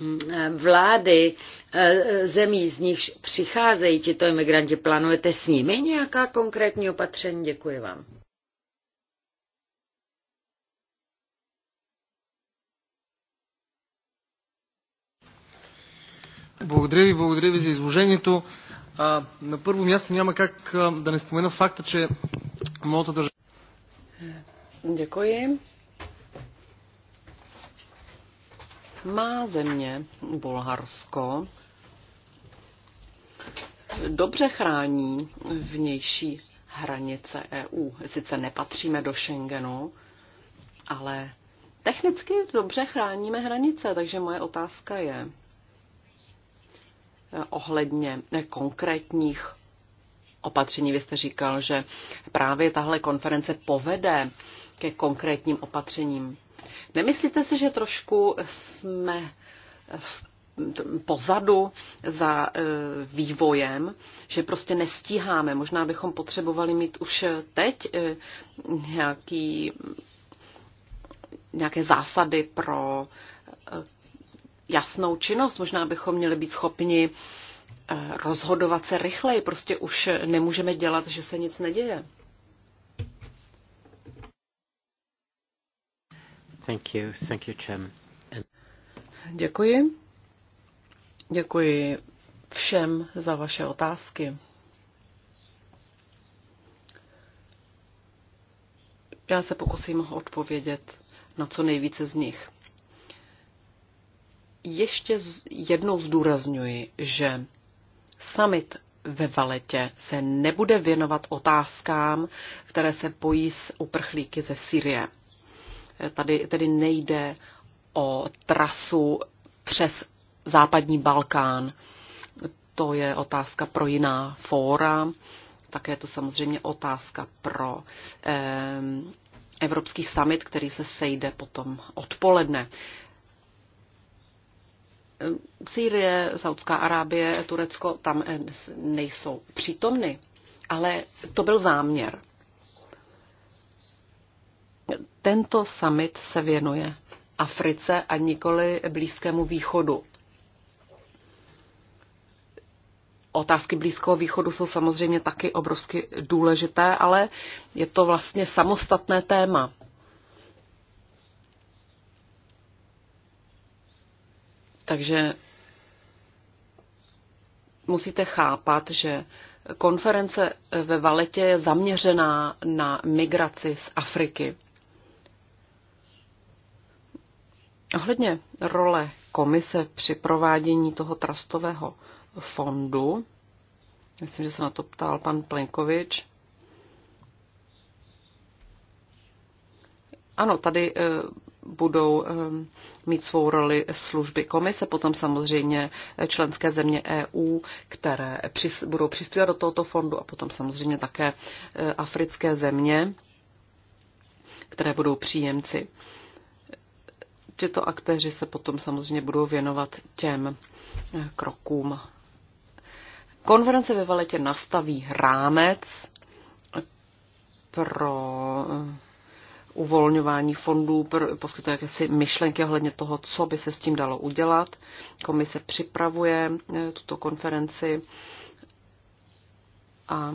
hm, vlády eh, zemí, z nichž přicházejí tito imigranti. Plánujete s nimi nějaká konkrétní opatření? Děkuji vám. Благодаря ви, благодаря ви за изложението. А, на първо място няма как а, да не спомена факта, че моята държава. Děkuji. Má země, Bulharsko, dobře chrání vnější hranice EU. Sice nepatříme do Schengenu, ale technicky dobře chráníme hranice, takže moje otázka je, ohledně konkrétních opatření. Vy jste říkal, že právě tahle konference povede ke konkrétním opatřením. Nemyslíte si, že trošku jsme v pozadu za e, vývojem, že prostě nestíháme. Možná bychom potřebovali mít už teď e, nějaký, nějaké zásady pro e, jasnou činnost. Možná bychom měli být schopni eh, rozhodovat se rychleji. Prostě už nemůžeme dělat, že se nic neděje. Thank you. Thank you, Chem. And... Děkuji. Děkuji všem za vaše otázky. Já se pokusím odpovědět na co nejvíce z nich ještě jednou zdůrazňuji, že summit ve Valetě se nebude věnovat otázkám, které se pojí s uprchlíky ze Syrie. Eh, tady tedy nejde o trasu přes západní Balkán. To je otázka pro jiná fóra. Také je to samozřejmě otázka pro eh, Evropský summit, který se sejde potom odpoledne. Sýrie, Saudská Arábie, Turecko tam nejsou přítomny, ale to byl záměr. Tento summit se věnuje Africe a nikoli Blízkému východu. Otázky Blízkého východu jsou samozřejmě taky obrovsky důležité, ale je to vlastně samostatné téma. Takže musíte chápat, že konference ve Valetě je zaměřená na migraci z Afriky. Ohledně role komise při provádění toho trastového fondu, myslím, že se na to ptal pan Plenkovič, Ano, tady eh, budou eh, mít svou roli služby komise, potom samozřejmě členské země EU, které budou přispívat do tohoto fondu a potom samozřejmě také eh, africké země, které budou příjemci. Tyto aktéři se potom samozřejmě budou věnovat těm eh, krokům. Konference ve Valetě nastaví rámec pro uvolňování fondů poskytuje jakési myšlenky ohledně toho, co by se s tím dalo udělat. Komise připravuje e, tuto konferenci a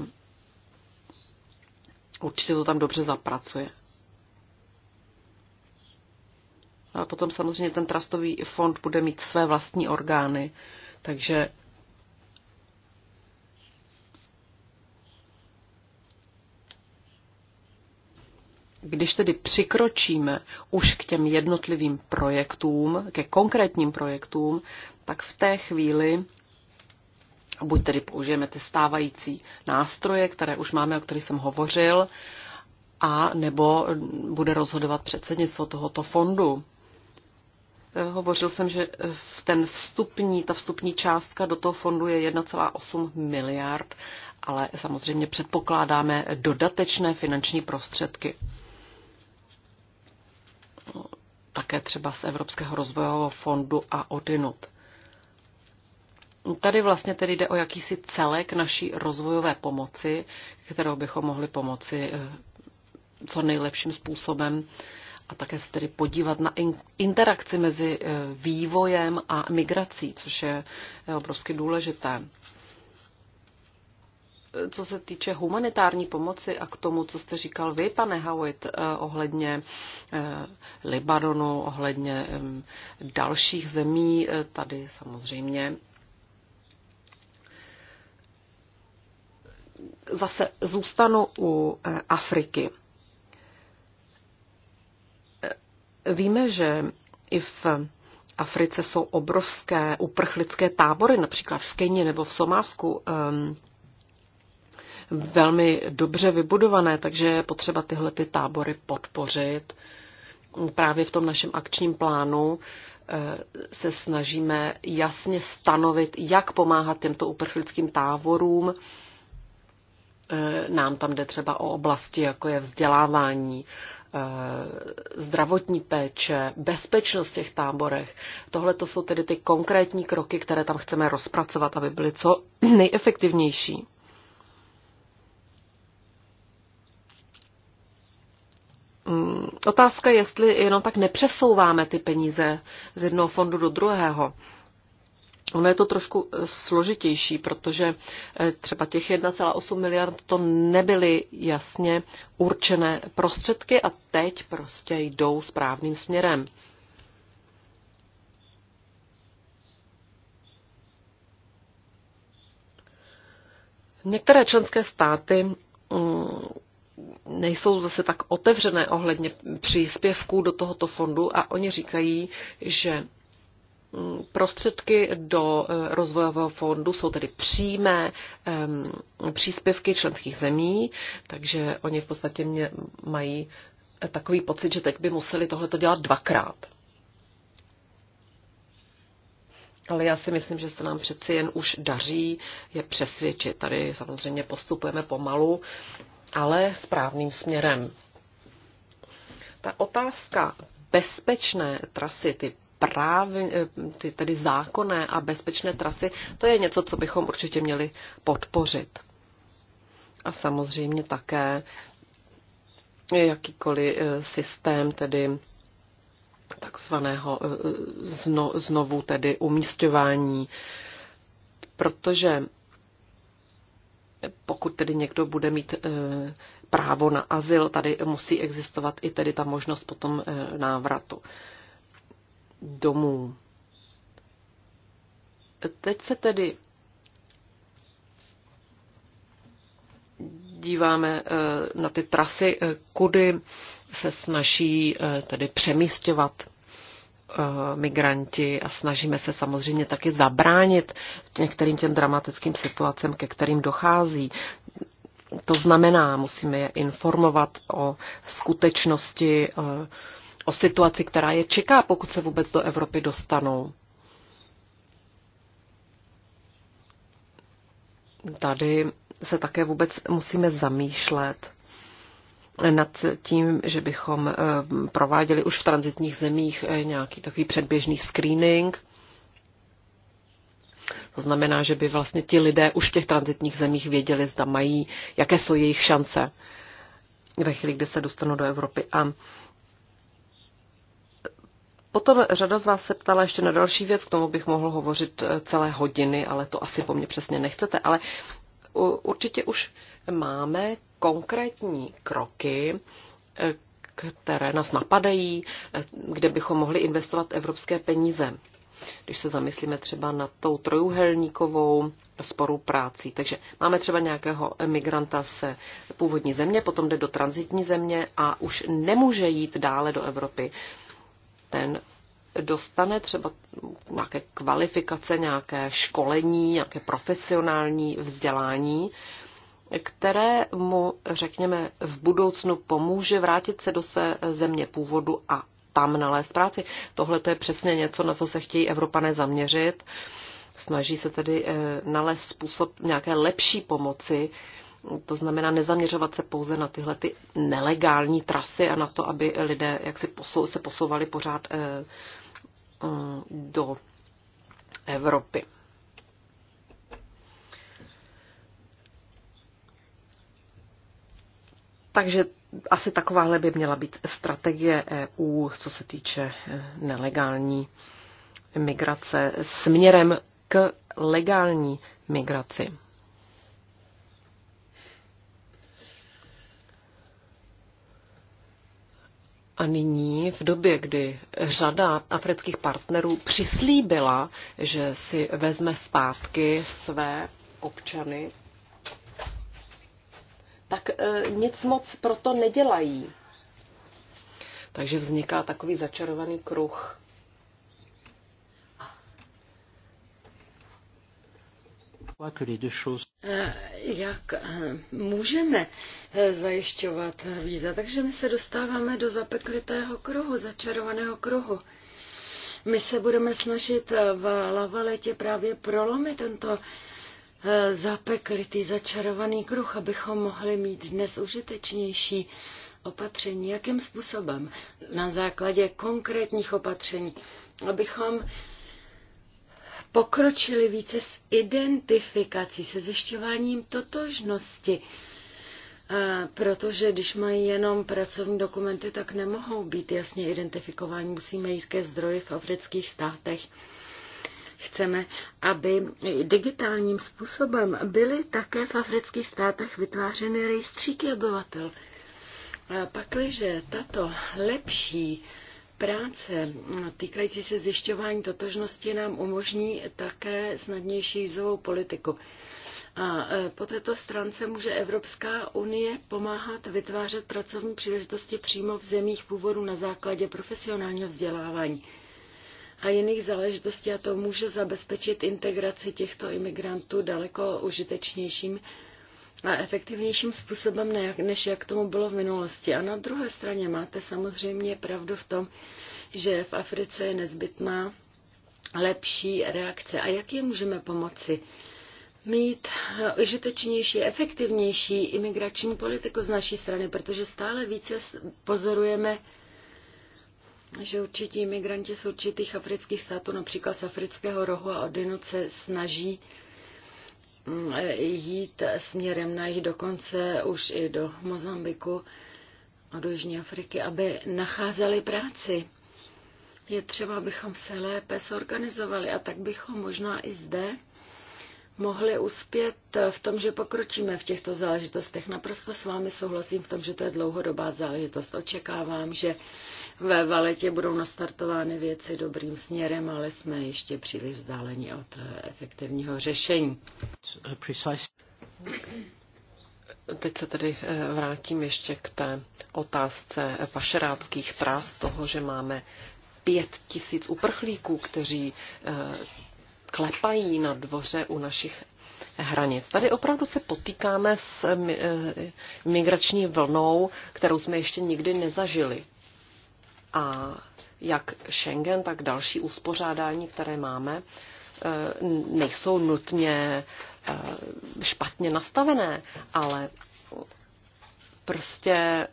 určitě to tam dobře zapracuje. A potom samozřejmě ten trastový fond bude mít své vlastní orgány, takže když tedy přikročíme už k těm jednotlivým projektům, ke konkrétním projektům, tak v té chvíli buď tedy použijeme ty stávající nástroje, které už máme, o kterých jsem hovořil, a nebo bude rozhodovat předsednictvo tohoto fondu. Eh, hovořil jsem, že eh, ten vstupní, ta vstupní částka do toho fondu je 1,8 miliard, ale samozřejmě předpokládáme dodatečné finanční prostředky také třeba z Evropského rozvojového fondu a odinut. Tady vlastně tedy jde o jakýsi celek naší rozvojové pomoci, kterou bychom mohli pomoci eh, co nejlepším způsobem a také se tedy podívat na interakci mezi eh, vývojem a migrací, což je eh, obrovsky důležité co se týče humanitární pomoci a k tomu, co jste říkal vy, pane Howitt, eh, ohledně eh, Libanonu, ohledně eh, dalších zemí, tady samozřejmě zase zůstanu u Afriky. Víme, že i v Africe jsou obrovské uprchlické tábory, například v Keni nebo v Somálsku. Ehm, velmi dobře vybudované, takže je potřeba tyhle ty tábory podpořit. Právě v tom našem akčním plánu eh, se snažíme jasně stanovit, jak pomáhat těmto uprchlickým táborům. Eh, nám tam jde třeba o oblasti, jako je vzdělávání, eh, zdravotní péče, bezpečnost v těch táborech. Tohle to jsou tedy ty konkrétní kroky, které tam chceme rozpracovat, aby byly co nejefektivnější. Otázka je, jestli jenom tak nepřesouváme ty peníze z jednoho fondu do druhého. Ono je to trošku eh, složitější, protože eh, třeba těch 1,8 miliard to nebyly jasně určené prostředky a teď prostě jdou správným směrem. Některé členské státy mm, nejsou zase tak otevřené ohledně příspěvků do tohoto fondu a oni říkají, že mm, Prostředky do eh, rozvojového fondu jsou tedy přímé příspěvky členských zemí, takže oni v podstatě mě mají takový pocit, že teď by museli tohleto dělat dvakrát. Ale já si myslím, že se nám přeci jen už daří je přesvědčit. Tady samozřejmě postupujeme pomalu, ale správným směrem. Ta otázka bezpečné trasy, ty právě, eh, ty tedy zákonné a bezpečné trasy, to je něco, co bychom určitě měli podpořit. A samozřejmě také jakýkoliv eh, systém tedy takzvaného eh, znovu tedy umístěvání, protože pokud tedy někdo bude mít eh, právo na azyl, tady musí existovat i tedy ta možnost potom eh, návratu domů. Teď se tedy díváme eh, na ty trasy, kudy se snaží tedy přemístěvat Eh, migranti a snažíme se samozřejmě taky zabránit některým těm dramatickým situacím, ke kterým dochází. To znamená, musíme je informovat o skutečnosti, eh, o situaci, která je čeká, pokud se vůbec do Evropy dostanou. Tady se také vůbec musíme zamýšlet nad tím, že bychom eh, prováděli už v transitních zemích eh, nějaký takový předběžný screening. To znamená, že by vlastně ti lidé už v těch transitních zemích věděli, zda mají, jaké jsou jejich šance ve chvíli, kdy se dostanou do Evropy. A Potom řada z vás se ptala ještě na další věc, k tomu bych mohl hovořit eh, celé hodiny, ale to asi po mně přesně nechcete, ale určitě už máme konkrétní kroky, eh, které nás napadají, eh, kde bychom mohli investovat evropské peníze. Když se zamyslíme třeba nad tou trojuhelníkovou sporu prácí. Takže máme třeba nějakého emigranta se původní země, potom jde do transitní země a už nemůže jít dále do Evropy. Ten dostane třeba nějaké kvalifikace, nějaké školení, nějaké profesionální vzdělání, které mu, řekněme, v budoucnu pomůže vrátit se do své země původu a tam nalézt práci. Tohle to je přesně něco, na co se chtějí Evropané zaměřit. Snaží se tedy eh, nalézt způsob nějaké lepší pomoci, to znamená nezaměřovat se pouze na tyhle ty nelegální trasy a na to, aby lidé jak si posou, se posouvali pořád eh, Eh, do Evropy. Takže asi takováhle by měla být strategie EU, co se týče eh, nelegální migrace, směrem k legální migraci. A nyní, v době, kdy řada afrických partnerů přislíbila, že si vezme zpátky své občany, tak e, nic moc proto nedělají. Takže vzniká takový začarovaný kruh. Eh, jak eh, můžeme eh, zajišťovat víza? Takže my se dostáváme do zapeklitého kruhu, začarovaného kruhu. My se budeme snažit v lavaletě právě prolomit tento zapeklitý, začarovaný kruh, abychom mohli mít dnes užitečnější opatření. Jakým způsobem? Na základě konkrétních opatření, abychom pokročili více s identifikací, se zjišťováním totožnosti. Protože když mají jenom pracovní dokumenty, tak nemohou být jasně identifikováni. Musíme jít ke zdroji v afrických státech. Chceme, aby digitálním způsobem byly také v afrických státech vytvářeny rejstříky obyvatel. Pakliže tato lepší Práce týkající se zjišťování totožnosti nám umožní také snadnější vízovou politiku. A e, po této stránce může Evropská unie pomáhat vytvářet pracovní příležitosti přímo v zemích původu na základě profesionálního vzdělávání a jiných záležitostí a to může zabezpečit integraci těchto imigrantů daleko užitečnějším a efektivnějším způsobem, než jak tomu bylo v minulosti. A na druhé straně máte samozřejmě pravdu v tom, že v Africe je nezbytná lepší reakce. A jak je můžeme pomoci? mít užitečnější, efektivnější imigrační politiku z naší strany, protože stále více pozorujeme, že určití imigranti z určitých afrických států, například z afrického rohu a odinut se snaží jít směrem na jich dokonce už i do Mozambiku a do Jižní Afriky, aby nacházeli práci. Je třeba, abychom se lépe zorganizovali a tak bychom možná i zde mohli uspět v tom, že pokročíme v těchto záležitostech. Naprosto s vámi souhlasím v tom, že to je dlouhodobá záležitost. Očekávám, že ve valetě budou nastartovány věci dobrým směrem, ale jsme ještě příliš vzdáleni od eh, efektivního řešení. Teď se tedy eh, vrátím ještě k té otázce pašeráckých tras, toho, že máme pět tisíc uprchlíků, kteří eh, klepají na dvoře u našich hranic. Tady opravdu se potýkáme s eh, migrační vlnou, kterou jsme ještě nikdy nezažili. A jak Schengen, tak další uspořádání, které máme, eh, nejsou nutně eh, špatně nastavené, ale prostě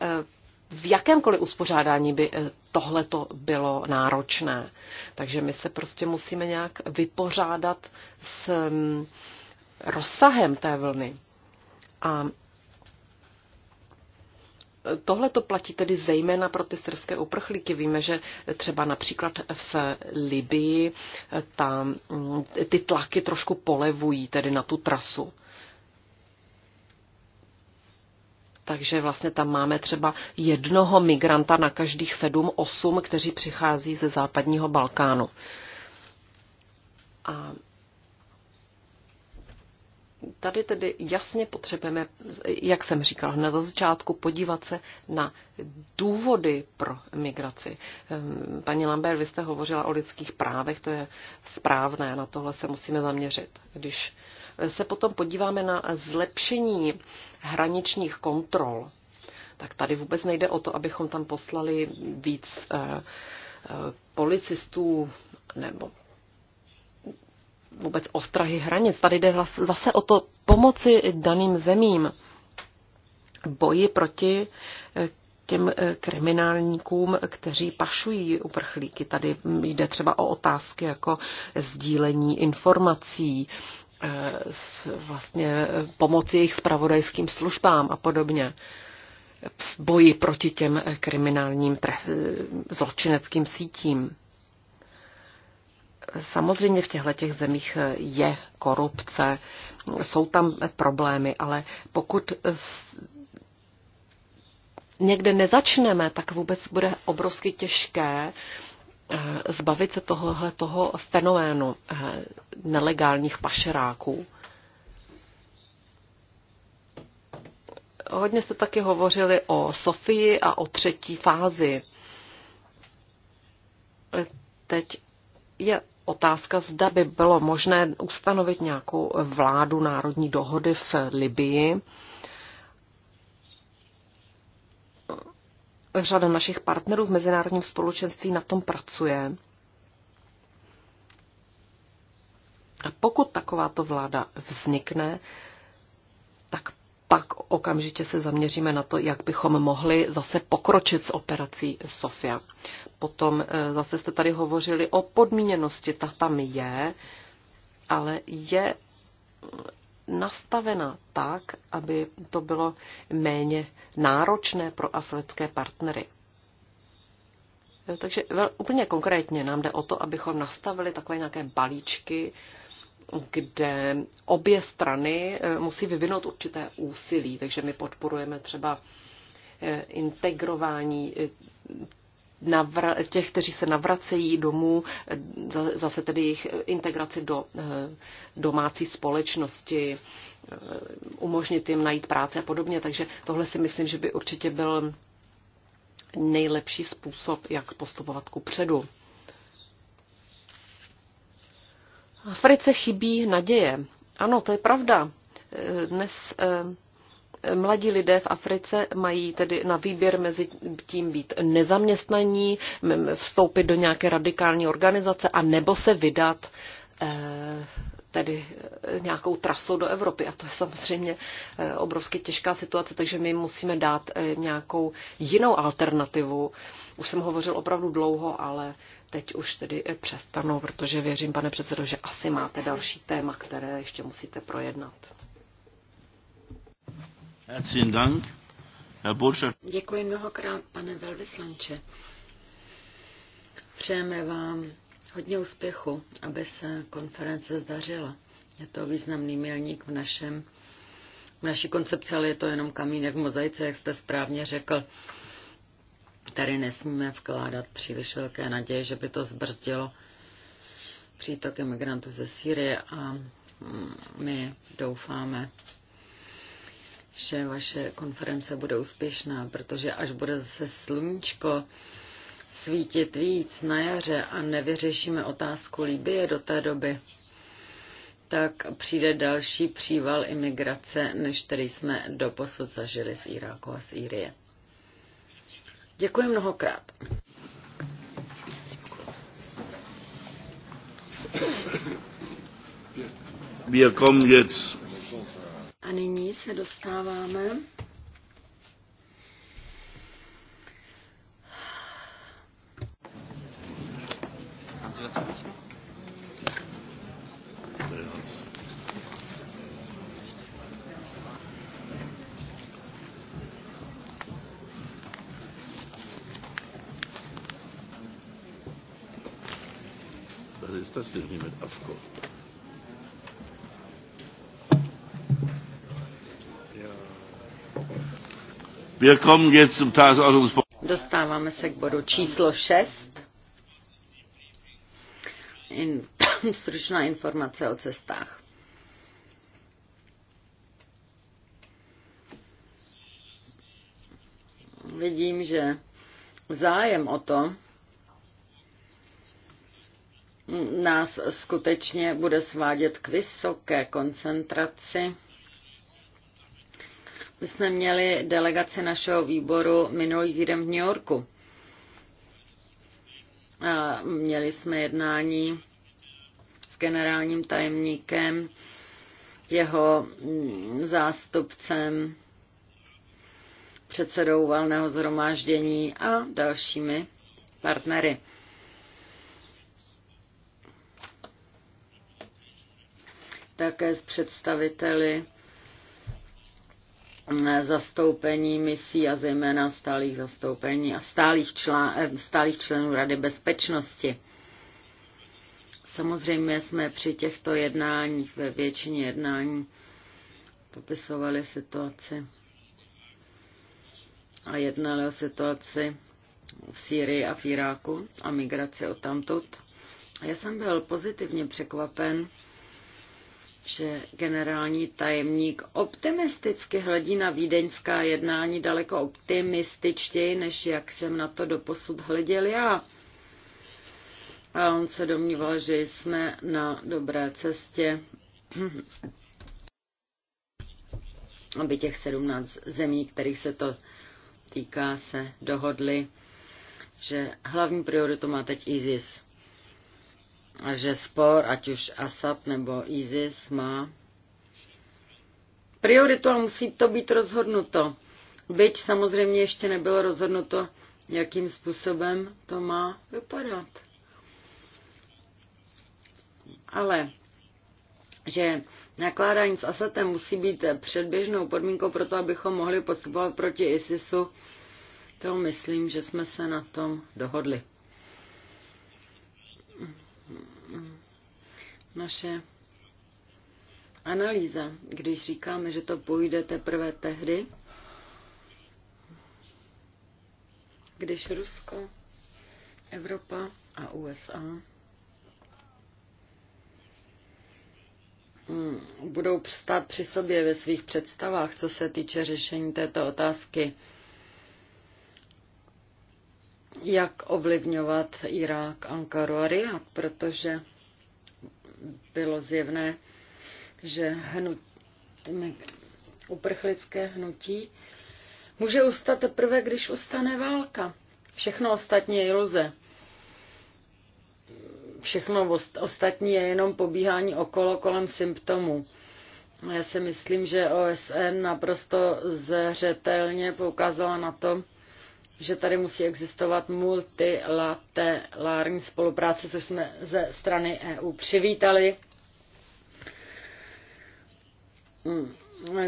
v jakémkoliv uspořádání by eh, tohleto bylo náročné. Takže my se prostě musíme nějak vypořádat s mm, rozsahem té vlny. A eh, Tohle to platí tedy zejména pro ty syrské uprchlíky. Víme, že třeba například v Libii eh, tam mm, ty tlaky trošku polevují tedy na tu trasu. Takže vlastně tam máme třeba jednoho migranta na každých sedm, osm, kteří přichází ze západního Balkánu. A tady tedy jasně potřebujeme, jak jsem říkal na začátku, podívat se na důvody pro migraci. Ehm, paní Lambert, vy jste hovořila o lidských právech, to je správné, na tohle se musíme zaměřit, když se potom podíváme na zlepšení hraničních kontrol, tak tady vůbec nejde o to, abychom tam poslali víc eh, eh, policistů nebo vůbec ostrahy hranic. Tady jde zase o to pomoci daným zemím boji proti eh, těm kriminálníkům, kteří pašují uprchlíky. Tady jde třeba o otázky jako sdílení informací, Eh, vlastně eh, pomoci jejich spravodajským službám a podobně v boji proti těm eh, kriminálním zločineckým sítím. Samozřejmě v těchto těch zemích je korupce, jsou tam problémy, ale pokud někde nezačneme, tak vůbec bude obrovsky těžké Eh, zbavit se tohohle toho fenoménu eh, nelegálních pašeráků. Hodně jste taky hovořili o Sofii a o třetí fázi. Teď je otázka, zda by bylo možné ustanovit nějakou vládu národní dohody v Libii, řada našich partnerů v mezinárodním společenství na tom pracuje. A pokud takováto vláda vznikne, tak pak okamžitě se zaměříme na to, jak bychom mohli zase pokročit s operací Sofia. Potom eh, zase jste tady hovořili o podmíněnosti, ta tam je, ale je nastavena tak, aby to bylo méně náročné pro africké partnery. Takže úplně konkrétně nám jde o to, abychom nastavili takové nějaké balíčky, kde obě strany eh, musí vyvinout určité úsilí. Takže my podporujeme třeba eh, integrování eh, navra- těch, kteří se navracejí domů, zase tedy jejich integraci do eh, domácí společnosti, eh, umožnit jim najít práci a podobně. Takže tohle si myslím, že by určitě byl nejlepší způsob, jak postupovat ku předu. Africe chybí naděje. Ano, to je pravda. Eh, dnes Mladí lidé v Africe mají tedy na výběr mezi tím být nezaměstnaní, vstoupit do nějaké radikální organizace a nebo se vydat eh, tedy eh, nějakou trasou do Evropy. A to je samozřejmě eh, obrovsky těžká situace, takže my musíme dát nějakou jinou alternativu. Už jsem hovořil opravdu dlouho, ale teď už tedy přestanu, protože věřím, pane předsedo, že asi máte další téma, které ještě musíte projednat. Děkuji mnohokrát, pane velvyslanče. Přejeme vám hodně úspěchu, aby se konference zdařila. Je to významný milník v našem v naší koncepci, ale je to jenom kamínek v mozaice, jak jste správně řekl. Tady nesmíme vkládat příliš velké naděje, že by to zbrzdilo přítok imigrantů ze Sýrie a mm, my doufáme, vše vaše konference bude úspěšná, protože až bude zase sluníčko svítit víc na jaře a nevyřešíme otázku Libie do té doby, tak přijde další příval imigrace, než který jsme doposud zažili z Iráku a z Írie. Děkuji mnohokrát. Wir kommen jetzt a nyní se dostáváme Das ist das denn hier mit Afko? Dostáváme se k bodu číslo 6. In, stručná informace o cestách. Vidím, že zájem o to nás skutečně bude svádět k vysoké koncentraci my jsme měli delegaci našeho výboru minulý týden v New Yorku. A měli jsme jednání s generálním tajemníkem, jeho mm, zástupcem, předsedou valného zhromáždění a dalšími partnery. Také s představiteli zastoupení misí a zejména stálých zastoupení a stálých, člá, eh, stálých členů Rady bezpečnosti. Samozřejmě jsme při těchto jednáních, ve většině jednání, popisovali situaci a jednali o situaci v Sýrii a v Iráku a migraci odtamtud. Já jsem byl pozitivně překvapen, že generální tajemník optimisticky hledí na vídeňská jednání daleko optimističtěji, než jak jsem na to doposud hleděl já. A on se domníval, že jsme na dobré cestě, aby těch 17 zemí, kterých se to týká, se dohodli, že hlavní prioritu má teď ISIS že spor, ať už ASAP nebo ISIS, má prioritu a musí to být rozhodnuto. Byť samozřejmě ještě nebylo rozhodnuto, jakým způsobem to má vypadat. Ale že nakládání s Asatem musí být předběžnou podmínkou pro to, abychom mohli postupovat proti ISISu, to myslím, že jsme se na tom dohodli naše analýza, když říkáme, že to půjde teprve tehdy, když Rusko, Evropa a USA budou stát při sobě ve svých představách, co se týče řešení této otázky jak ovlivňovat Irák, Ankaru a Riyad, protože bylo zjevné, že hnutí, uprchlické hnutí může ustat teprve, když ustane válka. Všechno ostatní je iluze. Všechno ostatní je jenom pobíhání okolo kolem symptomů. Já si myslím, že OSN naprosto zřetelně poukázala na to, že tady musí existovat multilaterální spolupráce, což jsme ze strany EU přivítali,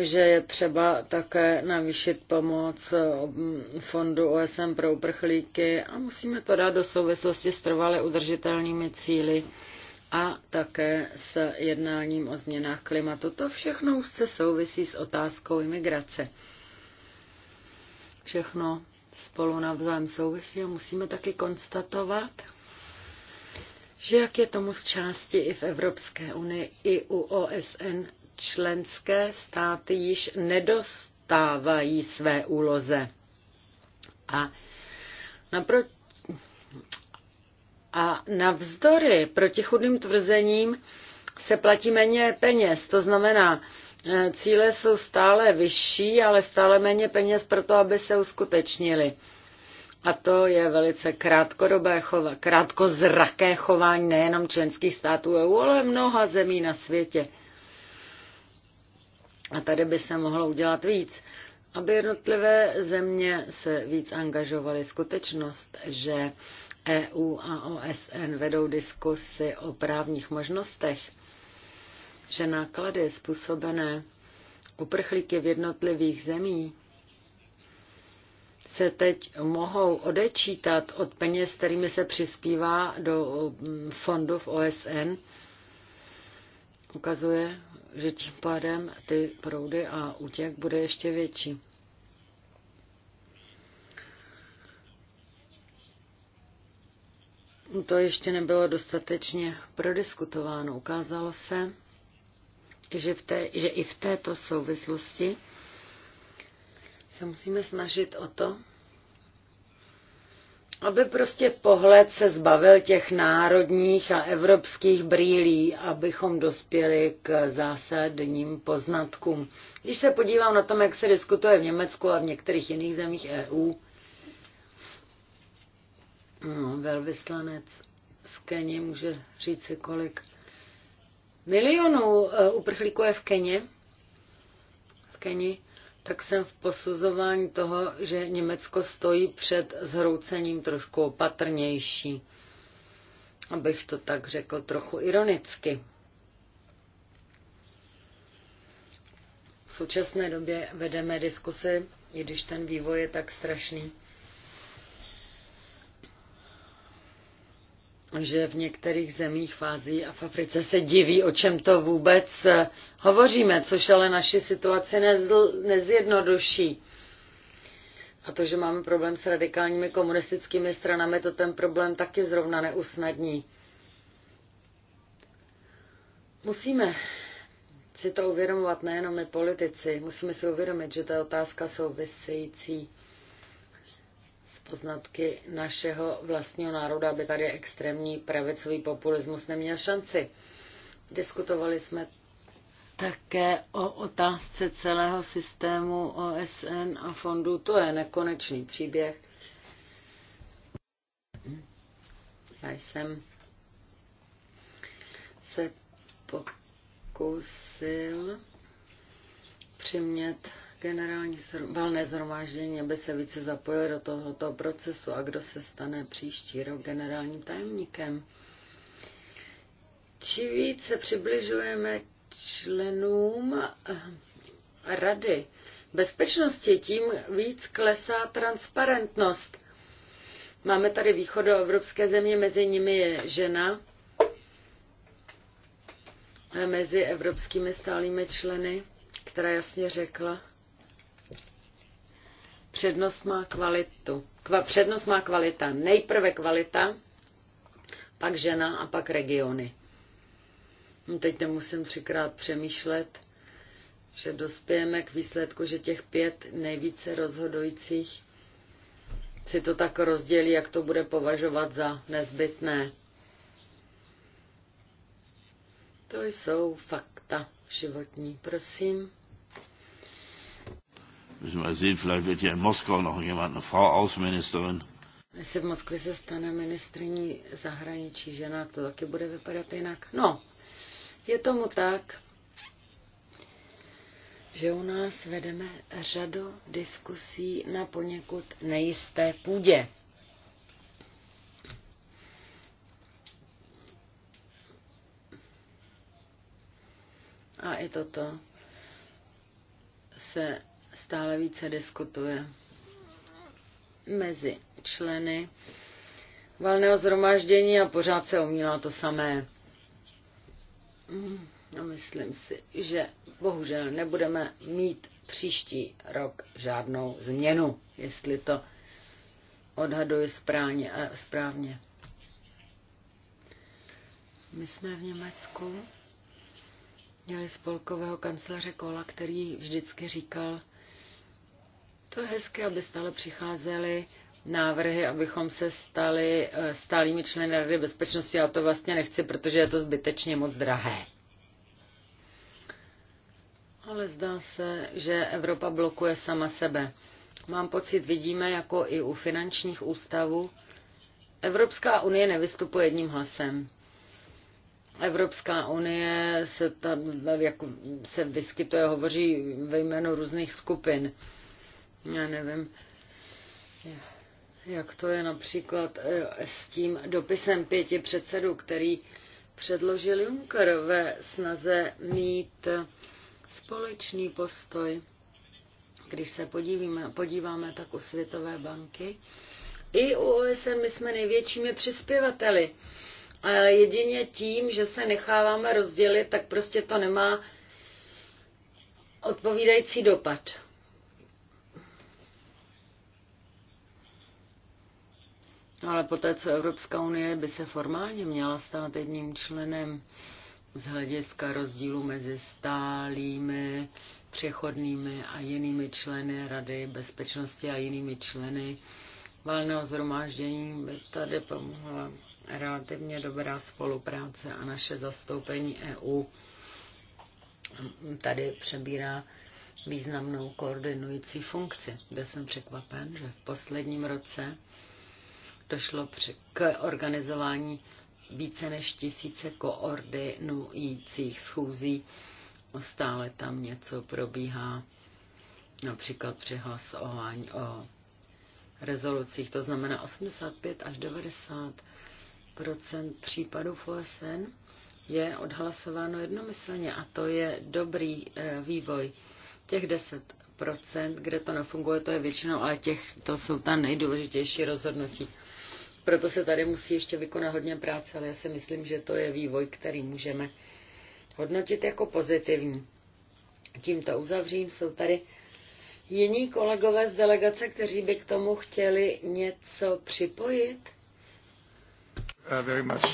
že je třeba také navýšit pomoc fondu OSN pro uprchlíky a musíme to dát do souvislosti s trvale udržitelnými cíly a také s jednáním o změnách klimatu. To všechno už se souvisí s otázkou imigrace. Všechno spolu navzájem souvisí a musíme taky konstatovat, že jak je tomu z části i v Evropské unii, i u OSN, členské státy již nedostávají své úloze. A napro... a navzdory protichudným tvrzením se platí méně peněz. To znamená, Eh, cíle jsou stále vyšší, ale stále méně peněz pro to, aby se uskutečnili. A to je velice krátkodobé chova, krátkozraké chování nejenom členských států EU, ale mnoha zemí na světě. A tady by se mohlo udělat víc, aby jednotlivé země se víc angažovaly. Skutečnost, že EU a OSN vedou diskusy o právních možnostech že náklady způsobené uprchlíky v jednotlivých zemí se teď mohou odečítat od peněz, kterými se přispívá do mm, fondu v OSN, ukazuje, že tím pádem ty proudy a útěk bude ještě větší. To ještě nebylo dostatečně prodiskutováno. Ukázalo se, že, v té, že i v této souvislosti se musíme snažit o to, aby prostě pohled se zbavil těch národních a evropských brýlí, abychom dospěli k zásadním poznatkům. Když se podívám na tom, jak se diskutuje v Německu a v některých jiných zemích EU, no, velvyslanec z Keny může říct si, kolik milionů eh, uprchlíků je v Keni. v Keni, tak jsem v posuzování toho, že Německo stojí před zhroucením trošku opatrnější. Abych to tak řekl trochu ironicky. V současné době vedeme diskusy, i když ten vývoj je tak strašný. že v některých zemích v Ázii a v Africe se diví, o čem to vůbec eh, hovoříme, což ale naši situaci nezl, nezjednoduší. A to, že máme problém s radikálními komunistickými stranami, to ten problém taky zrovna neusnadní. Musíme si to uvědomovat nejenom my politici, musíme si uvědomit, že to je otázka související z poznatky našeho vlastního národa, aby tady extrémní pravicový populismus neměl šanci. Diskutovali jsme také o otázce celého systému OSN a fondů. To je nekonečný příběh. Já jsem se pokusil přimět generální valné zhromáždění, aby se více zapojili do tohoto procesu a kdo se stane příští rok generálním tajemníkem. Či více přibližujeme členům eh, rady bezpečnosti, tím víc klesá transparentnost. Máme tady východoevropské země, mezi nimi je žena, mezi evropskými stálými členy, která jasně řekla, Přednost má kvalitu. Kva, přednost má kvalita. Nejprve kvalita, pak žena a pak regiony. Hm, teď nemusím třikrát přemýšlet, že dospějeme k výsledku, že těch pět nejvíce rozhodujících si to tak rozdělí, jak to bude považovat za nezbytné. To jsou fakta životní, prosím. Müssen wir mal sehen, vielleicht wird hier in Moskau noch jemand, eine Frau Außenministerin. Wenn Jestli v Moskvě se stane ministriní zahraničí žena, to taky bude vypadat jinak. No, je tomu tak, že u nás vedeme řadu diskusí na poněkud nejisté půdě. A i toto se stále více diskutuje mezi členy valného zhromáždění a pořád se omílá to samé. A myslím si, že bohužel nebudeme mít příští rok žádnou změnu, jestli to odhaduji správně. Eh, správně. My jsme v Německu měli spolkového kancléře Kola, který vždycky říkal, to je hezké, aby stále přicházely návrhy, abychom se stali eh, stálými členy Rady bezpečnosti. Já to vlastně nechci, protože je to zbytečně moc drahé. Ale zdá se, že Evropa blokuje sama sebe. Mám pocit, vidíme, jako i u finančních ústavů, Evropská unie nevystupuje jedním hlasem. Evropská unie se, tam, jako se vyskytuje, hovoří ve jménu různých skupin. Já nevím, jak to je například eh, s tím dopisem pěti předsedů, který předložil Juncker ve snaze mít společný postoj. Když se podívíme, podíváme tak u Světové banky, i u OSN my jsme největšími přispěvateli. Ale jedině tím, že se necháváme rozdělit, tak prostě to nemá odpovídající dopad. No ale poté, co Evropská unie by se formálně měla stát jedním členem z hlediska rozdílu mezi stálými, přechodnými a jinými členy Rady bezpečnosti a jinými členy valného zhromáždění, by tady pomohla relativně dobrá spolupráce a naše zastoupení EU tady přebírá významnou koordinující funkci. Byl jsem překvapen, že v posledním roce došlo při, k organizování více než tisíce koordinujících schůzí. Stále tam něco probíhá, například přihlasování o rezolucích. To znamená 85 až 90 případů v OSN je odhlasováno jednomyslně a to je dobrý e, vývoj. Těch 10 kde to nefunguje, to je většinou, ale těch, to jsou ta nejdůležitější rozhodnutí. Proto se tady musí ještě vykonat hodně práce, ale já si myslím, že to je vývoj, který můžeme hodnotit jako pozitivní. Tímto uzavřím, jsou tady jiní kolegové z delegace, kteří by k tomu chtěli něco připojit. Uh, very much,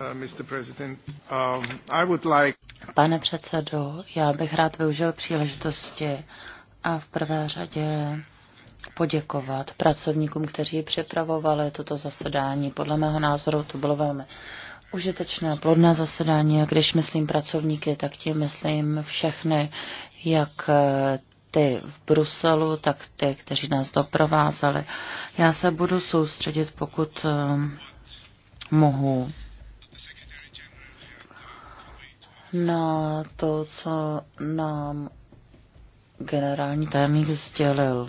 uh, Mr. President. Um, I would like... Pane předsedo, já bych rád využil příležitosti a v prvé řadě poděkovat pracovníkům, kteří připravovali toto zasedání. Podle mého názoru to bylo velmi užitečné a plodné zasedání a když myslím pracovníky, tak tím myslím všechny, jak eh, ty v Bruselu, tak ty, kteří nás doprovázeli. Já se budu soustředit, pokud eh, mohu, na to, co nám generální tajemník sdělil.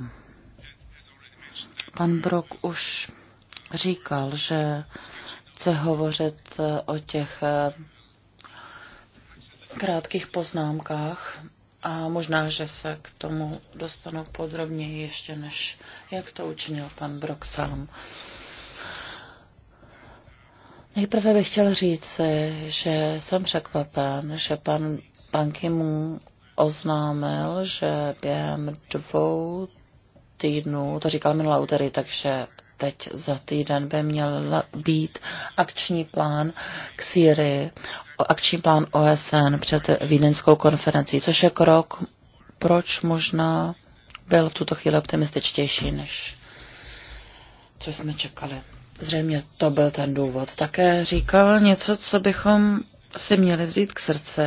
Pan Brok už říkal, že chce hovořit e, o těch e, krátkých poznámkách a možná, že se k tomu dostanu podrobněji ještě, než jak to učinil pan Brok sám. Nejprve bych chtěl říct, že jsem překvapen, že pan Banky mu oznámil, že během dvou týdnu to říkal minulé úterý, takže teď za týden by měl být akční plán k Syrii, akční plán OSN před vídeňskou konferencí, což je krok, proč možná byl v tuto chvíli optimističtější, než co jsme čekali. Zřejmě to byl ten důvod. Také říkal něco, co bychom si měli vzít k srdci,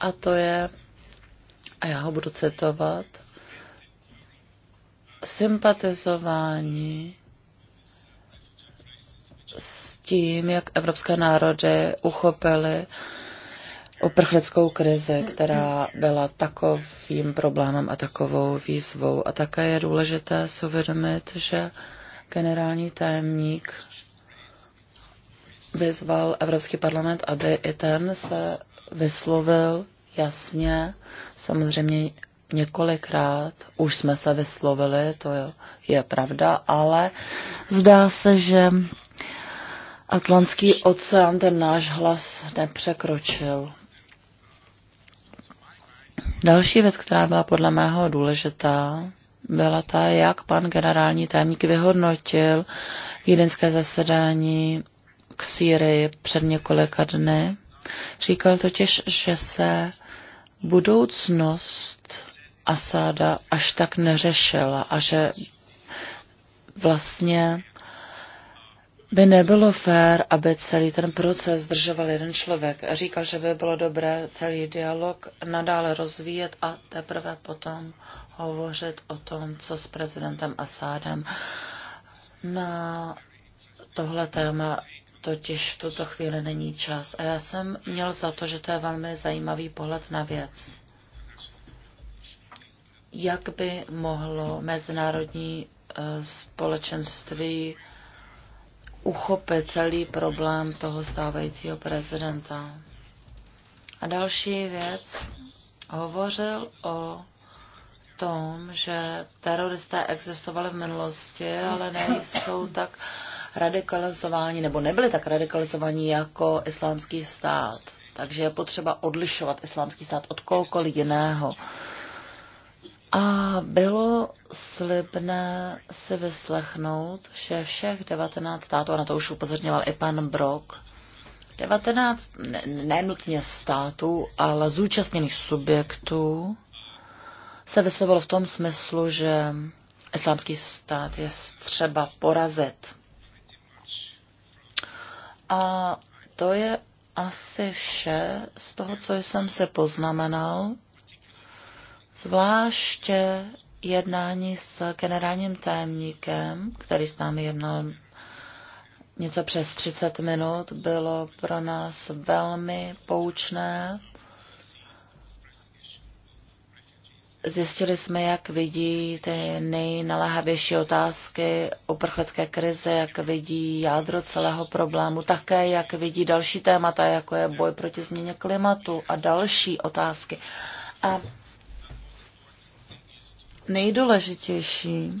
a to je, a já ho budu citovat, sympatizování s tím, jak evropské národy uchopily uprchlickou krizi, která byla takovým problémem a takovou výzvou. A také je důležité si uvědomit, že generální tajemník vyzval Evropský parlament, aby i ten se vyslovil jasně, samozřejmě několikrát, už jsme se vyslovili, to je, je pravda, ale zdá se, že Atlantský oceán ten náš hlas nepřekročil. Další věc, která byla podle mého důležitá, byla ta, jak pan generální tajemník vyhodnotil jedinské zasedání k Sýrii před několika dny. Říkal totiž, že se budoucnost Asáda až tak neřešila a že vlastně by nebylo fér, aby celý ten proces zdržoval jeden člověk. Říkal, že by bylo dobré celý dialog nadále rozvíjet a teprve potom hovořit o tom, co s prezidentem Asádem. Na tohle téma totiž v tuto chvíli není čas. A já jsem měl za to, že to je velmi zajímavý pohled na věc jak by mohlo mezinárodní eh, společenství uchopit celý problém toho stávajícího prezidenta. A další věc, hovořil o tom, že teroristé existovali v minulosti, ale nejsou tak radikalizováni, nebo nebyli tak radikalizováni jako islámský stát. Takže je potřeba odlišovat islámský stát od kohokoliv jiného. A bylo slibné si vyslechnout, že všech 19 států, a na to už upozorňoval i pan Brok, 19 nenutně ne států, ale zúčastněných subjektů se vyslovilo v tom smyslu, že islámský stát je třeba porazit. A to je asi vše z toho, co jsem se poznamenal. Zvláště jednání s generálním tajemníkem, který s námi jednal něco přes 30 minut, bylo pro nás velmi poučné. Zjistili jsme, jak vidí ty nejnaléhavější otázky uprchlické krize, jak vidí jádro celého problému, také jak vidí další témata, jako je boj proti změně klimatu a další otázky. A nejdůležitější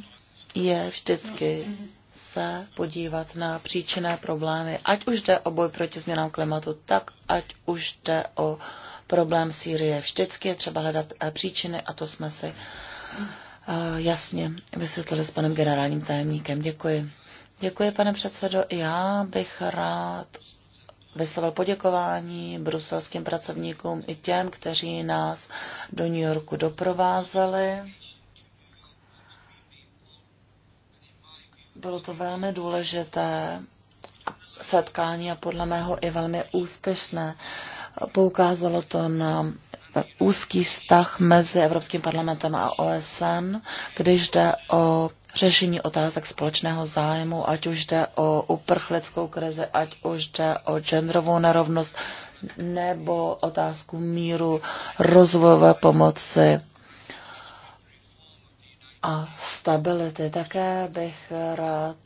je vždycky se podívat na příčinné problémy, ať už jde o boj proti změnám klimatu, tak ať už jde o problém Sýrie. Vždycky je třeba hledat eh, příčiny a to jsme si eh, jasně vysvětlili s panem generálním tajemníkem. Děkuji. Děkuji, pane předsedo. Já bych rád vyslovil poděkování bruselským pracovníkům i těm, kteří nás do New Yorku doprovázeli. Bylo to velmi důležité setkání a podle mého i velmi úspěšné. Poukázalo to na úzký vztah mezi Evropským parlamentem a OSN, když jde o řešení otázek společného zájmu, ať už jde o uprchlickou krizi, ať už jde o genderovou nerovnost nebo otázku míru, rozvojové pomoci a stability. Také bych rád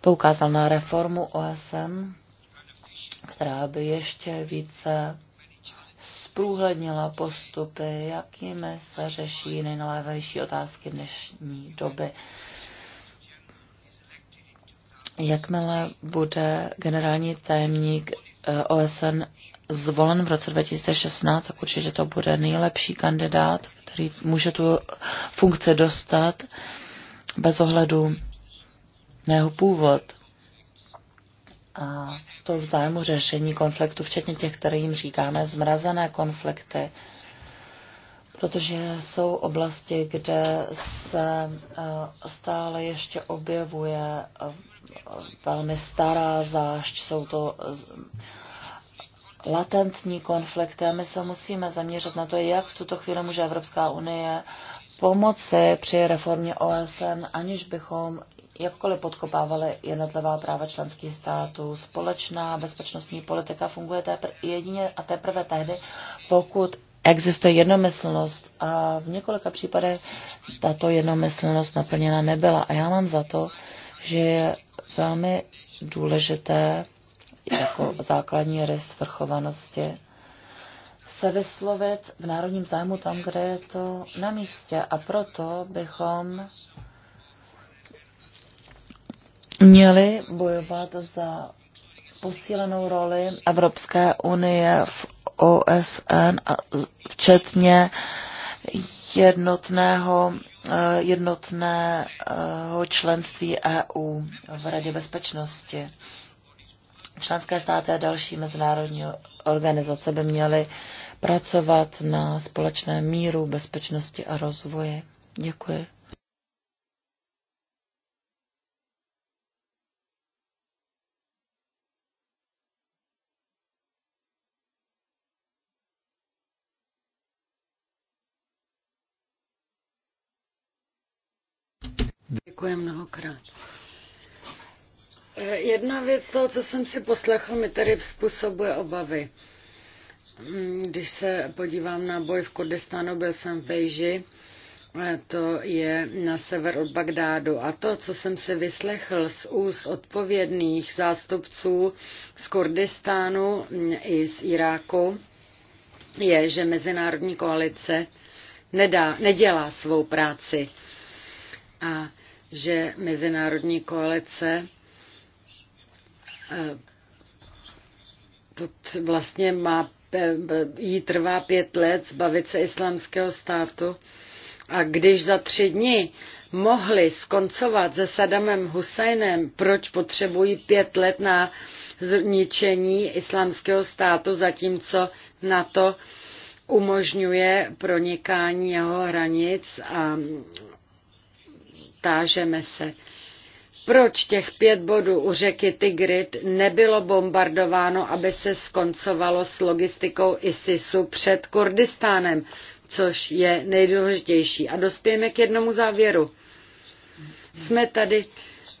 poukázal na reformu OSN, která by ještě více zprůhlednila postupy, jakými se řeší nejnalévější otázky dnešní doby. Jakmile bude generální tajemník eh, OSN zvolen v roce 2016, tak určitě to bude nejlepší kandidát který může tu funkci dostat bez ohledu na jeho původ. A to v zájmu řešení konfliktu, včetně těch, které jim říkáme zmrazené konflikty, protože jsou oblasti, kde se eh, stále ještě objevuje eh, velmi stará zášť, jsou to latentní konflikty a my se musíme zaměřit na to, jak v tuto chvíli může Evropská unie pomoci při reformě OSN, aniž bychom jakkoliv podkopávali jednotlivá práva členských států. Společná bezpečnostní politika funguje tepr- jedině a teprve tehdy, pokud existuje jednomyslnost a v několika případech tato jednomyslnost naplněna nebyla. A já mám za to, že je velmi důležité jako základní rys svrchovanosti se vyslovit v národním zájmu tam, kde je to na místě. A proto bychom měli bojovat za posílenou roli Evropské unie v OSN, a včetně jednotného, eh, jednotného členství EU v Radě bezpečnosti. Členské státy a další mezinárodní organizace by měly pracovat na společné míru, bezpečnosti a rozvoje. Děkuji. Děkuji mnohokrát. Eh, jedna věc toho, co jsem si poslechl, mi tady způsobuje obavy. Mm, když se podívám na boj v Kurdistánu, byl jsem v Bejži, eh, to je na sever od Bagdádu. A to, co jsem si vyslechl z úst odpovědných zástupců z Kurdistánu mm, i z Iráku, je, že mezinárodní koalice nedá, nedělá svou práci. A že mezinárodní koalice vlastně má, e, jí trvá pět let zbavit se islámského státu. A když za tři dny mohli skoncovat se Sadamem Husajnem, proč potřebují pět let na zničení islámského státu, zatímco na to umožňuje pronikání jeho hranic a tážeme se proč těch pět bodů u řeky Tigrit nebylo bombardováno, aby se skoncovalo s logistikou ISISu před Kurdistánem, což je nejdůležitější. A dospějeme k jednomu závěru. Jsme tady,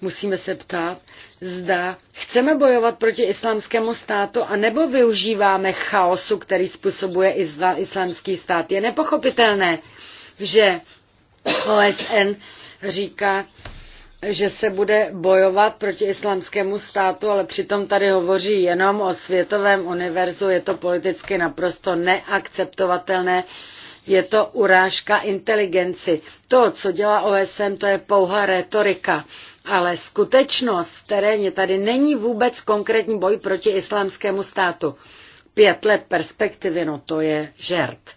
musíme se ptát, zda chceme bojovat proti islámskému státu, anebo využíváme chaosu, který způsobuje isla, islámský stát. Je nepochopitelné, že OSN říká, že se bude bojovat proti islamskému státu, ale přitom tady hovoří jenom o světovém univerzu. Je to politicky naprosto neakceptovatelné. Je to urážka inteligenci. To, co dělá OSN, to je pouhá retorika. Ale skutečnost v teréně tady není vůbec konkrétní boj proti islámskému státu. Pět let perspektivy, no to je žert.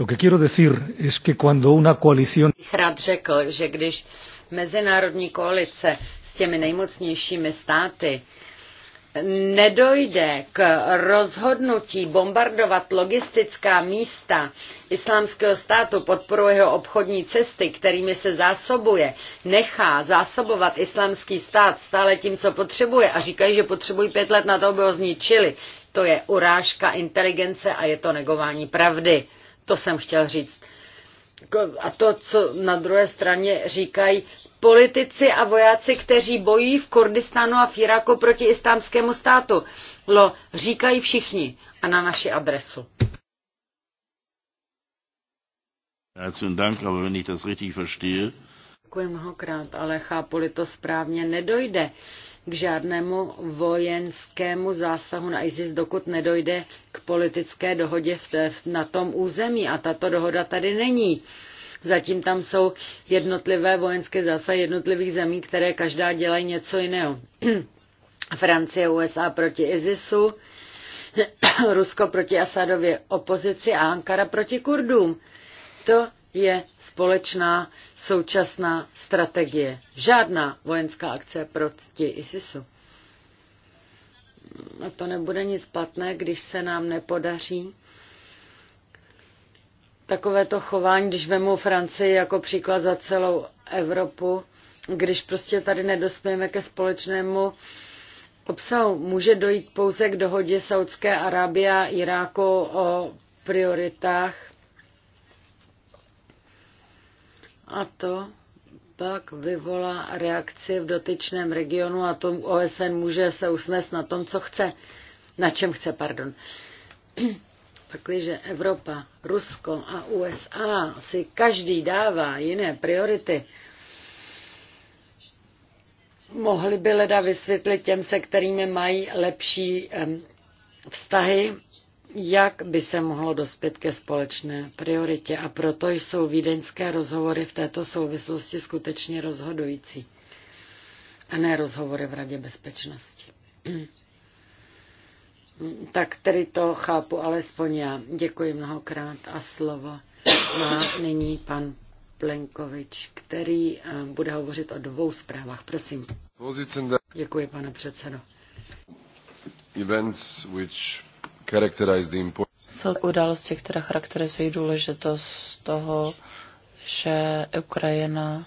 Lo que quiero decir es que cuando una coalición... Rád řekl, že když mezinárodní koalice s těmi nejmocnějšími státy nedojde k rozhodnutí bombardovat logistická místa islámského státu, podporuje jeho obchodní cesty, kterými se zásobuje, nechá zásobovat islámský stát stále tím, co potřebuje a říkají, že potřebují pět let na to, aby ho zničili. To je urážka inteligence a je to negování pravdy. To jsem chtěl říct. A to, co na druhé straně říkají politici a vojáci, kteří bojují v Kurdistánu a v Iráku proti islámskému státu. Lo, říkají všichni a na naši adresu. Herzlichen Dank, das richtig verstehe, Děkuji mnohokrát, ale chápu-li to správně, nedojde k žádnému vojenskému zásahu na ISIS, dokud nedojde k politické dohodě v té, na tom území. A tato dohoda tady není. Zatím tam jsou jednotlivé vojenské zásahy jednotlivých zemí, které každá dělají něco jiného. Francie, USA proti ISISu, Rusko proti Asadově opozici a Ankara proti Kurdům. To je společná současná strategie. Žádná vojenská akce proti ISISu. A to nebude nic platné, když se nám nepodaří takovéto chování, když vemu Francii jako příklad za celou Evropu, když prostě tady nedospějeme ke společnému obsahu. Může dojít pouze k dohodě Saudské Arábie a Iráku o prioritách A to pak vyvolá reakci v dotyčném regionu a tom OSN může se usnést na tom, co chce, na čem chce, pardon. Pakliže Evropa, Rusko a USA si každý dává jiné priority, mohli by leda vysvětlit těm, se kterými mají lepší vztahy, jak by se mohlo dospět ke společné prioritě a proto jsou vídeňské rozhovory v této souvislosti skutečně rozhodující a ne rozhovory v Radě bezpečnosti. Tak tedy to chápu alespoň já. Děkuji mnohokrát a slovo má nyní pan Plenkovič, který eh, bude hovořit o dvou zprávách. Prosím. Děkuji, pane předsedo. Events which jsou události, které charakterizují důležitost toho, že Ukrajina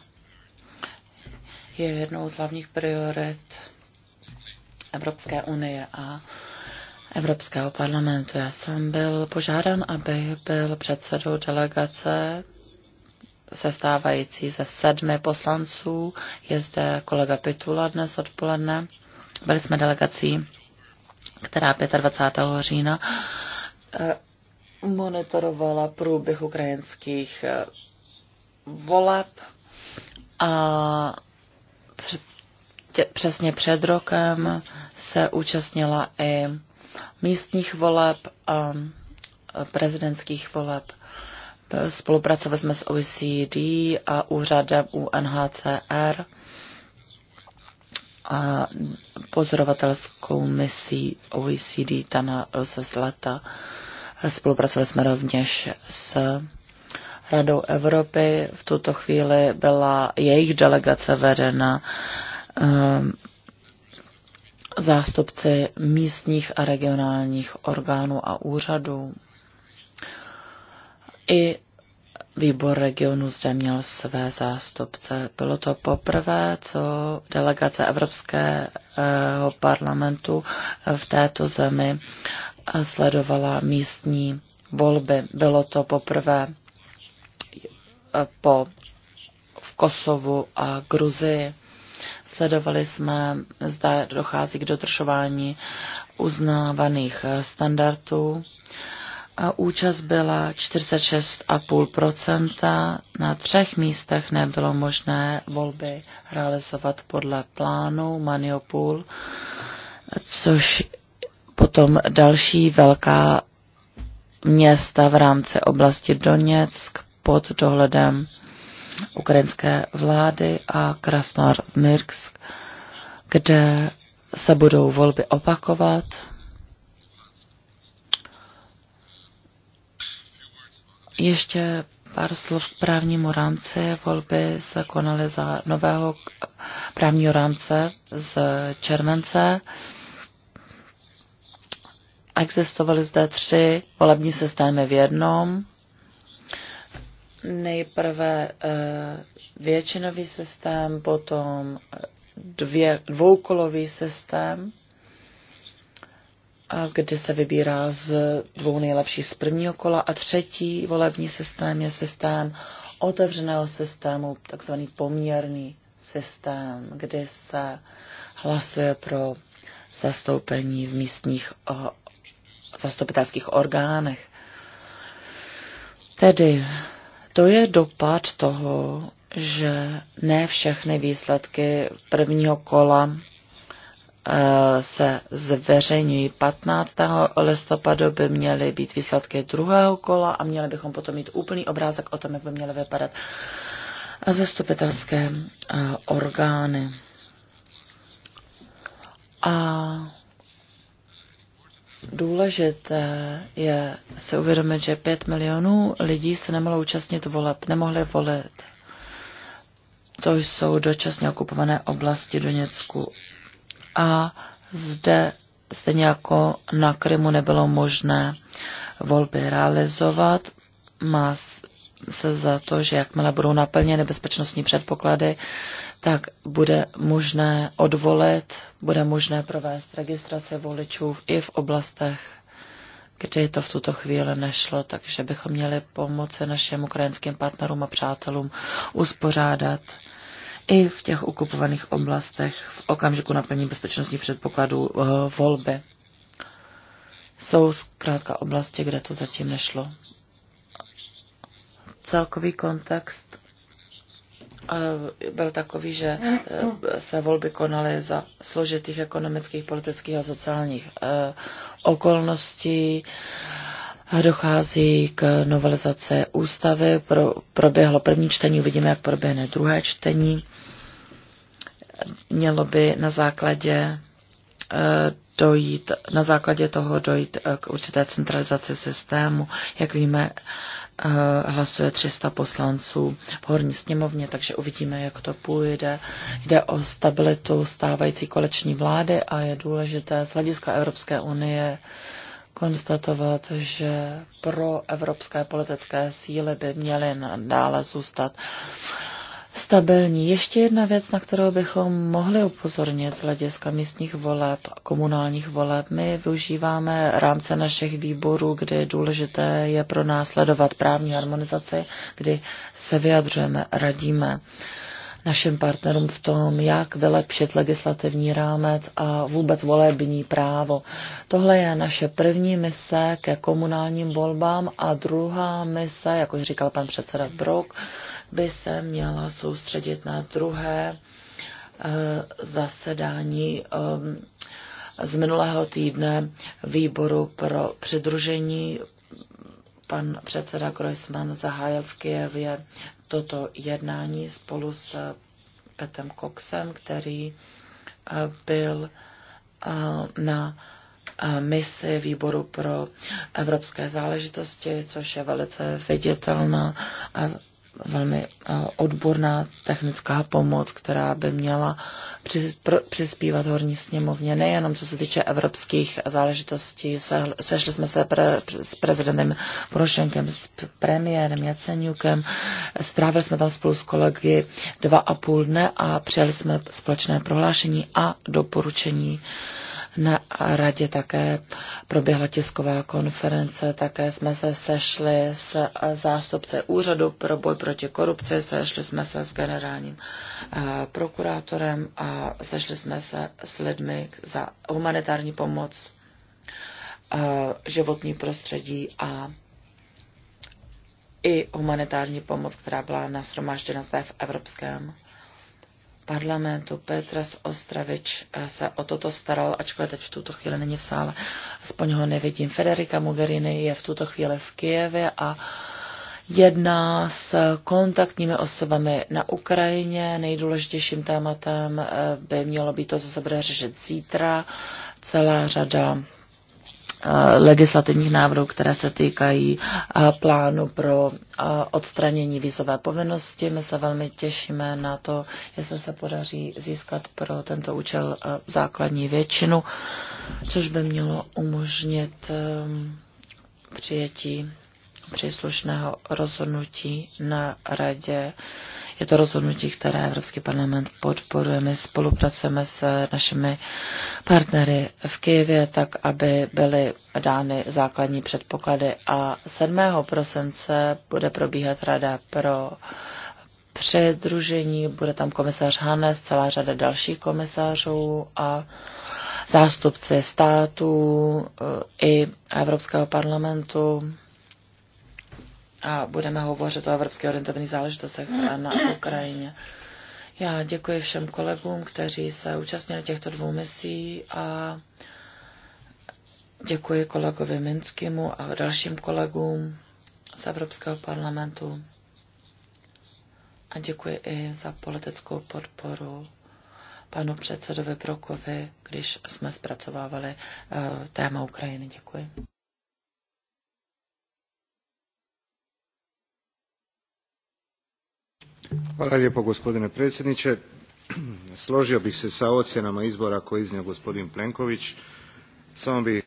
je jednou z hlavních priorit Evropské unie a Evropského parlamentu. Já jsem byl požádán, abych byl předsedou delegace sestávající ze sedmi poslanců. Je zde kolega Pitula dnes odpoledne. Byli jsme delegací která 25. října eh, monitorovala průběh ukrajinských eh, voleb a přesně před rokem se účastnila i místních voleb a prezidentských voleb. Spolupracovali jsme s OECD a úřadem UNHCR a pozorovatelskou misí OECD Tana Rosa Zlata. Spolupracovali jsme rovněž s Radou Evropy. V tuto chvíli byla jejich delegace vedena ehm, zástupci místních a regionálních orgánů a úřadů. I výbor regionu zde měl své zástupce. Bylo to poprvé, co delegace Evropského parlamentu v této zemi sledovala místní volby. Bylo to poprvé po v Kosovu a Gruzii. Sledovali jsme, zda dochází k dodržování uznávaných standardů a účast byla 46,5%. Na třech místech nebylo možné volby realizovat podle plánu Maniopol, což potom další velká města v rámci oblasti Doněck pod dohledem ukrajinské vlády a Krasnodar Zmirsk, kde se budou volby opakovat Ještě pár slov k právnímu rámci. Volby se konaly za nového právního rámce z července. Existovaly zde tři volební systémy v jednom. Nejprve eh, většinový systém, potom dvě, dvoukolový systém kde se vybírá z dvou nejlepších z prvního kola a třetí volební systém je systém otevřeného systému, takzvaný poměrný systém, kdy se hlasuje pro zastoupení v místních zastupitelských orgánech. Tedy to je dopad toho, že ne všechny výsledky prvního kola se zveřejňují 15. listopadu, by měly být výsledky druhého kola a měli bychom potom mít úplný obrázek o tom, jak by měly vypadat zastupitelské eh, orgány. A důležité je se uvědomit, že 5 milionů lidí se nemohlo účastnit voleb, nemohli volit. To jsou dočasně okupované oblasti Doněcku a zde stejně jako na Krymu nebylo možné volby realizovat. Má se za to, že jakmile budou naplněny bezpečnostní předpoklady, tak bude možné odvolit, bude možné provést registrace voličů i v oblastech, kde to v tuto chvíli nešlo, takže bychom měli pomoci našim ukrajinským partnerům a přátelům uspořádat i v těch okupovaných oblastech v okamžiku naplnění bezpečnostních předpokladů eh, volby. Jsou zkrátka oblasti, kde to zatím nešlo. Celkový kontext eh, byl takový, že eh, se volby konaly za složitých ekonomických, politických a sociálních okolností Dochází k novelizace ústavy, pro, proběhlo první čtení, uvidíme, jak proběhne druhé čtení. Mělo by na základě eh, dojít, na základě toho dojít eh, k určité centralizaci systému. Jak víme, eh, hlasuje 300 poslanců v horní sněmovně, takže uvidíme, jak to půjde. Jde o stabilitu stávající koleční vlády a je důležité z hlediska Evropské unie konstatovat, že pro evropské politické síly by měly nadále zůstat stabilní. Ještě jedna věc, na kterou bychom mohli upozornit z hlediska místních voleb, komunálních voleb. My využíváme rámce našich výborů, kdy důležité je pro nás sledovat právní harmonizaci, kdy se vyjadřujeme, radíme. Uh, našim partnerům v tom, jak vylepšit legislativní rámec a vůbec volební právo. Tohle je naše první mise ke komunálním volbám a druhá mise, jak už říkal pan předseda Brok, by se měla soustředit na druhé eh, zasedání ehm, z minulého týdne výboru pro přidružení pan předseda Krojsman zahájil v Kijevě toto jednání spolu s eh, Petem Coxem, který eh, byl eh, na misi výboru pro evropské záležitosti, což je velice viditelná velmi eh, odborná technická pomoc, která by měla přispívat horní sněmovně, nejenom co se týče evropských záležitostí. Sešli jsme se pre, s prezidentem Porošenkem, s premiérem Jaceňukem, strávili jsme tam spolu s kolegy dva a půl dne a přijali jsme společné prohlášení a doporučení uh, na radě také proběhla tisková konference, také jsme se sešli s zástupce úřadu pro boj proti korupci, sešli jsme se s generálním eh, prokurátorem a sešli jsme se s lidmi za humanitární pomoc, eh, životní prostředí a i humanitární pomoc, která byla nashromážděna zde v Evropském parlamentu Petras Ostravič se o toto staral, ačkoliv teď v tuto chvíli není v sále, aspoň ho nevidím. Federika Mogherini je v tuto chvíli v Kijevě a jedná s kontaktními osobami na Ukrajině. Nejdůležitějším tématem eh, by mělo být to, co se bude řešit zítra. Celá řada Eh, legislativních návrhů, které se týkají eh, plánu pro eh, odstranění vízové povinnosti. My se velmi těšíme na to, jestli se podaří získat pro tento účel základní většinu, což by mělo umožnit přijetí příslušného rozhodnutí na radě. Je to rozhodnutí, které Evropský parlament podporuje. My spolupracujeme s našimi partnery v Kyjevě, tak aby byly dány základní předpoklady. A 7. prosince bude probíhat rada pro předružení, bude tam komisař Hanes, celá řada dalších komisařů a zástupci států e, i Evropského parlamentu a budeme hovořit o evropské orientovaných záležitostech na Ukrajině. Já děkuji všem kolegům, kteří se účastnili těchto dvou misí a děkuji kolegovi Minskému a dalším kolegům z Evropského parlamentu a děkuji i za politickou podporu panu předsedovi Brokovi, když jsme zpracovávali eh, téma Ukrajiny. Děkuji. gospodine predsjednie sloio bih se s ocjenama izbora koje iznio gospodin Plenković. Samo bih...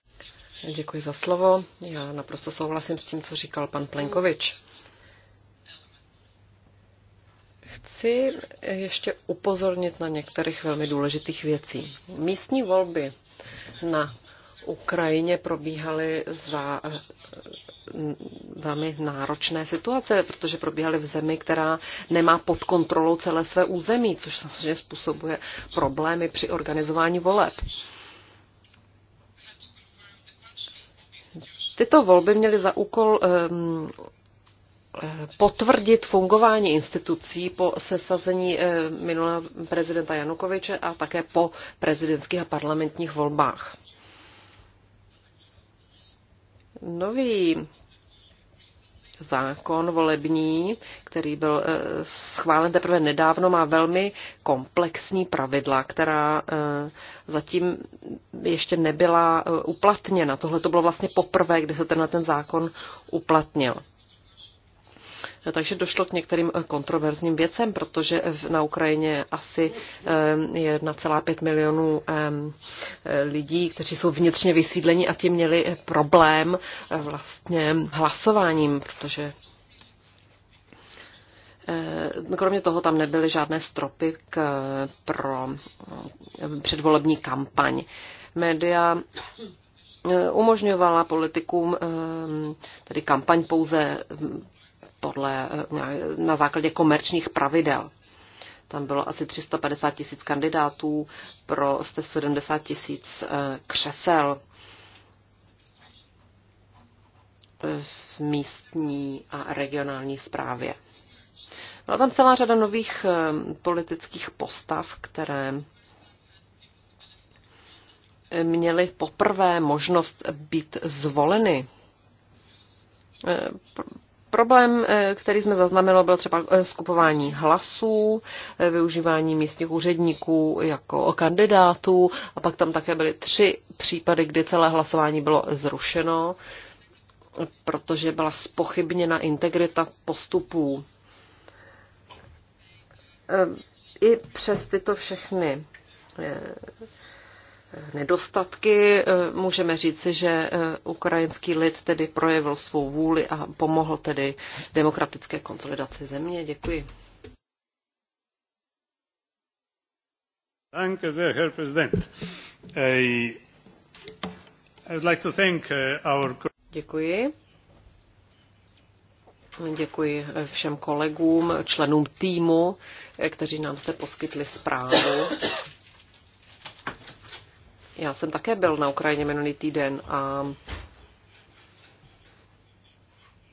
Děkuji za slovo. Já naprosto souhlasím s tím, co říkal pan Plenkovič. Chci ještě upozornit na některých velmi důležitých věcí. Místní volby na Ukrajině probíhaly za eh, velmi náročné situace, protože probíhaly v zemi, která nemá pod kontrolou celé své území, což samozřejmě způsobuje problémy při organizování voleb. Tyto volby měly za úkol um, potvrdit fungování institucí po sesazení eh, minulého prezidenta Janukoviče a také po prezidentských a parlamentních volbách. Nový zákon volební, který byl eh, schválen teprve nedávno, má velmi komplexní pravidla, která eh, zatím ještě nebyla eh, uplatněna. Tohle to bylo vlastně poprvé, kdy se tenhle ten zákon uplatnil. No, takže došlo k některým eh, kontroverzním věcem, protože na Ukrajině asi 1,5 eh, milionů eh, lidí, kteří jsou vnitřně vysídleni a ti měli problém vlastně hlasováním, protože Kromě toho tam nebyly žádné stropy k, pro předvolební kampaň. Média umožňovala politikům tedy kampaň pouze podle, eh, na základě komerčních pravidel. Tam bylo asi 350 tisíc kandidátů pro 170 tisíc eh, křesel v místní a regionální správě. Byla tam celá řada nových eh, politických postav, které měly poprvé možnost být zvoleny. Problém, eh, který jsme zaznamenali, byl třeba eh, skupování hlasů, eh, využívání místních úředníků jako kandidátů a pak tam také byly tři případy, kdy celé hlasování bylo zrušeno, protože byla spochybněna integrita postupů. I přes tyto všechny nedostatky. Eh, můžeme říci, že eh, ukrajinský lid tedy projevil svou vůli a pomohl tedy demokratické konsolidaci země. Děkuji. Danke sehr, Herr Präsident. I would like to thank eh, our... Děkuji. Děkuji všem kolegům, členům týmu, kteří nám se poskytli zprávu. Já jsem také byl na Ukrajině minulý týden a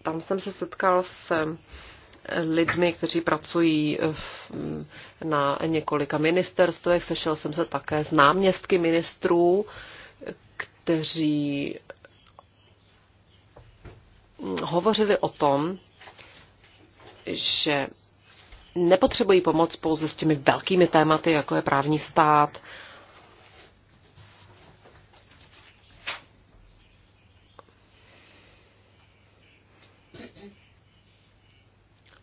tam jsem se setkal s lidmi, kteří pracují na několika ministerstvech. Sešel jsem se také s náměstky ministrů, kteří hovořili o tom, že nepotřebují pomoc pouze s těmi velkými tématy, jako je právní stát,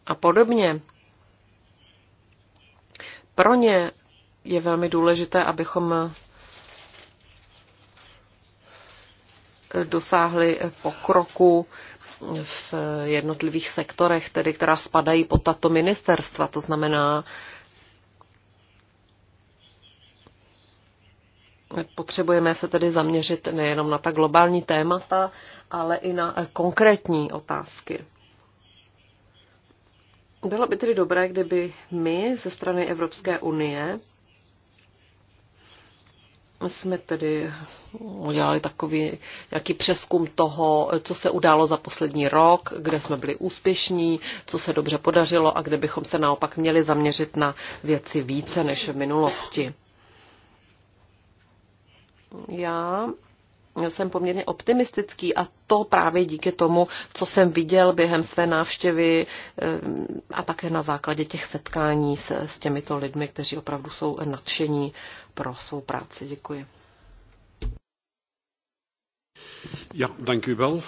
a podobně. Pro ně je velmi důležité, abychom dosáhli pokroku v jednotlivých sektorech, tedy která spadají pod tato ministerstva, to znamená Potřebujeme se tedy zaměřit nejenom na ta globální témata, ale i na konkrétní otázky. Bylo by tedy dobré, kdyby my ze strany Evropské unie jsme tedy udělali takový nějaký přeskum toho, co se událo za poslední rok, kde jsme byli úspěšní, co se dobře podařilo a kde bychom se naopak měli zaměřit na věci více než v minulosti. Já jsem poměrně optimistický a to právě díky tomu, co jsem viděl během své návštěvy eh, a také na základě těch setkání s, s těmito lidmi, kteří opravdu jsou nadšení pro svou práci. Děkuji. Ja, dank u wel. Uh,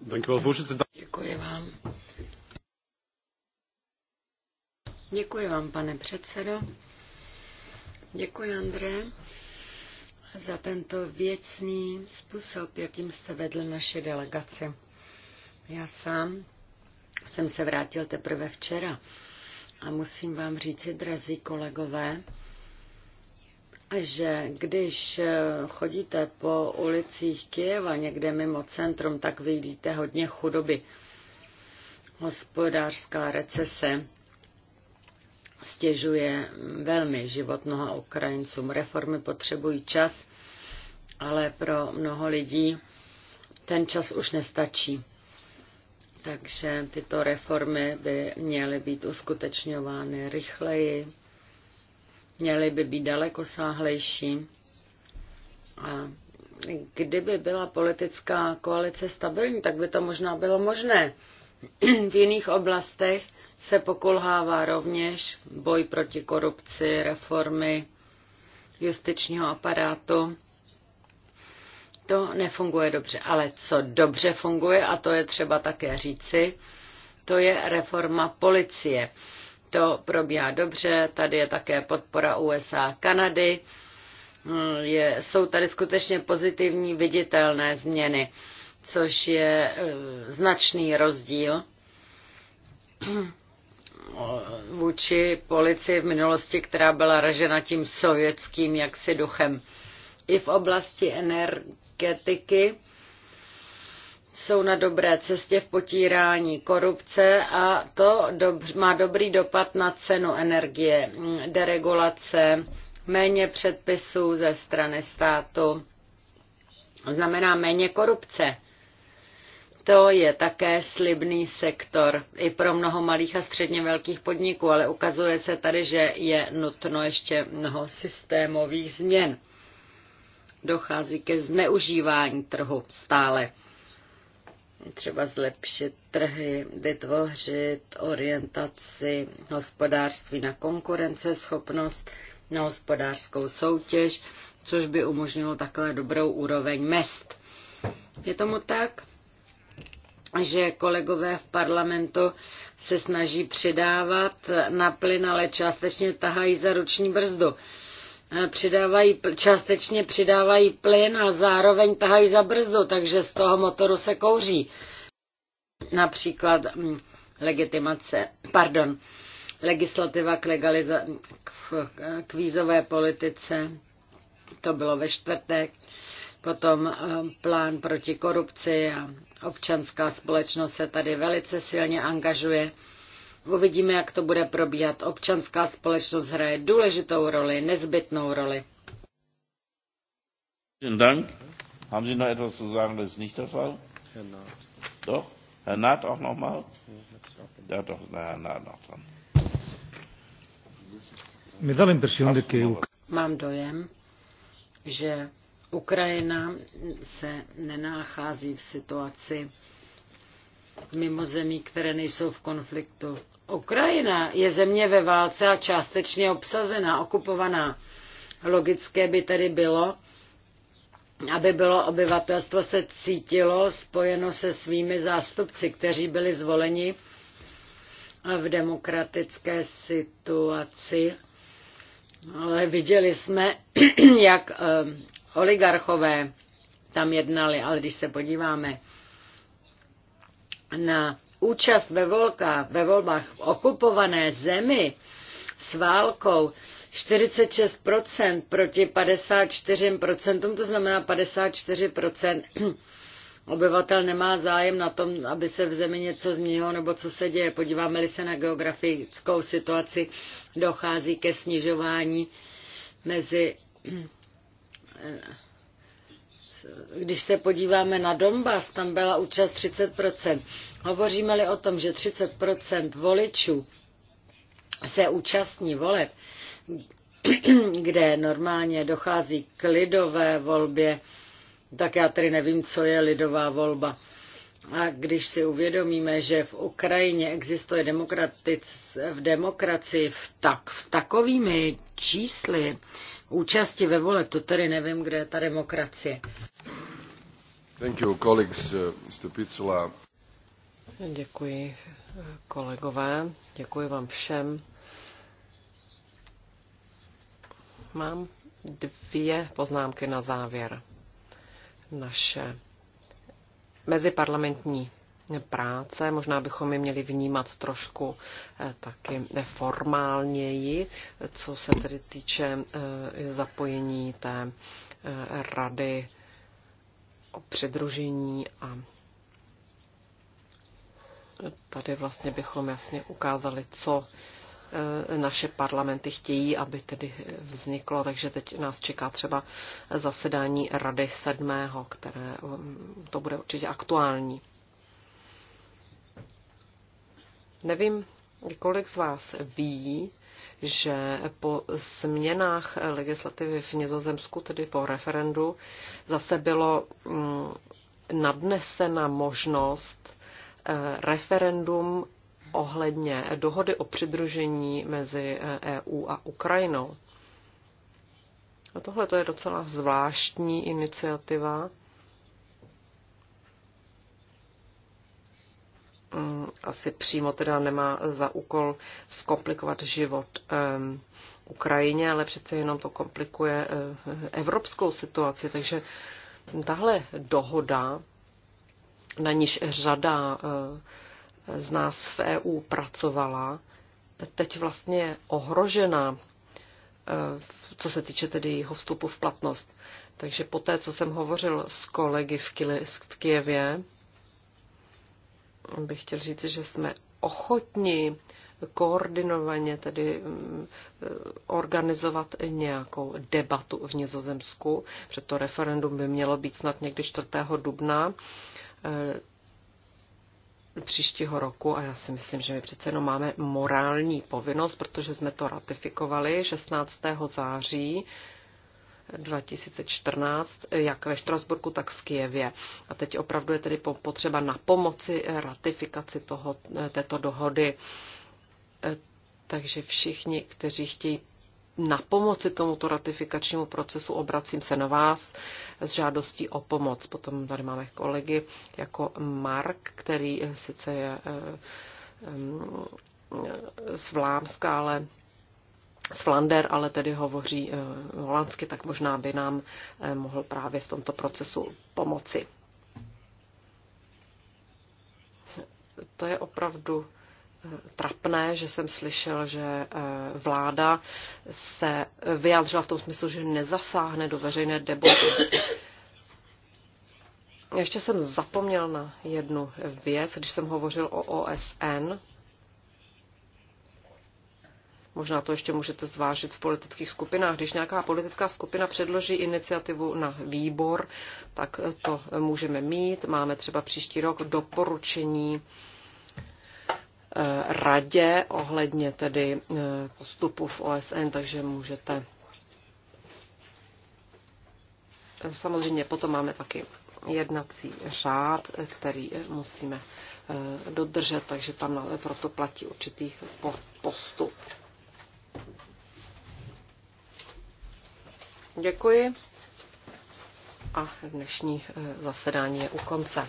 dank u wel, voorzitter. Děkuji vám. Děkuji vám, pane předsedo. Děkuji, André za tento věcný způsob, jakým jste vedl naše delegaci. Já sám jsem se vrátil teprve včera a musím vám říci, drazí kolegové, že když chodíte po ulicích Kijeva někde mimo centrum, tak vidíte hodně chudoby. Hospodářská recese stěžuje velmi život mnoha Ukrajincům. Reformy potřebují čas, ale pro mnoho lidí ten čas už nestačí. Takže tyto reformy by měly být uskutečňovány rychleji, měly by být daleko sáhlejší. A kdyby byla politická koalice stabilní, tak by to možná bylo možné. V jiných oblastech se pokulhává rovněž boj proti korupci, reformy justičního aparátu. To nefunguje dobře. Ale co dobře funguje, a to je třeba také říci, to je reforma policie. To probíhá dobře, tady je také podpora USA a Kanady. Je, jsou tady skutečně pozitivní viditelné změny, což je e, značný rozdíl vůči policii v minulosti, která byla ražena tím sovětským jaksi duchem. I v oblasti energetiky jsou na dobré cestě v potírání korupce a to dobř, má dobrý dopad na cenu energie, deregulace, méně předpisů ze strany státu, znamená méně korupce. To je také slibný sektor i pro mnoho malých a středně velkých podniků, ale ukazuje se tady, že je nutno ještě mnoho systémových změn. Dochází ke zneužívání trhu stále. Třeba zlepšit trhy, vytvořit orientaci hospodářství na konkurenceschopnost, na hospodářskou soutěž, což by umožnilo takhle dobrou úroveň mest. Je tomu tak? že kolegové v parlamentu se snaží přidávat na plyn, ale částečně tahají za ruční brzdu. Eh, přidávají, částečně přidávají plyn a zároveň tahají za brzdu, takže z toho motoru se kouří. Například hm, legitimace, pardon, legislativa k, legaliza- k, k vízové politice, to bylo ve čtvrtek. Potom eh, plán proti korupci a občanská společnost se tady velice silně angažuje. Uvidíme, jak to bude probíhat. Občanská společnost hraje důležitou roli, nezbytnou roli. Dank. Haben Sie noch etwas zu sagen? Das ist nicht der Fall. Herr Naht. Doch? Herr Naht auch nochmal? Ja, doch, na, Herr Naht noch dran. Me da de que... Mám dojem, že Ukrajina se nenachází v situaci mimo zemí, které nejsou v konfliktu. Ukrajina je země ve válce a částečně obsazená, okupovaná. Logické by tedy bylo, aby bylo obyvatelstvo se cítilo spojeno se svými zástupci, kteří byli zvoleni v demokratické situaci. Ale viděli jsme, jak eh, oligarchové tam jednali, ale když se podíváme na účast ve, volka, ve volbách v okupované zemi s válkou 46% proti 54%, to znamená 54% obyvatel nemá zájem na tom, aby se v zemi něco změnilo nebo co se děje. Podíváme-li se na geografickou situaci, dochází ke snižování mezi Eh, když se podíváme na Donbass, tam byla účast 30%. Hovoříme-li o tom, že 30% voličů se účastní voleb, kde normálně dochází k lidové volbě, tak já tedy nevím, co je lidová volba. A když si uvědomíme, že v Ukrajině existuje demokratic, v demokracii v, tak, v takovými čísly, účasti ve voleb. To tedy nevím, kde je ta demokracie. Thank you, colleagues, uh, Mr. Děkuji, kolegové. Děkuji vám všem. Mám dvě poznámky na závěr. Naše meziparlamentní práce. Možná bychom je měli vnímat trošku eh, taky formálněji, co se tedy týče eh, zapojení té eh, rady o přidružení a tady vlastně bychom jasně ukázali, co naše parlamenty chtějí, aby tedy vzniklo. Takže teď nás čeká třeba zasedání Rady 7., které mm, to bude určitě aktuální. Nevím, kolik z vás ví, že po změnách legislativy v Nizozemsku, tedy po referendu, zase bylo mm, nadnesena možnost eh, referendum ohledně dohody o přidružení mezi EU eh, e a Ukrajinou. A tohle to je docela zvláštní iniciativa, Eh, asi přímo teda nemá za úkol zkomplikovat život eh, Ukrajině, ale přece jenom to komplikuje eh, evropskou situaci. Takže tahle dohoda, na níž řada z nás v EU pracovala, teď vlastně je ohrožena, co se týče tedy jeho vstupu v platnost. Takže po té, co jsem hovořil s kolegy v, Kile, v Kijevě, bych chtěl říct, že jsme ochotni koordinovaně tedy mm, organizovat nějakou debatu v Nizozemsku, protože to referendum by mělo být snad někdy 4. dubna eh, příštího roku a já si myslím, že my přece jenom máme morální povinnost, protože jsme to ratifikovali 16. září 2014, jak ve Štrasburku, tak v Kijevě. A teď opravdu je tedy potřeba na pomoci ratifikaci toho, této dohody. E, takže všichni, kteří chtějí na pomoci tomuto ratifikačnímu procesu, obracím se na vás s žádostí o pomoc. Potom tady máme kolegy jako Mark, který sice je e, e, z Vlámska, ale z Flander, ale tedy hovoří eh, holandsky, tak možná by nám eh, mohl právě v tomto procesu pomoci. To je opravdu eh, trapné, že jsem slyšel, že vláda se vyjádřila v tom smyslu, že nezasáhne do veřejné debaty. Ještě jsem zapomněl na jednu věc, když jsem hovořil o OSN, Možná to ještě můžete zvážit v politických skupinách. Když nějaká politická skupina předloží iniciativu na výbor, tak to můžeme mít. Máme třeba příští rok doporučení eh, radě ohledně tedy eh, postupu v OSN, takže můžete. Samozřejmě potom máme taky jednací řád, který eh, musíme dodržet, takže tam proto platí určitý postup. Děkuji. A dnešní eh, zasedání je u konce.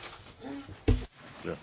Yeah.